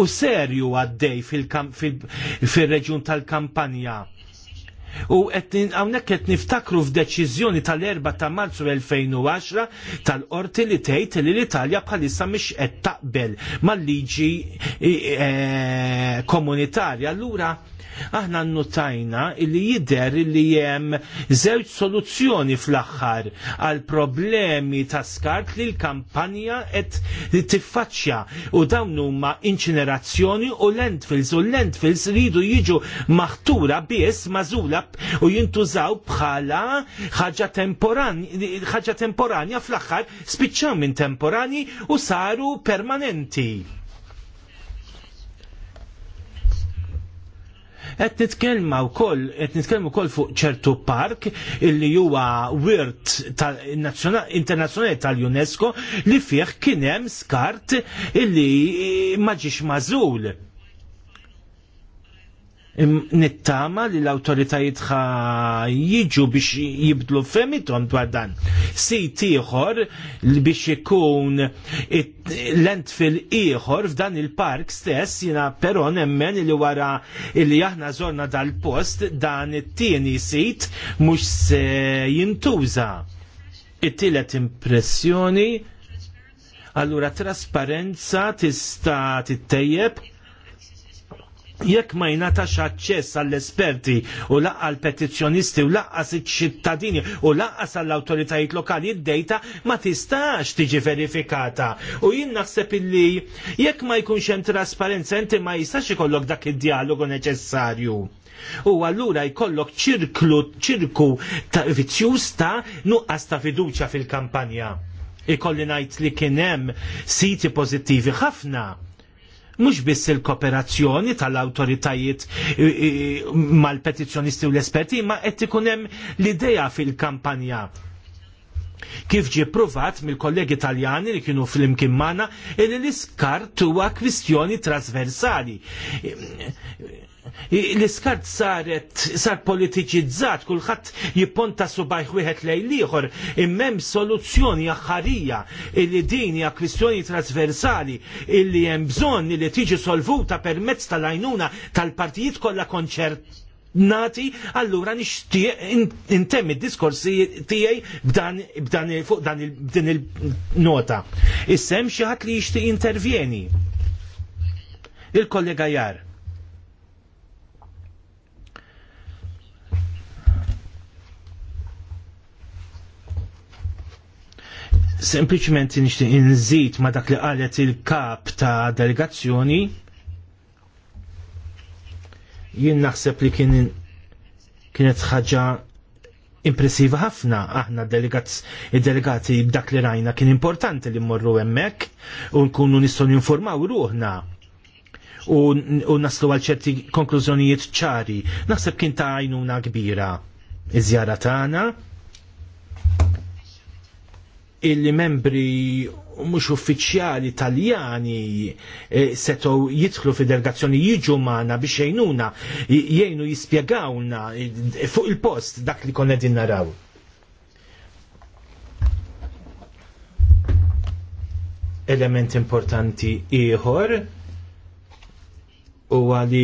u serju għaddej fil-reġjun fil fil tal-kampanja. U hawnhekk qed niftakru f'deċiżjoni tal-4 ta' Marzu 2010 tal-qorti li tgħid li l-Italja bħalissa mhix qed taqbel mal-liġi e, komunitarja. Allura aħna nnutajna li jidher li hemm żewġ soluzzjoni fl-aħħar għal problemi ta' skart li l-kampanja qed tiffaċċja u dawn huma inċinerazzjoni u landfills u landfills ridu jiġu maħtura biss mażula u jintużaw bħala ħaġa temporanja fl-aħħar spiċċaw minn temporani u saru permanenti qed titkellma wkoll qed nitkellmu wkoll fuq ċertu park illi huwa wirt internazzjonali tal-UNESCO li fih kien hemm skart illi ma ġiex mażul nittama li l-autoritajiet ħa jiġu biex jibdlu femitom dwar dan. Sit ieħor biex ikun l fil ieħor f'dan il-park stess jina però nemmen li wara li aħna zorna dal-post dan it-tieni sit mhux se jintuża. It-tielet impressjoni Allura trasparenza tista' tittejjeb jekk ma jnatax aċċess għall-esperti u laqqa l-petizjonisti u laqqa iċ-ċittadini u laqqa għall-autoritajiet lokali id-dejta ma tistax tiġi verifikata. U jien naħseb illi jekk ma jkunx hemm trasparenza inti ma jistax ikollok dak id-dialogu neċessarju. U allura jkollok ċirklu ċirku ta' vizzjuż ta' nuqqas ta' fiduċa fil-kampanja. Ikolli ngħid li kien hemm siti pożittivi ħafna mhux biss il-kooperazzjoni tal-awtoritajiet mal-petizzjonisti u l-esperti, ma qed ikun hemm l-idea fil-kampanja Kif ġie pruvat mill-kollegi Taljani li kienu fl-imkien magħna li l-iskart huwa kwistjoni trasversali l-iskart saret sar politiċizzat, kulħadd jipponta subajh wieħed lejn ieħor, immem soluzzjoni aħħarija illi din hija kwistjoni trasversali illi hemm bżonn li tiġi solvuta permezz tal-għajnuna tal-partijiet kollha konċernati, allura nixtieq intemmi id diskorsi tiegħi b'dan fuq dan il-nota. Issem xi ħadd li jixtieq intervjeni. Il-kollega Jar. Sempliċement nixtieq inżid ma dak li qalet il-kap ta' delegazzjoni jien naħseb li kien kienet ħaġa impressiva ħafna aħna id-delegati b'dak li rajna kien importanti li mmorru hemmhekk u nkunu nistgħu ninformaw ruħna u naslu għal ċerti konklużjonijiet ċari. Naħseb kien ta' għajnuna kbira. Iż-żjara tagħna il-membri mux uffiċjali taljani eh, setgħu jidħlu fi delegazzjoni jiġu maħna biex jgħinuna, jgħinu jispjegawna eh, fuq il-post dak li konna din naraw. Element importanti ieħor u għali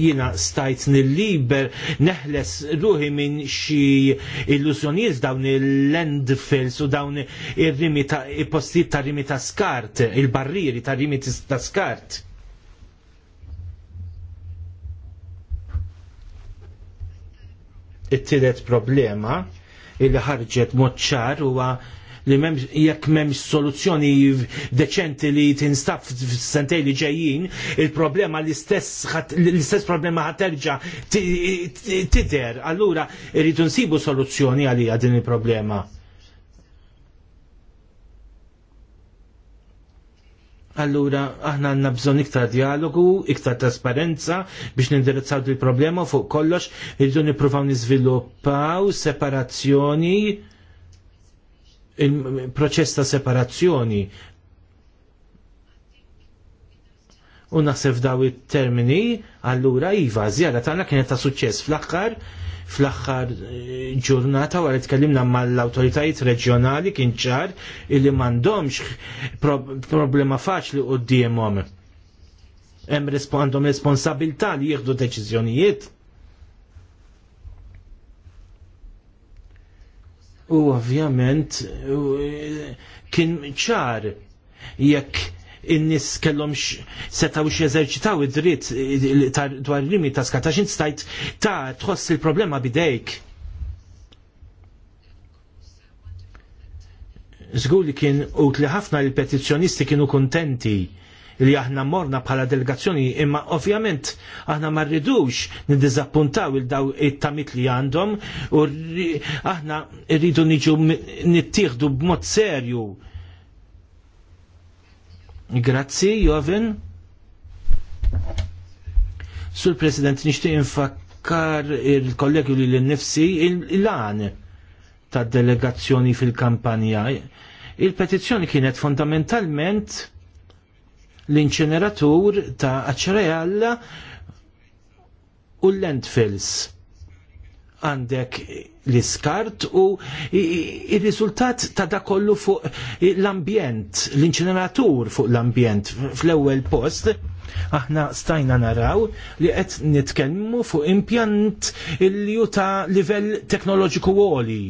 jina stajt nil-liber neħles ruħi minn xi illużjonijiet dawn il-landfills u dawn il-rimi ta' postijiet ta' rimi ta' skart, il-barriri ta' rimi ta' skart. It-tielet problema il-ħarġet moċċar huwa li memx, jekk memx soluzzjoni deċenti li tinstab f'sentej li ġejjin, il-problema l-istess l-istess problema ħaterġa tider. Allura irridu nsibu soluzzjoni għalija din il-problema. Allura, aħna għanna bżon iktar dialogu, iktar trasparenza biex nindirizzaw il problema fuq kollox, irridu nippruvaw niżviluppaw separazzjoni il-proċess ta' separazzjoni u naħseb daw it-termini, allura iva, żjara tagħna kienet ta' suċċess fl-aħħar fl-aħħar eh, ġurnata wara tkellimna mal-awtoritajiet reġjonali kien ċar illi m'għandhomx problema faċli qudiemhom. Hemm għandhom responsabilità li jieħdu deċiżjonijiet U ovvjament e, kien ċar jekk in-nis kellhom setaw jeżerċitaw id-dritt dwar il limit ta' skatax stajt ta' tħoss il-problema bidejk. Żgur li kien utli ħafna il petizzjonisti kienu kontenti li aħna morna bħala delegazzjoni imma ovvjament aħna ma rridux nidizappuntaw il-daw it-tamit li għandhom u aħna rridu niġu nittieħdu b'mod serju. Grazzi, Joven. Sur President, nixtieq infakkar il-kollegju li l-nifsi il-lan tad delegazzjoni fil-kampanja. Il-petizzjoni kienet fondamentalment l-inċineratur ta' aċrealla u l-landfills. Għandek l-iskart u il-riżultat ta' da kollu fuq l-ambjent, l-inċineratur fuq l-ambjent fl-ewwel post aħna stajna naraw li qed nitkellmu fuq impjant il-ju ta' livell teknoloġiku għoli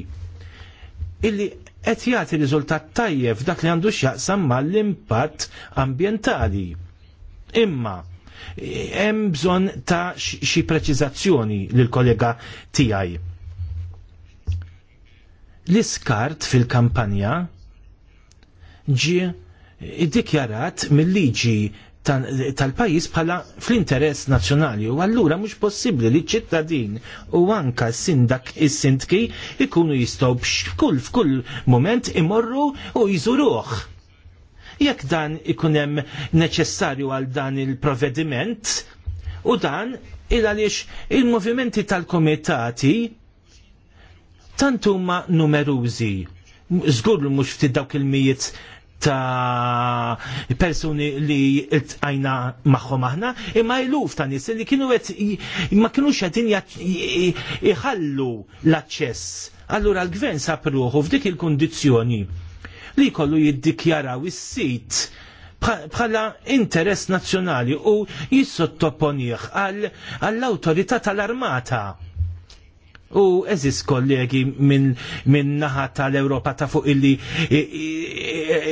illi qed jagħti riżultat tajjeb dak li għandu x'jaqsam mal-impatt ambjentali. Imma hemm bżonn ta' xi preċiżazzjoni lil kollega tiegħi. L-iskart fil-kampanja ġie iddikjarat mill-liġi tal-pajis bħala fl-interess nazzjonali u allura mhux possibbli li ċittadin u anka sindak is-sindki ikunu jistgħu f'kull f'kull moment imorru u jżuruh. Jekk dan ikun hemm neċessarju għal dan il-provediment u dan il għaliex il-movimenti tal-komitati tant huma numerużi. Zgurlu mhux ftit dawk il-mijiet ta' personi li tqajna magħhom aħna, imma iluf ta' nies li kienu għet, ma kinux qegħdin jħallu l-aċċess. Allura l-gvern sapruħu f'dik il-kundizzjoni li kollu jiddikjaraw is-sit bħala interess nazzjonali u jissottoponih għall-awtorità tal-armata U eżis kollegi minn min naħa tal-Europa ta' fuq illi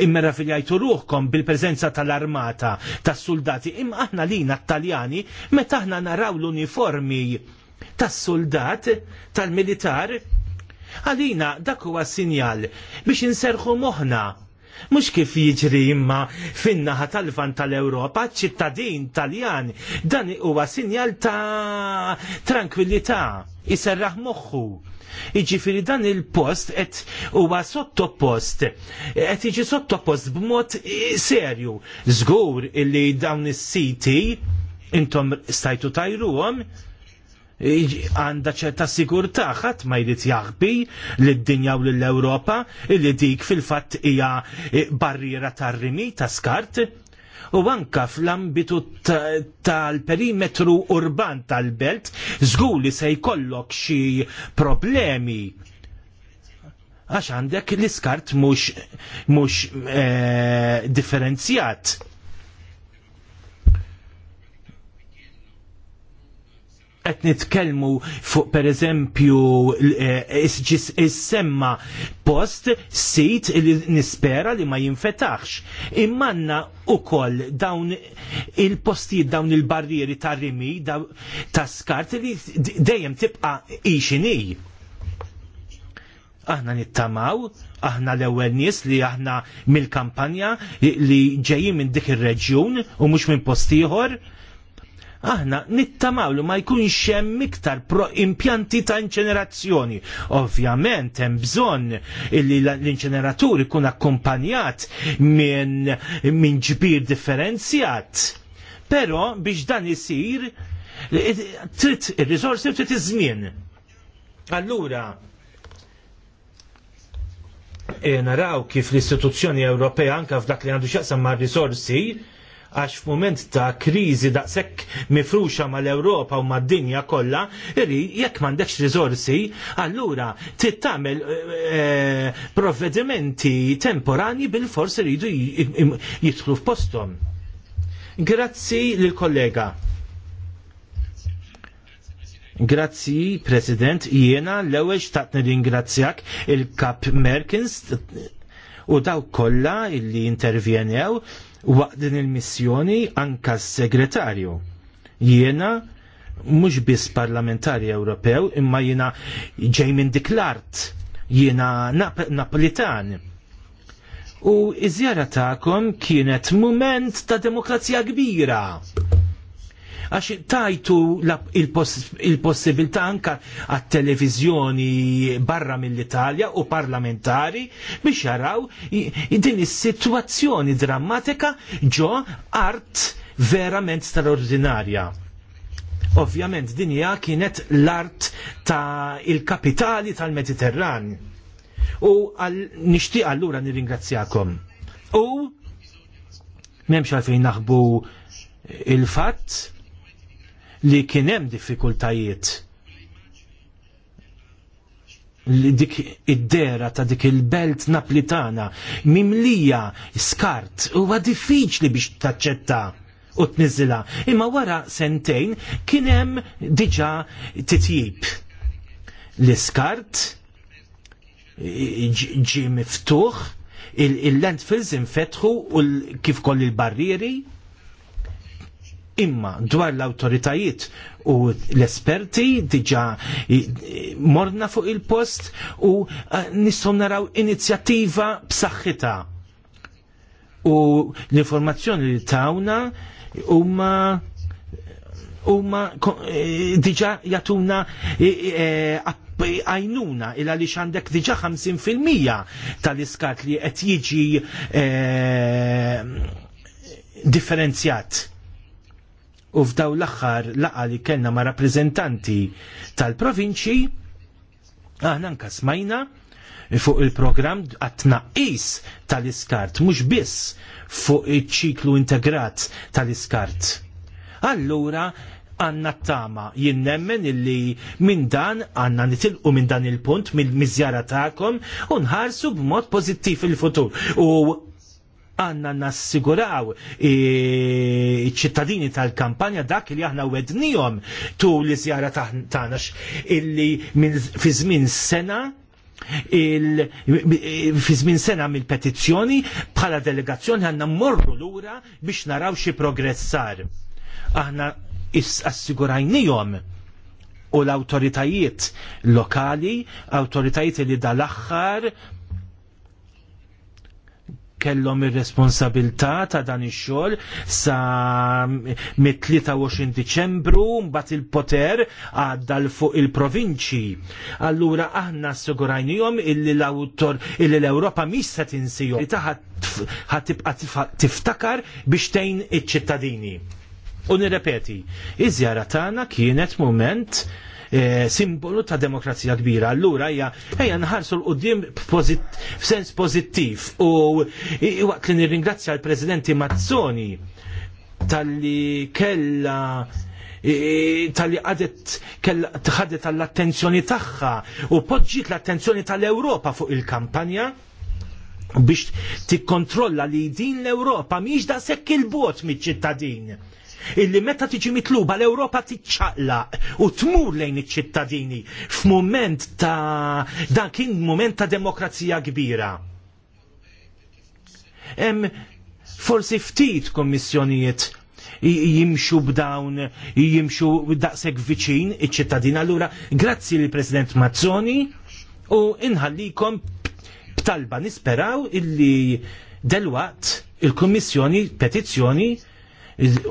immera filjajtu ruħkom bil-prezenza tal-armata, tas-soldati, imma aħna lina t-Taljani, meta aħna naraw l-uniformi tas-soldat, tal-militar, għalina dak huwa sinjal biex inserħu moħna Mux kif jiġri imma fin-naħa tal fan tal-Europa, ċittadin taljan, dan huwa sinjal ta' tranquillità, jiserraħ moħħu. Iġifiri dan il-post et huwa sottopost, et iġi sottopost b'mod serju. Zgur illi dawn is-siti intom stajtu tajruhom, għanda ċerta sigurtà ħadd ma jrid jaħbi lid-dinja u lill-Ewropa li dik fil-fatt hija e, barriera tar-rimi ta' skart u anka fl-ambitu tal-perimetru urban tal-belt żgur li se jkollok xi problemi għax għandek l-iskart mhux e, differenzjat qed nitkellmu fuq pereżempju e, is-semma post sit li nispera li ma jinfetaħx. Immanna koll dawn il-postijiet dawn il-barrieri ta' rimi ta' skart li dejjem tibqa' ixini. Aħna nittamaw, aħna l-ewwel nies li aħna mill-kampanja li ġejjin minn dik ir-reġjun u mhux minn post ieħor aħna nittamawlu ma jkunx hemm iktar impjanti ta' inċenerazzjoni. Ovvjament hemm bżonn li l-inċeneratur ikun akkumpanjat minn min ġbir differenzjat. Però biex dan isir trid ir-riżorsi trid iż-żmien. Allura, e naraw kif l-istituzzjoni Ewropea anka f'dak li għandu xaqsam ma' risorsi għax f'mument ta' kriżi daqshekk mifruxa mal-Ewropa u mad-dinja kollha, irri jekk m'għandekx rizorsi, allura trid tagħmel eh, eh, provvedimenti temporani bil forsi iridu jidħlu f'posthom. Grazzi lill-kollega. Grazzi, President, jiena l-ewwel xtaqt nirringrazzjak il-Kap Merkins u daw kollha illi intervjenew waqt din il-missjoni anka s-segretarju. Jiena mhux biss parlamentari Ewropew imma jiena ġej minn dik l-art jiena nap Napolitan. U iż-żjara tagħkom kienet mument ta' demokrazija kbira għax tajtu il-possibilità anka għat-televizjoni barra mill-Italja u parlamentari biex jaraw din is-sitwazzjoni drammatika ġo art verament straordinarja. Ovvjament dinja kienet l-art ta' il-kapitali tal-Mediterran. U għal nishtiq allura nirringrazzjakom. U memx għalfejn naħbu il-fatt li kien hemm diffikultajiet dik id-dera ta' dik il-belt naplitana mimlija skart huwa diffiċli biex taċċetta u tniżila. Imma wara sentejn kien hemm diġà titjib. L-iskart ġi miftuħ il-landfills infetħu u kif koll il-barrieri Imma dwar l-autoritajiet u l-esperti diġa morna fuq il-post u eh, nistgħu naraw inizjattiva b'saħħitha. U l-informazzjoni li tawna huma huma eh, diġa jatuna eh, għajnuna il għaliex għandek diġa 50% tal-iskat li qed jiġi differenzjat u f'daw l-axħar laqa li kellna ma' rappreżentanti tal-provinċi, aħna anka fuq il-programm għat-tnaqqis tal-iskart, mhux biss fuq iċ-ċiklu integrat tal-iskart. Allura, għanna t-tama jinnemmen illi minn dan għanna nitilqu minn dan il-punt mill-mizjara ta'kom unħarsu b'mod pozittiv il-futur. U għanna nassiguraw ċittadini tal-kampanja dak li aħna wednijom tu li zjara taħnax illi fi żmien sena fi żmien sena mill-petizzjoni bħala delegazzjoni għanna morru lura biex naraw xi progressar. Aħna assigurajnijom u l-autoritajiet lokali, autoritajiet li dal-axħar kellhom ir-responsabilità ta' dan ix-xogħol sa mit-23 Diċembru mbagħad il-poter għadda l fuq il-provinċi. Allura aħna assigurajnihom illi l-awtor illi l-Ewropa mhix se tinsihom. Ħatibqa' tiftakar biex tgħin iċ-ċittadini. U nirrepeti, iż-żjara tagħna kienet mument E, simbolu ta' demokrazija kbira. Allura hija ejja nħarsu l-qudiem f'sens pozittiv, u waqt li nirringrazzja l-Presidenti Mazzoni tal-li kella tal-li għadet tħadet tal-attenzjoni tagħha u podġit l-attenzjoni tal-Ewropa fuq il-kampanja biex tikkontrolla li din l-Ewropa miex da sekk il-bot miċ-ċittadin illi meta tiġi mitluba l-Ewropa tiċċaqlaq u tmur lejn iċ-ċittadini f'mument ta' dan kien mument ta' demokrazija kbira. Hemm forsi ftit kommissjonijiet jimxu b'dawn, jimxu daqseg viċin iċ-ċittadina. Allura, grazzi li President Mazzoni u inħallikom b'talba nisperaw illi delwaqt il-Kommissjoni Petizzjoni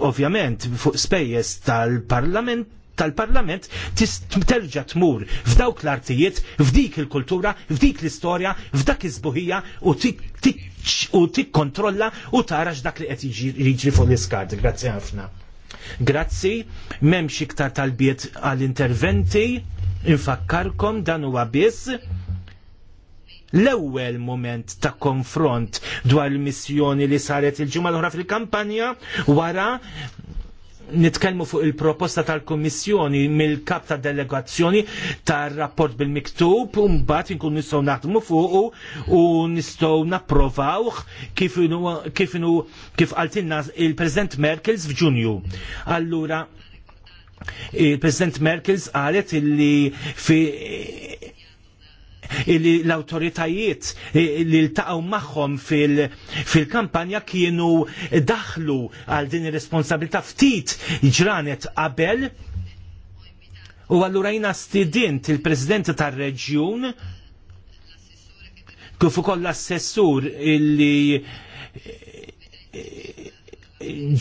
Ovvjament, fuq spejjeż tal-parlament tal-parlament terġa tmur f'dawk l-artijiet, f'dik il-kultura, f'dik l-istorja, f'dak iż żbuħija u u tikkontrolla u tara x'dak li qed jiġri fuq l iskart Grazzi ħafna. Grazzi, m'hemmx iktar talbiet għall-interventi, infakkarkom dan huwa biss l-ewwel moment ta' konfront dwar il-missjoni li saret il-ġimgħa l-oħra fil-kampanja wara nitkellmu fuq il-proposta tal-Kommissjoni mill-kap ta' delegazzjoni tar-rapport bil-miktub u mbagħad inkun nistgħu naħdmu fuqu u nistgħu napprovawh kif inu kif qaltilna il-President Merkels f'Ġunju. Allura il-President Merkels qalet illi fi li l-autoritajiet li l-taqaw maħħom fil-kampanja kienu daħlu għal din ir-responsabilità ftit ġranet qabel u għallura jina stidint il-president tar-reġjun kif ukoll l-assessur illi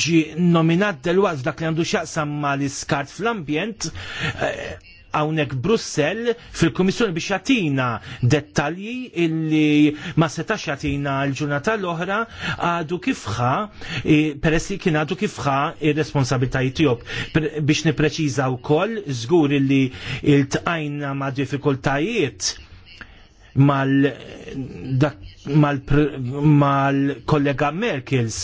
ġi nominat del-waqt dak li għandu xaqsam ma l-iskart fl-ambjent hawnhekk Brussell fil-Kummissjoni biex jatina dettalji illi ma setax jatina l-ġurnata l-oħra għadu kifħa e, peressi kien għadu kifħa il responsabbiltajiet tiegħu biex nippreċiża wkoll żgur illi iltqajna ma' diffikultajiet mal dak mal-kollega mal Merkels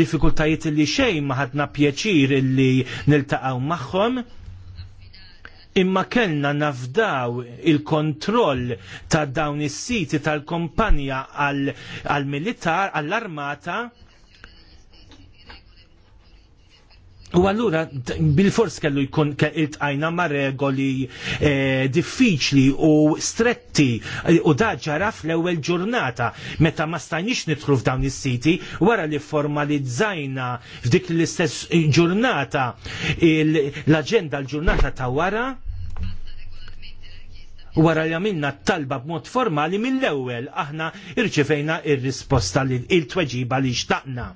diffikultajiet li xejn ma ħadna pjaċir li niltaqgħu magħhom imma kellna nafdaw il-kontroll ta' dawn is-siti tal-kompanija għall-militar, għall-armata, għal għall militar għall armata U allura bil-fors kellu jkun il-tqajna ma' regoli eh, diffiċli u stretti eh, u daġġara fl-ewwel ġurnata meta ma stajniex nidħlu f'dawn is-siti wara li formalizzajna f'dik l-istess ġurnata l-aġenda l-ġurnata ta' wara wara li għamilna talba b'mod formali mill-ewwel aħna irċifejna ir-risposta il il-tweġiba li xtaqna.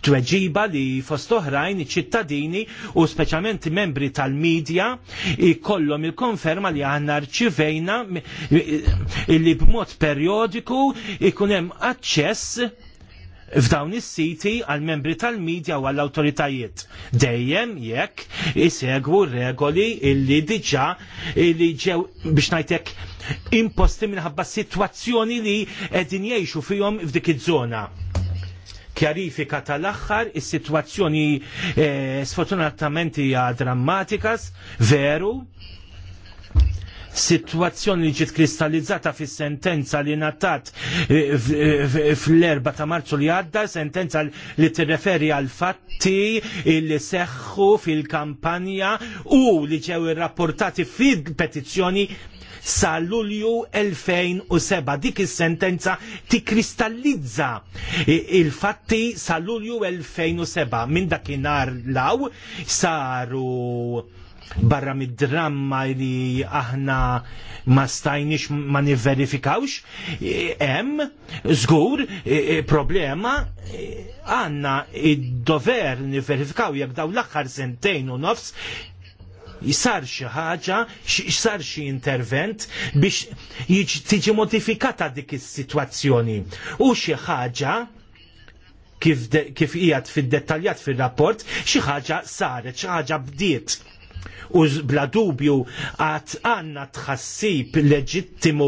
Tweġiba li fost oħrajn ċittadini u speċjalment membri tal-medja kollom il-konferma li aħna rċifejna li b'mod periodiku ikun hemm aċċess f'dawn is-siti għal membri tal-medja u għall awtoritajiet Dejjem jekk isegwu regoli illi diġà illi ġew biex ngħidlek imposti minħabba sitwazzjoni li qegħdin jgħixu fihom f'dik iż-żona. Kjarifika tal-aħħar is-sitwazzjoni eh, sfortunatament hija drammatikas, veru, Situazzjoni li ġiet kristallizzata fis sentenza li natat eh, eh, fl-4 ta' marzu li għadda, sentenza li tirreferi għal fatti li seħħu fil-kampanja u li ġew irrapportati fil-petizzjoni sa Lulju 2007. Dik is-sentenza tikkristallizza il-fatti sa Lulju 2007. Minn dakinhar law saru barra mid-dramma li aħna ma stajniex ma nivverifikawx, hemm żgur e, e, problema e, għandna id-dover nivverifikaw jekk daw l-aħħar sentejn u nofs jisar xi ħaġa, jisar xi intervent biex tiġi modifikata dik is-sitwazzjoni. U xi ħaġa kif hija fid-dettaljat fir-rapport, xi ħaġa saret, xi ħaġa bdiet u bla dubju għat għanna tħassib leġittimu,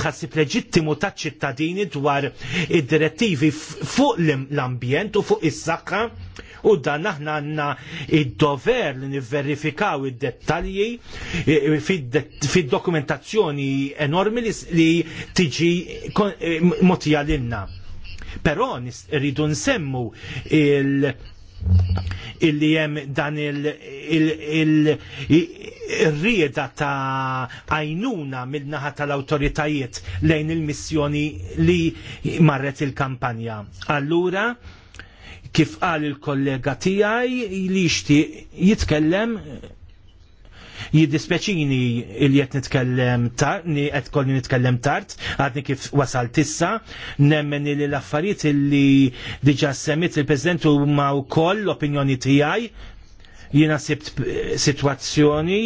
tħassib leġittimu ta' ċittadini dwar id-direttivi fuq l-ambjent u fuq is-saħħa u dan aħna għanna id-dover li nivverifikaw id-dettalji fid-dokumentazzjoni enormi li tiġi motija l-inna. Pero rridu nsemmu il- illi jem dan il-rieda ta' għajnuna mill-naħa tal-autoritajiet lejn il-missjoni li marret il-kampanja. Allura, kif qal il-kollega tijaj li jixti jitkellem Jiddispeċini il qed nitkellem tard, ni qed kolli nitkellem tard, għadni kif wasalt issa, nemmen li l-affarijiet li diġà semmit il-President huma wkoll l-opinjoni tiegħi jiena sibt situazzjoni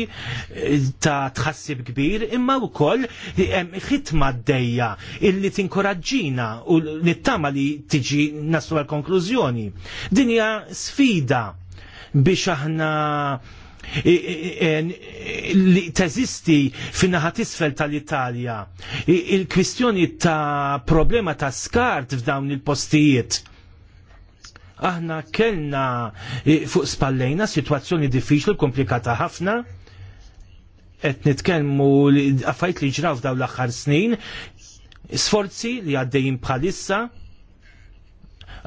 ta' tħassib kbir imma wkoll hemm ħitma d-dejja illi tinkoraġġina u nittama li tiġi naslu għal konklużjoni. Dinja sfida biex aħna E, li teżisti fin-naħa tisfel tal-Italja. Il-kwistjoni ta' problema ta' skart f'dawn il-postijiet aħna kellna fuq spallejna situazzjoni diffiċli komplikata ħafna qed nitkellmu għaffajt li ġraw f'dawn l-aħħar snin sforzi li għaddejjin bħalissa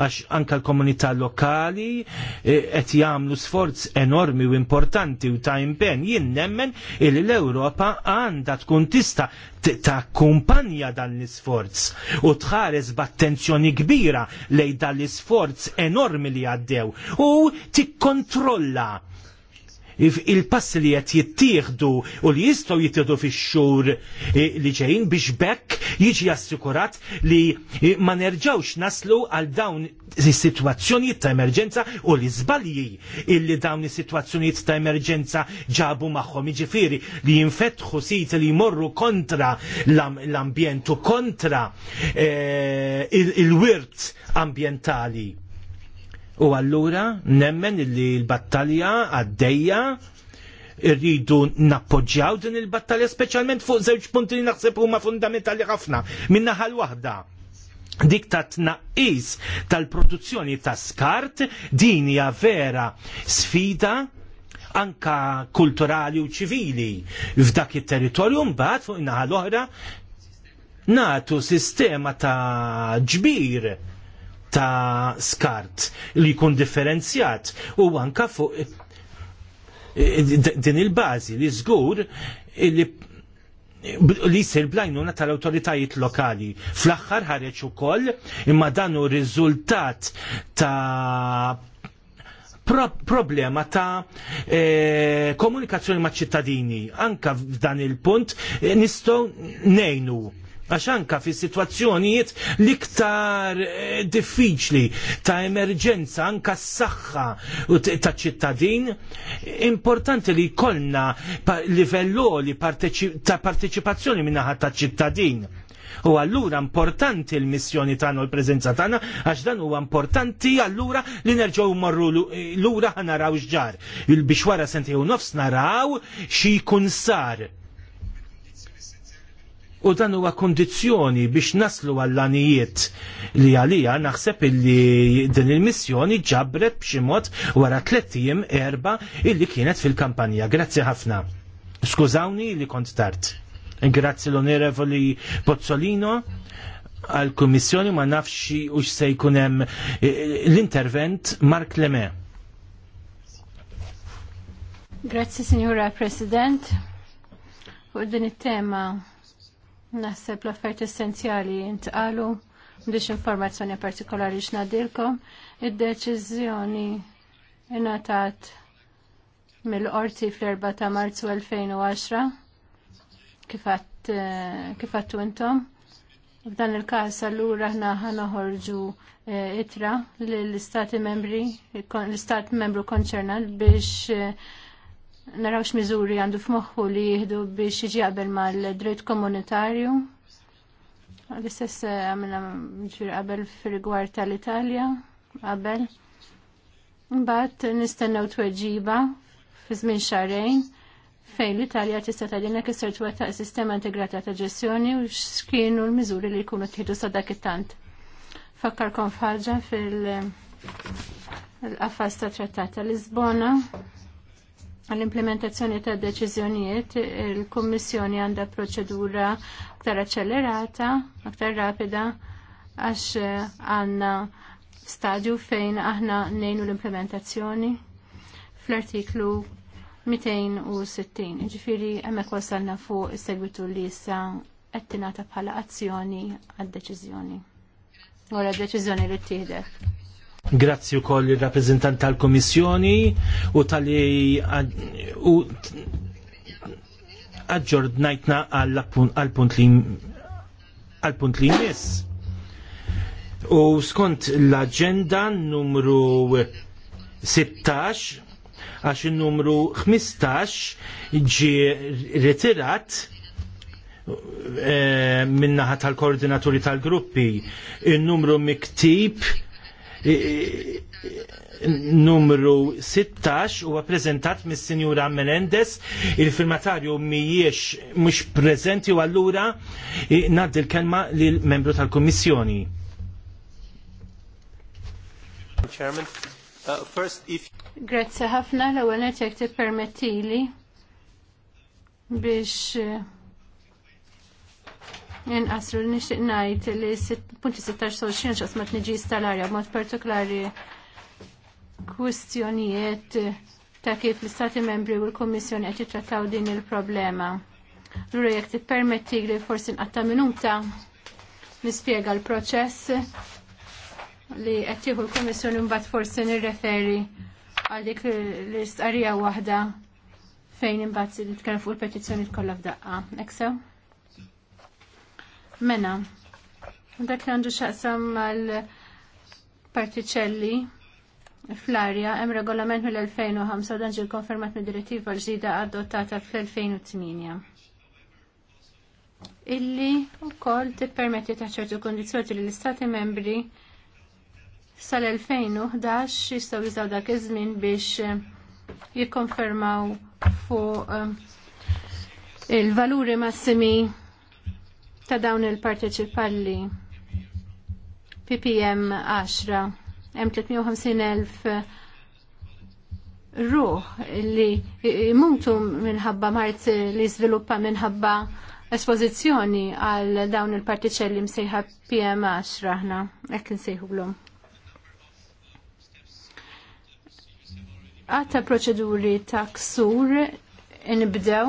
għax anka l-komunità lokali e, qed jagħmlu sforz enormi u importanti u ta' impenn. Jien nemmen li l-Ewropa għandha tkun tista ta' kumpanja dan l-isforz u tħares b'attenzjoni kbira lejn dan l-isforz enormi li għaddew u tikkontrolla il-pass li qed jittieħdu u li jistgħu jittieħdu fix-xhur eh, li ġejjin biex bekk jiġi assikurat li eh, ma nerġawx naslu għal dawn is-sitwazzjonijiet ta' emerġenza u li żbalji illi dawn is-sitwazzjonijiet ta' emerġenza ġabu magħhom jiġifieri li jinfetħu sit li jmorru kontra l-ambjent u kontra eh, il-wirt ambjentali U allura nemmen li l-battalja għaddejja irridu nappoġġjaw din il-battalja speċjalment fuq żewġ punti li naħseb huma fundamentali ħafna min-naħa l-waħda dik ta' tnaqqis tal-produzzjoni ta' skart din hija vera sfida anka kulturali u ċivili f'dak it-territorju mbagħad fuq in-naħa l-oħra natu sistema ta' ġbir ta' skart li jkun differenzjat u anka fuq eh, din il-bazi li żgur eh, li eh, li jisir blajnuna tal-autoritajiet lokali. Fl-axħar ħareġ ukoll imma dan hu riżultat ta' pro problema ta' e, komunikazzjoni ma' ċittadini. Anka f'dan il-punt nistgħu nejnu għax fi situazzjonijiet liktar eh, diffiċli ta' emerġenza anka s-saxħa ta' ċittadin, importanti li kollna livelloli ta' parteċipazzjoni minnaħat ta' ċittadin. U allura importanti l-missjoni tagħna u l-preżenza tagħna għax dan huwa importanti allura li nerġgħu marru lura ħanaraw x'ġar. Il-biex wara sentiju nofs naraw xi jkun sar U dan huwa kondizzjoni biex naslu għall-anijiet li għalija naħseb illi din il-missjoni ġabret b'xi mod wara tlettijiem erba illi kienet fil-kampanja. Grazzi ħafna. Skużawni li kont tard. Grazzi l-onorevoli Pozzolino għal-Kummissjoni ma nafxi u se jkun hemm eh, l-intervent Mark Leme. Grazzi, Signora President. U din it-tema Naħseb l offert essenzjali intqalu biex informazzjoni partikolari x'nadilkom. Id-deċiżjoni ingħatat mill-qorti fl-4 ta' Marzu 2010 eh, kif għattu intom. F'dan il-każ allura aħna ħanoħorġu eh, itra lill istati membri, l-Istat membru konċernat biex eh, naraw x-mizuri għandu f'moħħu li jieħdu biex jiġi qabel l dritt komunitarju. L-istess eh, għamilna ġir għabel fir-rigward tal-Italja qabel. Mbagħad nistennew weġiba fi żmien xahrejn fejn l-Italja tista' tgħidilna kif ser twettaq sistema integrata ta' ġestjoni u x'kienu l-miżuri li jkunu tħidu sa dak it-tant. Fakkarkom f'ħaġa fil- qafas ta' trattat ta' Lisbona għall-implementazzjoni ta' deċiżjonijiet il-Kommissjoni għandha proċedura aktar accelerata, aktar rapida, għax eh, għanna stadju fejn aħna nejnu l-implementazzjoni fl-artiklu 260. Ġifiri, emmek wasalna fuq is-segwitu li issa għettinata bħala azzjoni għad-deċiżjoni. Għora, deċiżjoni li t-tihdet. Grazzi u koll il-rappresentant tal-Komissjoni u tal-li aġġordnajtna għal-punt li għadġordnajtna għal punt li għal punt li jmiss. U skont l-agenda numru 16 għax il-numru 15 ġi retirat eh, minnaħat tal-koordinaturi tal-gruppi. Il-numru miktib numru 16 huwa prezentat mis sinjura Menendez, il-firmatarju mhijiex mhux prezenti u allura ngħaddi l-kelma l membru tal-Kummissjoni. Uh, Grazzi ħafna l-ewwel qed jekk tippermettili biex Inqasru nixtieq ngħid li punti 16 sol xien xas mat niġis tal-arja mod partikolari kwistjonijiet ta' kif l-Istati membri u l kummissjoni qed jittrattaw din il-problema. Lura jekk tippermetti li forsi nqatta' minuta nispjega l-proċess li qed jieħu l kummissjoni mbagħad forsi nirreferi għal dik l-istqarrija waħda fejn imbagħad nitkellem fuq il petizzjonijiet kollha f'daqqa. Eksew? Mena, dak li għandu xaqsam mal particelli fl-arja, hemm regolament mill-2005 dan ġil konfermat mid direttiva l-ġdida adottata fl-2008. Illi wkoll tippermetti ta' ċertu kundizzjoni li l-Istati membri sal-2011 jistgħu jizaw dak iż-żmien biex eh, jikkonfermaw fuq eh, il-valuri massimi ta' dawn il-parteċipalli PPM 10 hemm 350.000 ruħ li imutu minħabba mart li żviluppa minħabba espożizzjoni għal dawn il-partiċelli msejħa PM10 aħna hekk insejħulhom. Għatta proċeduri ta' ksur inbdew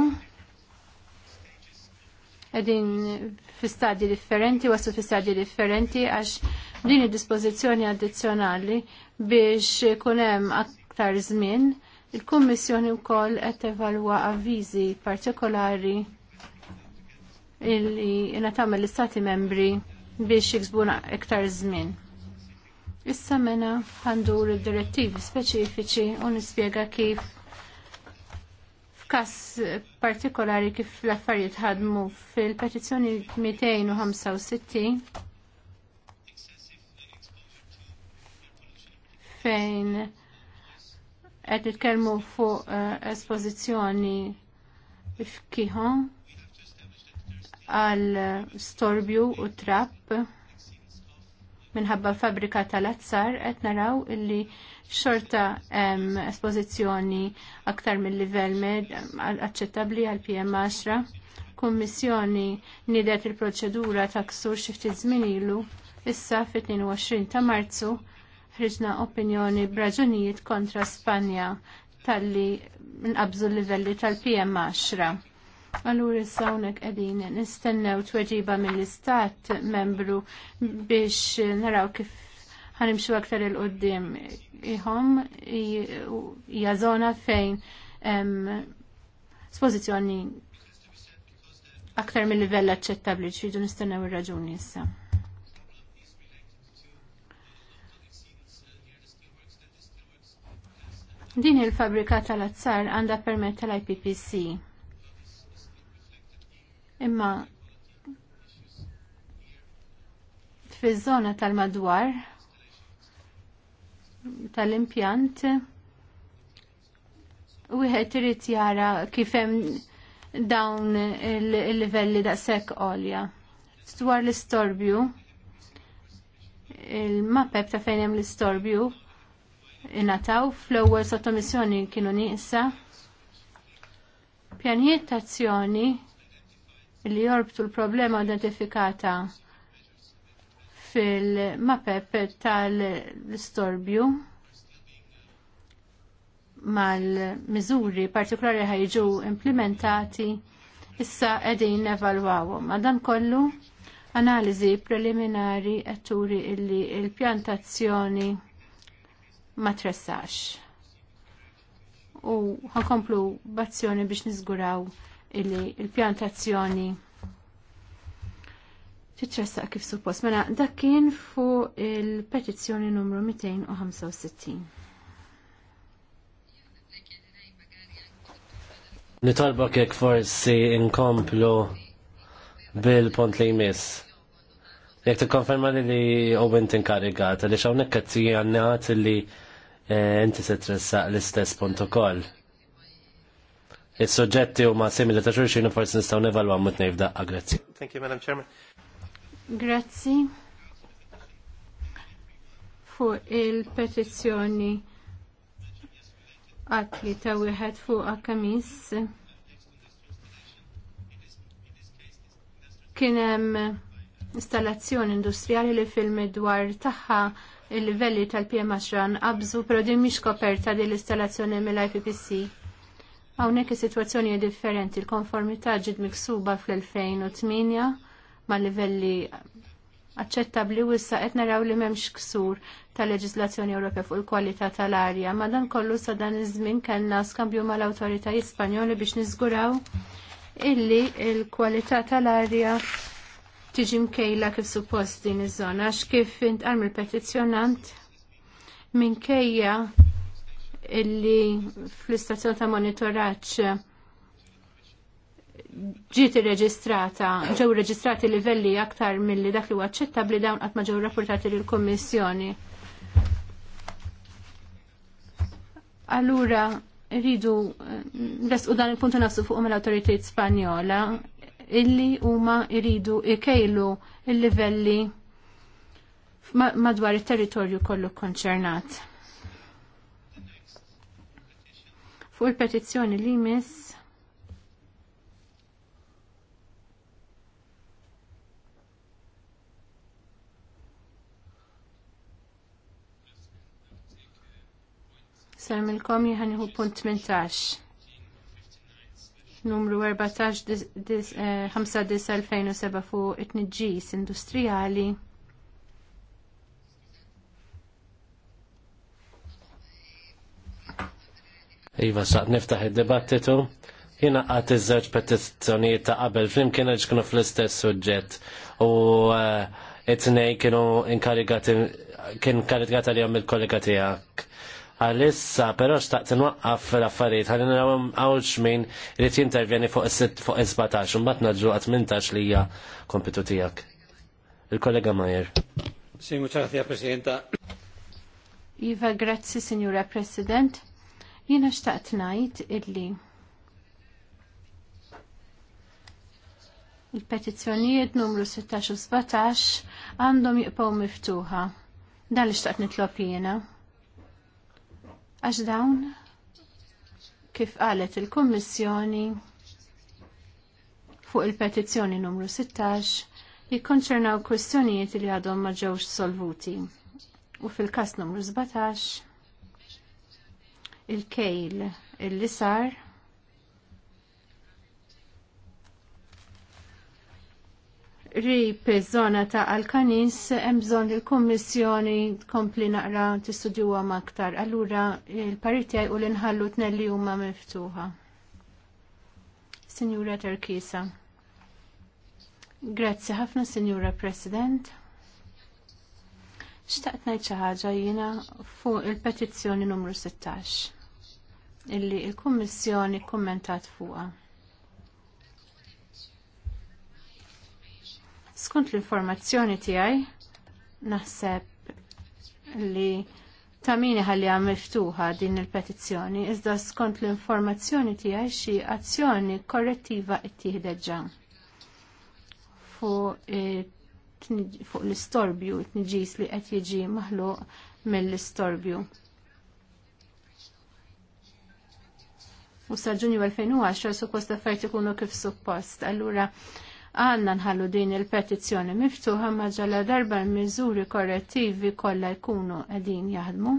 edin fi stadji differenti, waslu fi stadji differenti għax din id-dispożizzjoni addizzjonali biex kunem aktar żmien il-Kummissjoni wkoll qed tevalwa avviżi partikolari illi natam l-Istati membri biex jiksbuna iktar żmien. Issa mena għandur id-direttivi speċifiċi u nispjega kif F'kas partikolari kif l-affarijiet ħadmu fil-petizzjoni 265 fejn qed nitkellmu fuq eh, espożizzjoni f'kieħom għal storbju u trapp minħabba fabrika tal-azzar qed naraw illi xorta hemm espożizzjoni aktar mill-livell med aċċettabbli għal PM10. Kummissjoni nidet il-proċedura ta' ksur xi ftit żmien ilu issa fit-22 ta' Marzu ħriġna opinjoni b'raġunijiet kontra Spanja talli nqabżu l-livelli tal-PM10. Allura hawnhekk qegħdin nistennew tweġiba mill-istat membru biex naraw kif ħanimxu aktar il-qoddim. Iħom hija zona fejn spożizzjoni aktar mill-livell aċċettabbli ċridu nistennew ir-raġuni issa. Din il-fabrika tal-azzar għandha permett tal-IPPC. Imma fiż-żona tal-madwar tal-impjant wieħed irid jara kif hemm dawn il-livelli daqshekk għolja. Dwar l-istorbju, il-mappep ta' fejn hemm l-istorbju ingħataw fl-ewwel sottomissjoni kienu nieqsa. Pjanijiet tazzjoni li jorbtu l-problema identifikata fil-mapep tal-istorbju mal-miżuri partikolari ħajġu implementati issa qegħdin Ma Madan kollu analiżi preliminari qed turi illi l-pjantazzjoni ma tressax. U ħankomplu b'azzjoni biex nizguraw illi l-pjantazzjoni il titressaq kif suppost. Mela, dak kien fuq il-petizzjoni numru 265. Nitalba kek forsi inkomplu bil-pont li jmiss. Jek t-konferma li li u bint inkarigata li xawnek kazzi għannat li eh, inti se tressa l-istess pont ukoll. Is-soġġetti huma simili ta' xulxin forsi nistgħu nevalwaw mutnej f'daqqa, għagrazzi. Thank you, Madam Chairman. Grazzi. Fu il-petizzjoni għatli ta' wieħed fuq kamis kien hemm installazzjoni industrijali li fil-midwar tagħha il-livelli tal-PM10 qabżu, però din mhix koperta din l-installazzjoni mill-IPPC. Hawnhekk is-sitwazzjoni differenti, il-konformità ġiet miksuba fl-2008 ma' livelli aċċettabbli u issa qed naraw li m'hemmx ksur tal-leġislazzjoni Ewropea fuq il-kwalità tal-arja. Madan kollu sa dan iż-żmien kellna skambju mal-awtoritajiet Spanjoli biex niżguraw illi il-kwalità tal-arja tiġi mkejla kif suppost din iż-żona għax kif intqal il petizzjonant minkejja illi fl-istazzjon ta' monitoraġġ ġiet irreġistrata, ġew reġistrati livelli aktar milli dak li huwa aċċettabbli dawn qatt ma ġew rapportati lill kummissjoni Allura rridu eh, resqu dan il puntu nafsu fuq mill awtoritajiet Spanjola illi huma jridu ikejlu il-livelli madwar it-territorju kollu konċernat. Fuq il-petizzjoni li jmiss nfassar milkom jħaniħu punt 18. Numru 14-5-2007 eh, fuq it-nġis industrijali. Iva, xaq niftaħ id-debattitu. Jina għat iż-żewġ petizzjonijiet ta' qabel flim kienu ġkunu fl-istess suġġett u eh, it-nej kienu inkarigati kien karigata li għam il-kollega tijak għalissa, però xtaqt nwaqqaf l-affarijiet, għalli narawem għawx minn t-intervjeni fuq 17, un bat naġru 18 li hija kompetu tijak. Il-kollega Majer. Sì, muchas gracias, Presidenta. Iva, grazzi, Signora President. Jina xtaqt najt illi il-petizzjonijiet numru 16 u 17 għandhom jibqgħu miftuħa. Dan li xtaqt nitlob jiena. Għax dawn kif qalet il-Kommissjoni fuq il-petizzjoni numru 16 jikkonċernaw kwestjonijiet li għadhom ma ġewx solvuti. U fil-kas numru 17 il-kejl il lisar sar rip zona ta' Alkanis hemm bżonn il-Kummissjoni tkompli naqra tistudjuhom aktar. Allura il paritja u l-inħallu tnelli huma miftuħa. Sinjura Terkisa. Grazzi ħafna, Sinjura President xtaqt ngħid xi ħaġa jiena fuq il-petizzjoni numru 16 illi l il kummissjoni kkummentat fuqha. Skont l-informazzjoni tiegħi naħseb li ta' min ħalliha miftuħa din il-petizzjoni, iżda skont l-informazzjoni tiegħi xi azzjoni korrettiva qed ġa fuq l-istorbju, t-nġis li qed jiġi maħlu mill-istorbju. U sa' ġunju 2010 suppost affarijiet ikunu kif suppost. Allura għanna nħallu din il-petizzjoni miftuħa ma ġala darba l-miżuri korrettivi kollha jkunu qegħdin jaħdmu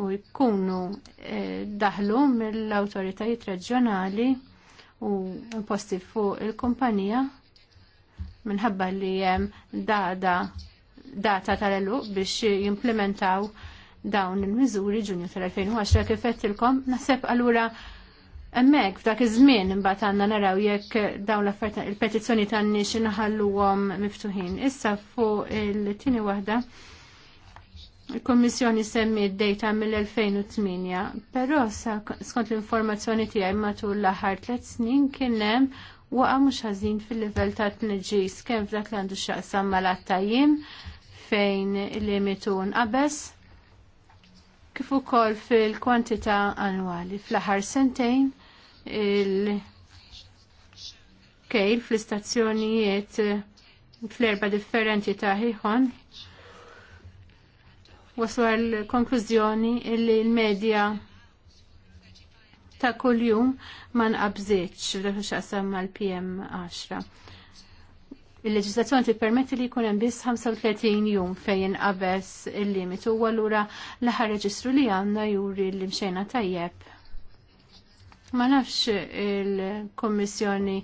u jkunu eh, daħlu mill-awtoritajiet reġjonali u imposti fuq il-kumpanija minħabba li hemm data data tal elu biex jimplementaw dawn il-miżuri ġunju tal-2010 kif qedtilkom naħseb Emmek, f'dak iż-żmien imbagħad għandna naraw jekk dawn l-affarijiet il-petizzjoni tan nies inħalluhom miftuħin. Issa fuq il-tieni waħda il-Kommissjoni semmi d-dejta mill-2008, però skont l-informazzjoni tiegħi matul l-aħħar tliet snin kien hemm waqa' mhux ħażin fil-livell ta' tniġis kemm f'dak li għandu x'aqsam mal-attajjim fejn il-limitu nqabeż kif ukoll fil-kwantità annwali fl-aħħar sentejn il-kejl fl-istazzjonijiet fl-erba differenti ta' ħihon. waslu għal-konklużjoni illi l-medja ta' kuljum ma nqabżitx f'dak xaqsam mal-PM10. Il-leġislazzjoni tippermetti li jkun hemm biss 35 jum fejn inqabes il-limitu u allura l-aħħar reġistru li għandna juri li mxejna tajjeb. Ma nafx il-Kommissjoni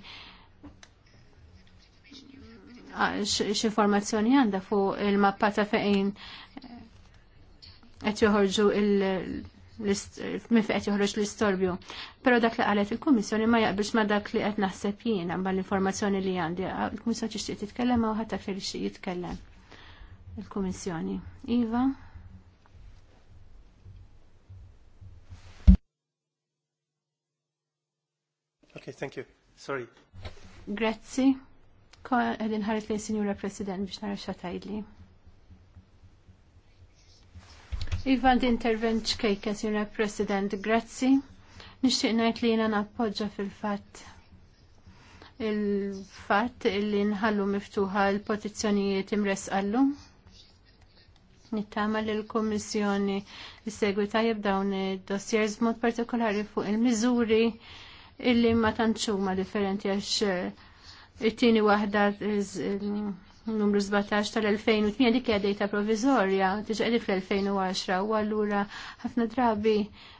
x'informazzjoni għandha fuq il-mappa ta' fejn qed joħorġu mif qed joħroġ l-istorbju. Però dak li qalet il-Kummissjoni ma jaqbilx ma dak li qed naħseb jiena ma l-informazzjoni li għandi. Il-Kummissjoni jitkellem titkellem u ħadd xie jitkellem. Il-Kummissjoni. Iva? Okay, thank you. Sorry. Grazzi. Għedin ħares li Signora President biex nara Ivan intervent kajka, Signora President, grazzi. Nixtieq ngħid li jiena nappoġġa fil-fatt il-fatt li nħallu miftuħa l potizzjonijiet imres għallu. Nittama li l-Kommissjoni segwi tajjeb dawn id-dossiers b'mod partikolari fuq il-miżuri illi ma tantxuma differenti għax eh, it-tieni waħda eh, numru 17 tal-2008 dik hija dejta provizorja tiġa qegħdi fl-2010 u allura ħafna drabi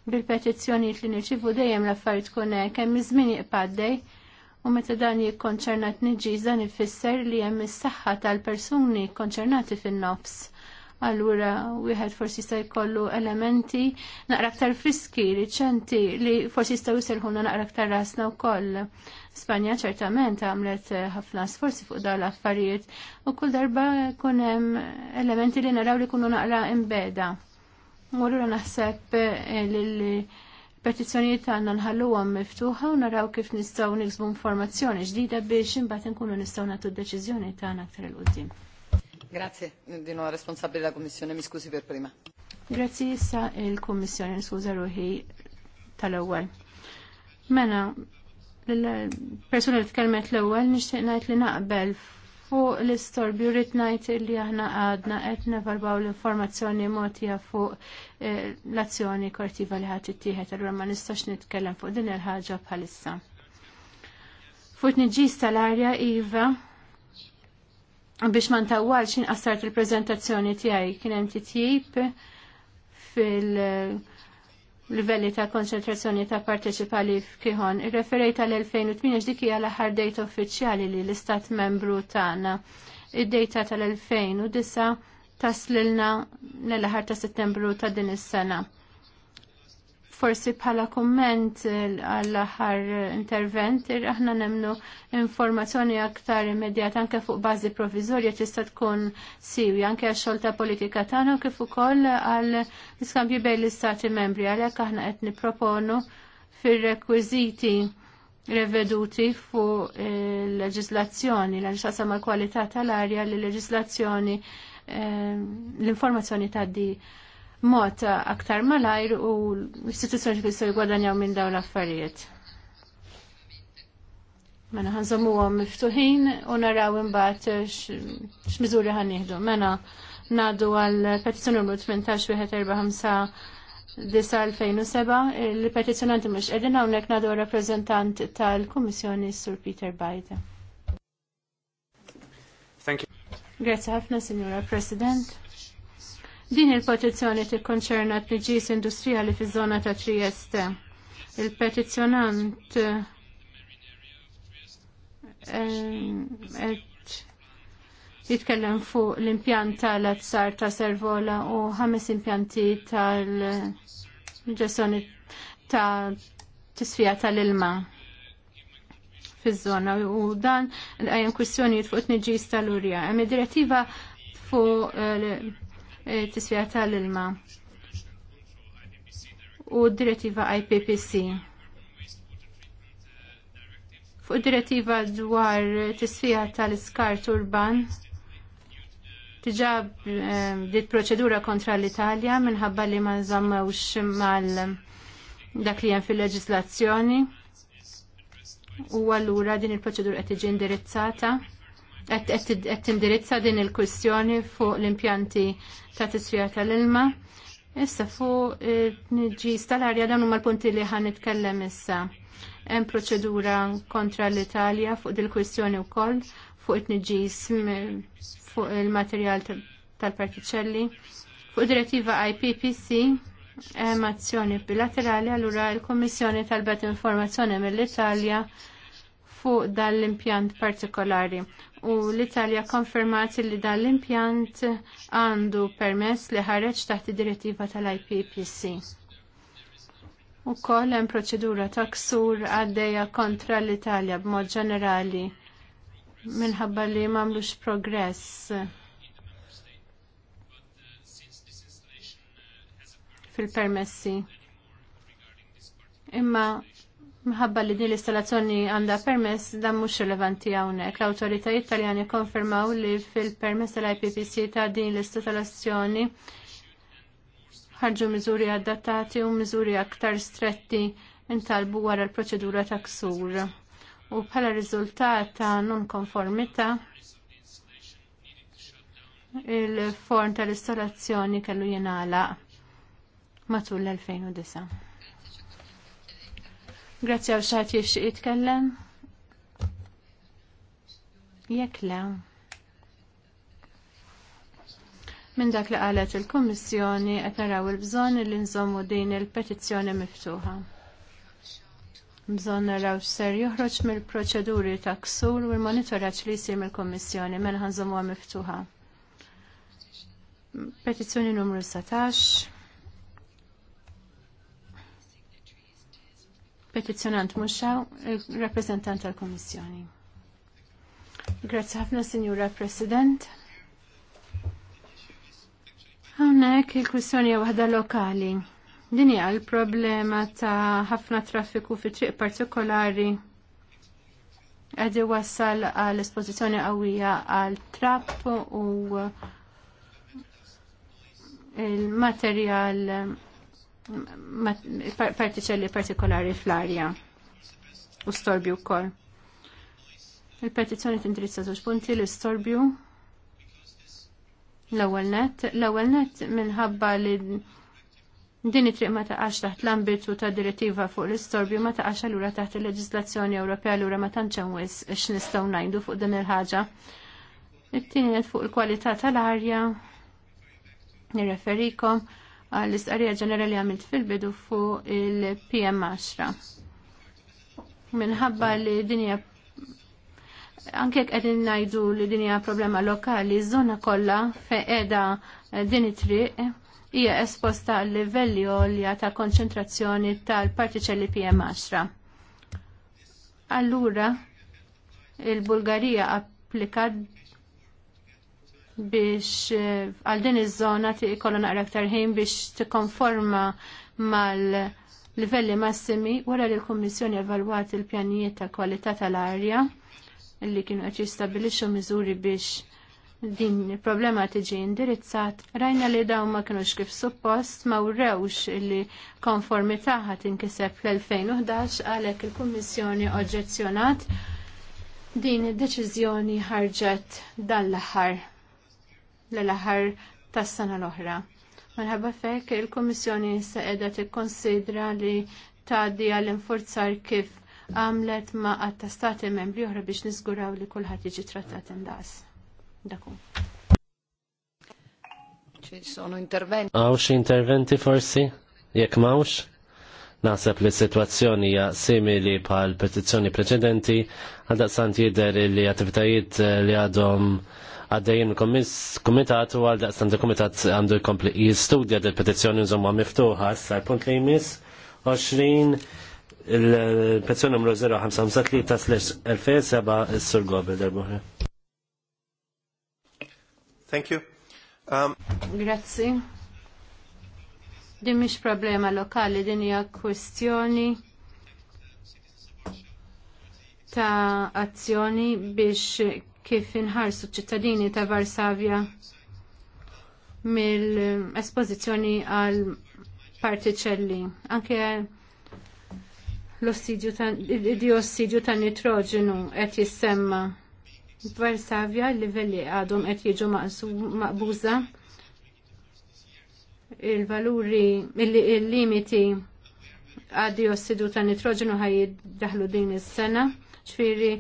bil-petizzjonijiet li nirċivu dejjem l-affarijiet tkun hekk hemm iż u meta dan jikkonċernat niġi dan ifisser li hemm is-saħħa tal-persuni konċernati fin-nofs allura wieħed forsi jista' jkollu elementi naqra aktar friski, riċenti li forsi jistgħu jserħuna naqra aktar rasna wkoll. Spanja ċertament għamlet eh, ħafna sforzi fuq dawn l-affarijiet u kull darba kun hemm elementi li naraw li kunu naqra imbeda. U allura naħseb eh, li petizzjonijiet għanna nħalluhom miftuħa u naraw kif nistgħu niksbu informazzjoni ġdida biex imbagħad inkunu nistgħu nagħtu d-deċiżjoni tagħna aktar il-qudiem. Grazie, di nuovo responsabile della Commissione, mi scusi per prima. Grazie issa il-Kommissjoni, skuża ruħi tal-ewwel. Mena, mela, l li tkellmet l-ewwel nixtieq ngħid li naqbel fuq l-istorbju rrid ngħid li aħna għadna qed nevalbaw l-informazzjoni mogħtija fuq eh, l-azzjoni kortiva li ħadd ittieħed, allura ma nistax nitkellem fuq din il-ħaġa bħalissa. Fuq tniġġis tal-arja iva, biex ma xin qassart il-preżentazzjoni tiegħi kien hemm titjib fil- livelli ta' konċentrazzjoni ta' parteċipali ir Irreferejt għal 2008 dik hija l-aħħar dejta uffiċjali li l-istat membru tagħna. Id-dejta tal-2009 taslilna l-aħħar ta' Settembru ta' din is-sena. Forsi bħala komment eh, għall-aħħar eh, intervent, eh, aħna nemnu informazzjoni aktar immedjat anke fuq bażi provizorja tista' tkun siwi anke għax-xogħol ta' politika tagħna kif ukoll għal iskambju bejn l-istati membri għalhekk aħna qed nipproponu fir-rekwiżiti reveduti fu l-leġislazzjoni, l-ġasam mal kwalità tal-arja, l-leġislazzjoni, l-informazzjoni ta' di mod aktar malajr u l-istituzzjoni fil jgwadanjaw minn dawn l-affarijiet. Mena ħanżomu għom miftuħin u naraw imbat x-mizuri ħanniħdu. Mena naddu għal petizjon numru 18-145-2007 il-petizjonanti mux edin għonek naddu rappresentant tal-Komissjoni Sur Peter Biden. Thank you. Grazie ħafna, Signora President. Din il-petizzjoni tikkonċerna t-nġis industrijali fi zona ta' Trieste. Il-petizzjonant eh, jitkellem fuq l-impjant tal-azzar ta' servola u ħames impjanti tal-ġessoni ta' tisfija tal-ilma fiż-żona u dan l-għajem kwistjonijiet fuq t-nġis tal-urja. Hemm direttiva fuq eh, tisfija tal-ilma u d-direttiva IPPC. Fuq direttiva dwar tisfija tal-iskart urban, tiġab ehm, dit proċedura kontra l-Italja minħabba li ma nżammewx mal dak li hemm fil-leġislazzjoni u allura din il-proċedura qed tiġi indirizzata qed tindirizza din il-kwistjoni fuq l-impjanti ta' tisfija tal-ilma. Issa fuq eh, ġis tal-arja dan huma l-punti li ħan nitkellem issa. Hemm proċedura kontra l-Italja fuq dil il-kwistjoni wkoll fuq it-nġis fuq il-materjal tal-partiċelli. Fuq direttiva IPPC hemm azzjoni bilaterali allura l-Kummissjoni tal-Bet informazzjoni mill-Italja fuq dal-impjant partikolari u l-Italja konfermat li dan l-impjant għandu permess li ħareġ taħt id-direttiva tal-IPPC. U koll hemm proċedura ta' ksur għaddejja kontra l-Italja b'mod ġenerali minħabba li m'għamlux progress fil-permessi. Imma Mħabba li din l-installazzjoni għandha permess dan mhux rilevanti hawnhekk. L-awtoritajiet Taljani konfermaw li fil-permess tal-IPPC ta' din l-installazzjoni ħarġu miżuri adattati u miżuri aktar stretti intalbu wara l-proċedura ta' ksur. U bħala riżultat ta' non-konformita il-form tal-installazzjoni kellu jingħalaq matul l-2009. Grazie għal xaħat jiex jitkellem. Jekk le. Minn dak li qalet il kummissjoni qed naraw il-bżonn li nżommu din il-petizzjoni miftuħa. Bżonn naraw x'ser joħroġ mill-proċeduri ta' ksur u l-monitoraġġ li jsir mill kummissjoni minn mela ħanżommuha miftuħa. Petizzjoni numru 17. petizjonant muxaw il-rappresentant tal-Komissjoni. Grazie ħafna, Signora President. Hawnhekk il-kwistjoni waħda lokali. Din hija l-problema ta' ħafna traffiku fi triq partikolari qed iwassal għal espożizzjoni qawwija għal trapp u il-materjal partiċelli partikolari fl-arja u storbju wkoll. Il-petizzjoni tindirizza żewġ punti l-istorbju l-ewwel net, l-ewwel net minħabba li din it-triq ma taqax taħt l-ambitu ta' direttiva fuq l-istorbju ma taqax allura taħt il-leġislazzjoni Ewropea allura ma tantx hemm wis x'nistgħu ngħidu fuq din il-ħaġa. It-tieni fuq il-kwalità tal-arja nirreferikom għall-istqarrija ġenerali għamilt fil-bidu fuq il-PM10. Minħabba li dinja anke qegħdin ngħidu li dinja problema lokali, żona kollha fejn qiegħda din it-triq hija esposta għal livelli għolja ta' konċentrazzjoni tal-partiċelli PM10. Allura, il-Bulgarija applikat biex eh, għal din iż-żona ikollu naqra aktar ħin biex tikkonforma mal-livelli massimi wara li l-Kummissjoni evalwat il-pjanijiet ta' kwalità tal-arja li kienu qed jistabilixxu miżuri biex din il-problema tiġi indirizzat, rajna li dawn ma kienux kif suppost ma wrewx li konformità ħadd inkiseb fl-2011 għalhekk il-Kummissjoni oġġezzjonat din id-deċiżjoni ħarġet dan l-aħħar l-aħħar tas-sena l-oħra. Minħabba fek il-Kummissjoni se qiegħda tikkonsidra li tgħaddi għall-infurzar kif għamlet ma għatta stati membri oħra biex niżguraw li kulħadd jiġi trattat indaqs. Dakum. Ci sono interventi. Għaw xi interventi forsi? Jekk mawx? Naħseb li s-sitwazzjoni hija simili bħal petizzjoni preċedenti, għadda santi jidher li attivitajiet li għadhom għaddejjin komitat u għal daqstan komitat għandu jkompli jistudja del petizzjoni nżomma miftuħa sal punt li jmiss 20 il-petizzjoni numru 0553-2007 s sur Gobel darbuħra. Thank you. Um... Grazzi. Din mish problema lokali, din hija kwestjoni ta' azzjoni biex kif inħarsu ċittadini ta' Varsavja mill-espożizzjoni għal partiċelli. Anke l-ossidju ta' nitrogenu qed jissemma. Varsavja l-livelli għadhom qed jiġu maqbuża il-valuri, il-limiti għaddi diossidu ta' nitrogenu ħaj daħlu din is-sena, ċfiri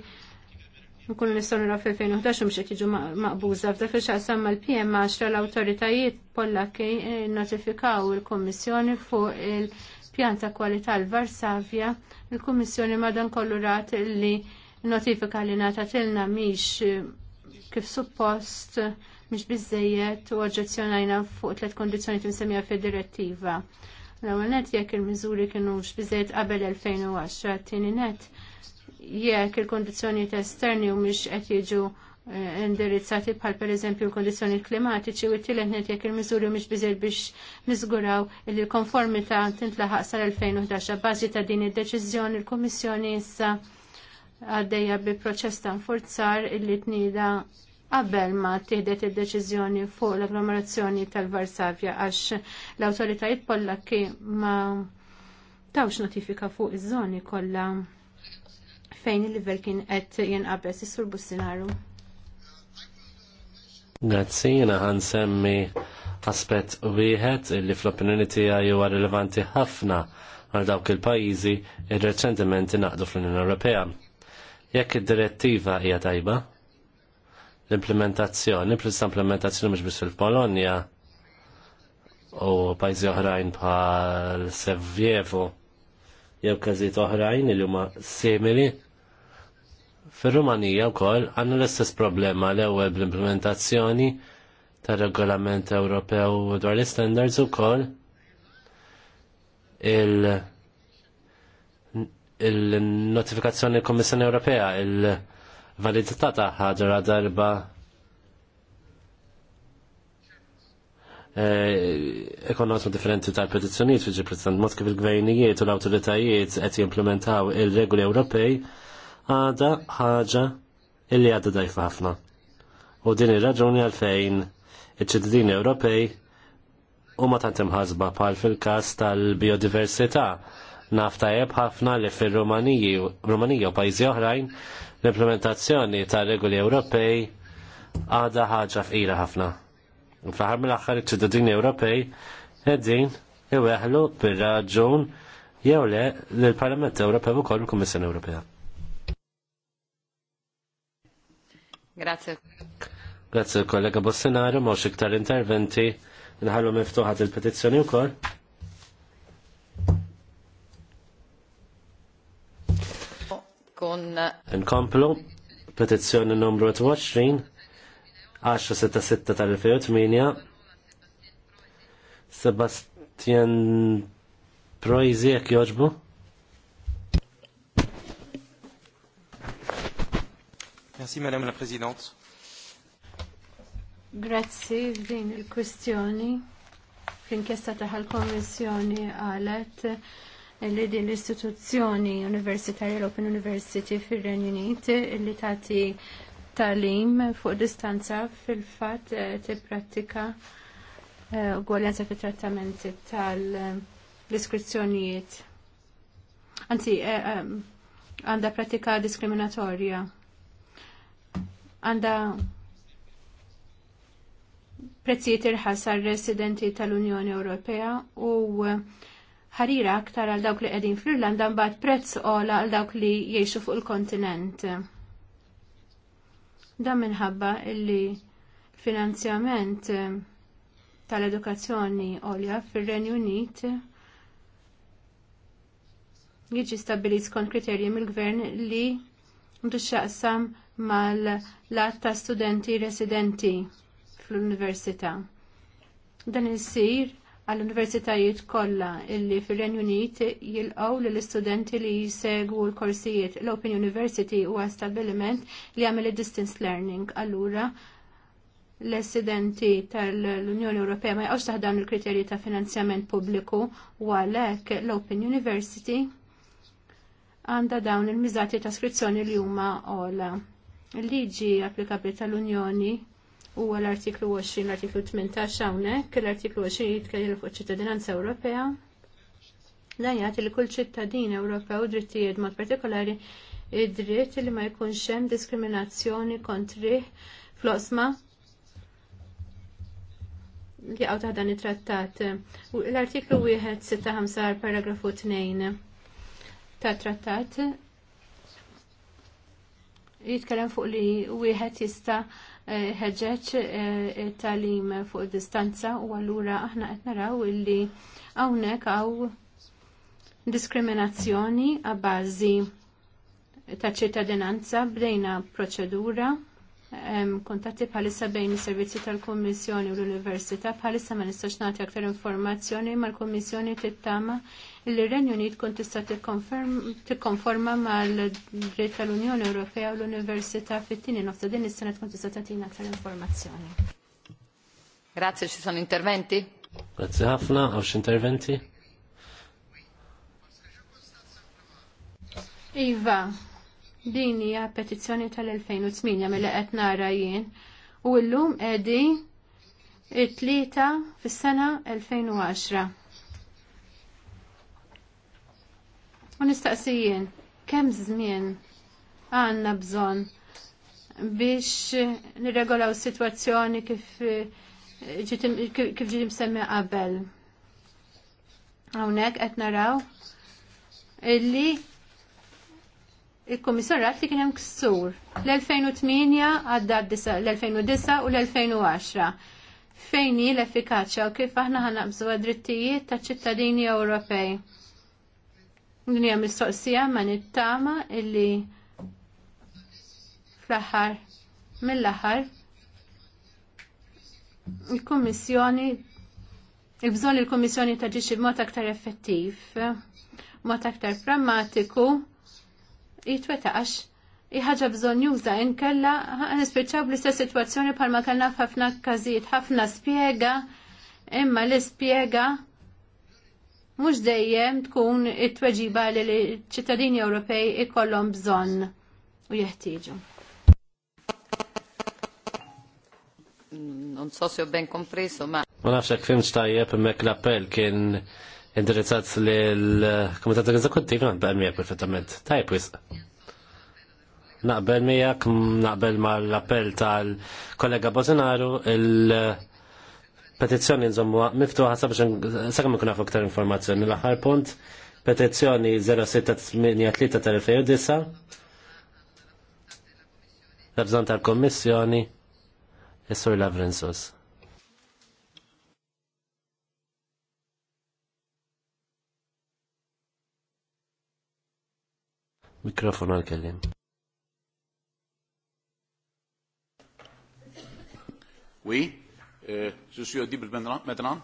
nkunu nistgħu naraw fil-2011 mhux qed jiġu maqbuża f'dak il samma mal mal-PM10 l-awtoritajiet Pollakki eh, notifikaw il-Kummissjoni fuq il-pjan ta' kwalità l-Varsavja. Il-Kummissjoni kollu rat li notifika li tilna mhix eh, kif suppost miex bizzejiet u oġġezzjonajna fuq tliet kondizjoni timsemmija fid-direttiva. L-ewwel nett jekk il-miżuri kienux biżejjed qabel 2010, t-tini nett jekk il-kondizjonijiet esterni mhumiex qed jiġu eh, indirizzati bħal per eżempju l-kondizjoni klimatiċi u t-tielet net jekk il-miżuri mhux biżel biex niżguraw li l-konformità tintlaħaq sal-2011 bażi ta' din id-deċiżjoni l-Kummissjoni issa għaddejja bi proċess ta' il li tnida qabel ma tieħdet id-deċiżjoni fuq l-agglomerazzjoni tal-Varsavja għax l-awtoritajiet Pollakki ma tawx notifika fuq iż-żoni kollha fejn il level kien qed jinqabes is-sur Bussinaru. Grazzi, jiena ħan semmi aspett wieħed illi fl-opinjoni tiegħi huwa rilevanti ħafna għal dawk il-pajjiżi ir-reċentement naqdu fl-Unjoni Ewropea. Jekk id-direttiva hija tajba, l-implementazzjoni, plus implementazzjoni mhux biss fil-Polonja u pajjiżi oħrajn bħal Sevjevo jew każijiet oħrajn li huma simili Fir-Rumanija wkoll għanna l-istess problema l-ewwel bl-implementazzjoni tar-regolament Ewropew dwar l-standards ukoll il il-notifikazzjoni Komissjoni Ewropea il-validità tagħha ġara darba eh, ekonomika differenti tal-petizzjonijiet fiġi jiġifieri, prezzant mod kif il-gvernijiet u l-awtoritajiet qed jimplementaw il-regoli Ewropej għada ħaġa illi għadha dajfa ħafna. U din ir-raġuni għalfejn iċ-ċittadini Ewropej huma tant imħasba bħal fil-każ tal-biodiversità. Naf tajjeb ħafna li fir-Rumanija u pajjiżi oħrajn l-implementazzjoni ta' regoli Ewropej għada ħaġa fqira ħafna. Fl-ħar mill-aħħar iċ-ċittadini Ewropej i iweħlu bir-raġun jew le lill-Parlament Ewropew ukoll il-Kummissjoni Ewropea. Grazie. Grazie kollega Bossinaru, mhux iktar interventi nħallu miftuħa il-petizzjoni wkoll. Kun Nkomplu, petizzjoni numru 20, 1066 tal-2008, Sebastian Proizi, jek joġbu? Merci, Madame la Présidente. Grazzi din il-kwistjoni. Fl-inkjesta taħal kommissjoni għalet eh, li din l-istituzzjoni universitarja l-Open University fil-Renju Unit eh, li tagħti talim fuq distanza fil-fatt eh, tipprattika ugwaljanza fit-trattamenti tal-diskrizzjonijiet. Anzi, għandha pratika diskriminatorja għanda prezzijiet irħas għal residenti tal-Unjoni Ewropea u ħarira aktar għal dawk li qegħdin fl-Irlanda mbagħad prezz ola għal dawk li jgħixu fuq il-kontinent. Dan minħabba illi finanzjament eh, tal-edukazzjoni għolja fir-Renju Unit jiġi stabilit skont kriterji mill-gvern li mdu xaqsam mal-lat ta' studenti residenti fl-università. Dan il-sir għall-universitajiet kollha illi fir-Renju Unit jilqgħu lill istudenti li jsegwu l-korsijiet l-Open University huwa stabbiliment li jagħmel distance learning. Allura l-istudenti tal-Unjoni Ewropea ma jaqgħux taħt il-kriterji ta' finanzjament pubbliku u għalhekk l-Open University għandha dawn il-miżati ta' skrizzjoni li huma ola. Il-liġi applikabli tal-Unjoni huwa l-artiklu 20, l-artiklu 18 hawnhekk, l-artiklu 20 jitkellem fuq ċittadinanza Ewropea. Dan jagħti li kull ċittadin Ewropew drittijiet mod partikolari id-dritt li ma jkunx hemm diskriminazzjoni kontri fl-osma li għaw taħdan it-trattat. L-artiklu 1, 65, paragrafu 2 ta' trattat jitkellem fuq li wieħed jista' ħeġġeġ eh, it-talim fuq distanza u allura aħna qed naraw illi hawnhekk hawn diskriminazzjoni għabbażi ta' ċittadinanza bdejna proċedura kontatti bħalissa bejn is-servizzi tal-Kummissjoni u l-Università bħalissa ma nistax nagħti aktar informazzjoni mal-Kummissjoni tittama li renju Unit kun tista' tikkonforma mal-dritt tal-Unjoni Ewropea u l-Università fit-tieni nofta din is-sena tkun tista' tagħtina aktar informazzjoni. Grazie, ci sono interventi? Grazie ħafna, għawx interventi? Iva, din hija petizzjoni tal-2008 mill mela qed nara jien u llum qegħdi it-tlieta fis-sena 2010. U nistaqsijien, kemm żmien għandna bżonn biex nirregolaw is-sitwazzjoni eh, kif kif ġiet msemmi qabel. Hawnhekk qed naraw illi il-komissarrat li kien hemm ksur l-2008 għadda l-2009 u l-2010. Fejn hi l-effikaċja u kif aħna ħanabżu għad-drittijiet taċ ċittadini Ewropej. Din mistoqsija ma nittama illi fl-aħħar mill-aħħar il-Kummissjoni il-bżonn il-Kummissjoni taġiġi b'mod aktar effettiv, mod aktar prammatiku, jitwetaqx iħħaġa bżon juża inkella nispiċċaw bl-istess situazzjoni palma kellna ħafna każijiet, ħafna spjega, imma l spiega mhux dejjem tkun it-tweġiba li l-ċittadini Ewropej ikollhom bżonn u jeħtieġu. Non so se ho ben compreso, ma... Ma nafx hekk fim xtajjeb mek l-appell kien indirizzat lill-Kumitat Eżekuttiv naqbel miegħek perfettament. Tajb wisq. Naqbel miegħek naqbel mal-appell tal-kollega Bozzinaru il- petizzjoni nżommu miftuħa sabiex sakemm ikun nafu aktar informazzjoni. L-aħħar punt, petizzjoni 0683 tal-2009 Rabżan tal-Kommissjoni, Jessur Lavrinsus. Mikrofon għal-kellim. Oui? Sussio dibri medran.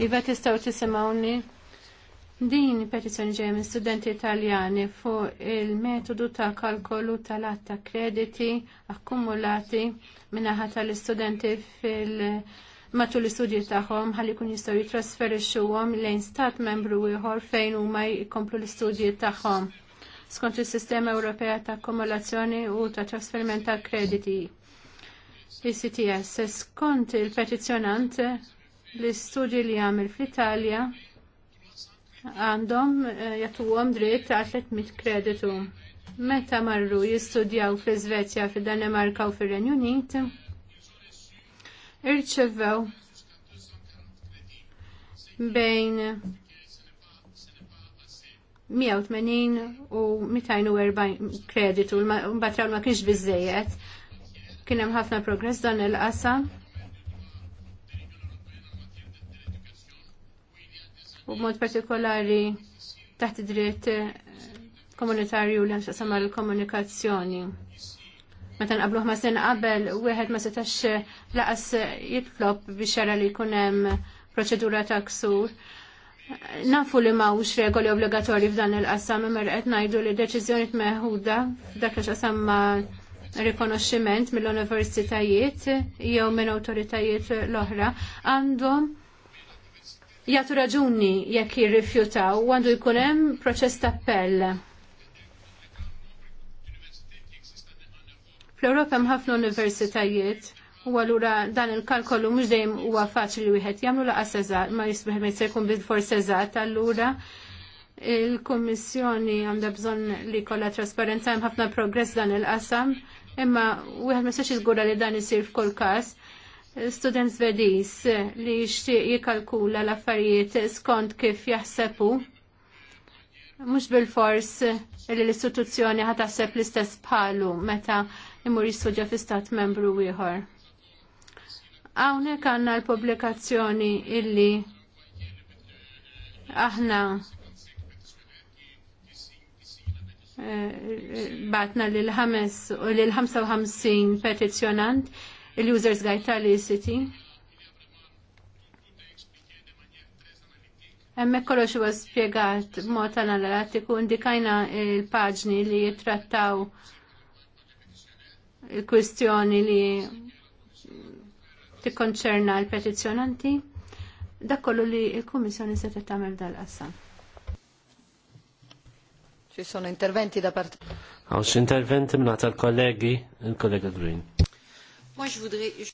Iva tistaw tisimawni din petizjoni ġeja minn studenti italjani fuq il-metodu ta' kalkolu tal atta ta' krediti akkumulati minnaħa tal-istudenti fil- matul l-istudji tagħhom ħalli jkun jistgħu jitrasferixxuhom lejn stat membru ieħor fejn huma jkomplu l-istudji tagħhom skont is-Sistema Ewropea ta' Akkumulazzjoni u ta' Trasferiment ta' Krediti ICTS, skont il-petizjonant l-istudji li għamil fl-Italja għandhom eh, jatuhom dritt għal 300 kreditu. Meta marru jistudjaw fl svezja fil danimarka u fir renju Unit, irċevew bejn 180 u 240 kreditu, mbagħad ma kienx bizzejet. Kien hemm ħafna progress dan il-qasam. U b'mod partikolari taħt id-dritt komunitarju li għamxa sama l-komunikazzjoni. Meta nqabluh ma sen qabel, wieħed ma setax laqas jitlob biex jara li jkun hemm proċedura ta' ksur. Nafu li ux regoli obbligatorji f'dan il qasam imma qed ngħidu li deċiżjoni meħuda f'dak li x'qasam ma' rikonoxximent mill-universitajiet jew minn awtoritajiet l-oħra għandhom jagħtu raġuni jekk jirrifjutaw għandu jkun hemm proċess ta' appell. Fl-Ewropa hemm ħafna universitajiet U allura dan il-kalkolu mhux dejjem huwa faċli wieħed jagħmlu laqgħa seżat, ma jisbeħ ma jista' jkun bidfor eżatt allura il-Kummissjoni għandha bżonn li kollha trasparenza hemm ħafna progress dan il-qasam imma wieħed ma jistax li dan jisir f'kull każ. Student Svediż eh, li jixtieq jikalkula l-affarijiet skont kif jaħsebu mhux bil-fors eh, li l-istituzzjoni taħseb l-istess bħalu meta imur jistudja fi stat membru ieħor. Hawnhekk għandna l-pubblikazzjoni illi aħna batna l-55 petizjonant il-Users Guide tal-ICT. Emmek kollox huwa spjegat b'mod analitiku indikajna il-paġni li jittrattaw il-kwistjoni li tikkonċerna l-petizjonanti. Dak kollu li l kummissjoni se tagħmel dal-qassam. Ci sono interventi da parte... Għawx interventi minna tal-kollegi, il-kollega Green. Moi, je voudrais...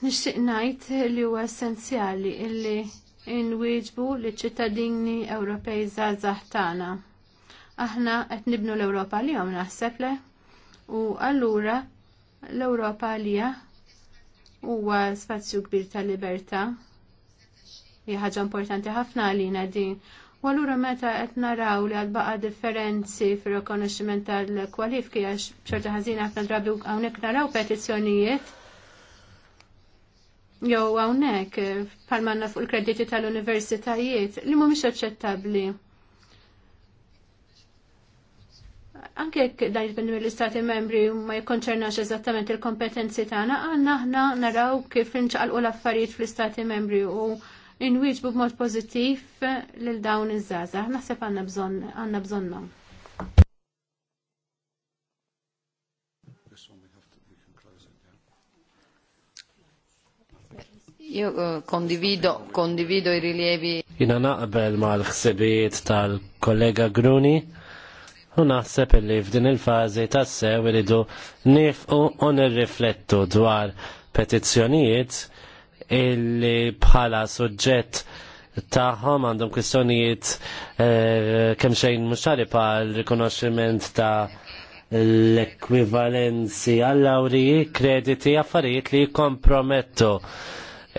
Nixtieq ngħid li huwa essenzjali illi nwieġbu li ċittadini Ewropej żgħażagħ tagħna. Aħna qed nibnu l-Ewropa li hom naħseb le u allura l-Ewropa għalija huwa spazju kbir ta' libertà. Hija ħaġa importanti ħafna għalina din U allura meta qed naraw li għad baqa differenzi fir-rikonoxximent tal-kwalifiki għax b'ċerta ħażin aħna drabi hawnhekk naraw petizzjonijiet jew hawnhekk bħal manna fuq il-krediti tal-universitajiet li mhumiex aċċettabbli. Anke jekk dan jiddependi mill-istati membri ma jikkonċernax eżattament il-kompetenzi tagħna, għandna aħna naraw kif inċaqalqu l-affarijiet fl-istati membri u inwieġbu b'mod pożittiv lil dawn iż-żgħażagħ. Naħseb għandna bżonn għandna bżonnhom. Io eh, condivido, condivido i rilievi. Jina naqbel ma l ħsibiet tal-kollega Gruni u naħseb li f'din il-fazi tas-sew iridu nifqu u nirriflettu dwar petizzjonijiet illi bħala suġġett taħħom għandhom kwistjonijiet eh, kemm xejn mhux muxari l rikonoxximent ta' l-ekwivalenzi għall-awri krediti affarijiet li kompromettu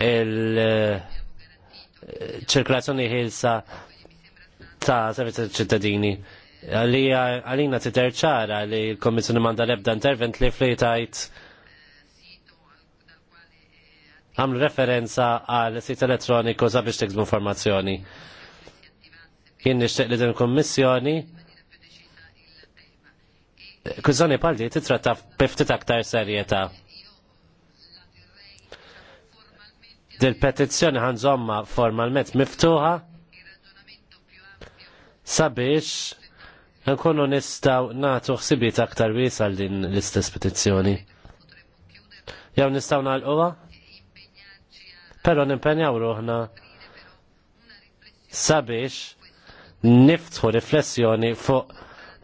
il-ċirkolazzjoni ħilsa ta' servizzi ċittadini. Għalina titerċara li l-Kommissjoni manda lebda intervent li flitajt għamlu referenza għal sit elettroniku sabiex tiksbu informazzjoni. Jien nixtieq li din kummissjoni kużoni paldi titratta biftit aktar serjetà. Dil petizzjoni ħanżomma formalment miftuħa sabiex nkunu nistaw nagħtu ħsibiet aktar wisa għal din l-istess petizzjoni. Jew nistgħu nagħlquha? pero nimpenjaw ruħna sabiex niftħu riflessjoni fuq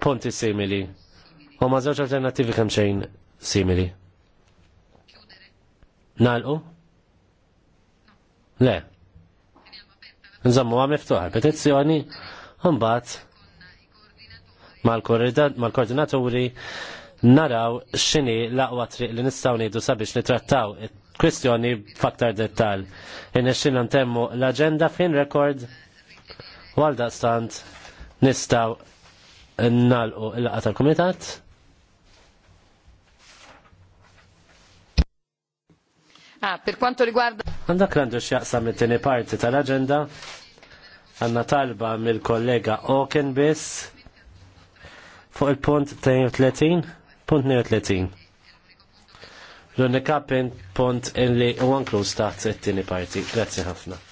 punti simili. U ma żewġ alternattivi kemm xejn simili. Nalqu? Le. Nżammu għam miftuħa petizzjoni, mbagħad mal-koordinaturi naraw x'inhi l-aqwa triq li nistgħu ngħidu sabiex nitrattaw it kwestjoni faktar dettal. Inexxina ntemmu l-agenda fin rekord u għal daqstant nistaw nalqu il-laqa tal-komitat. Ah, per quanto riguarda... Għanda krandu xjaqsa it-tini parti tal-agenda għanna talba mill-kollega Oken Biss fuq il-punt 32, punt 32 l pont punt li u anklus staħt settini parti. Grazie ħafna.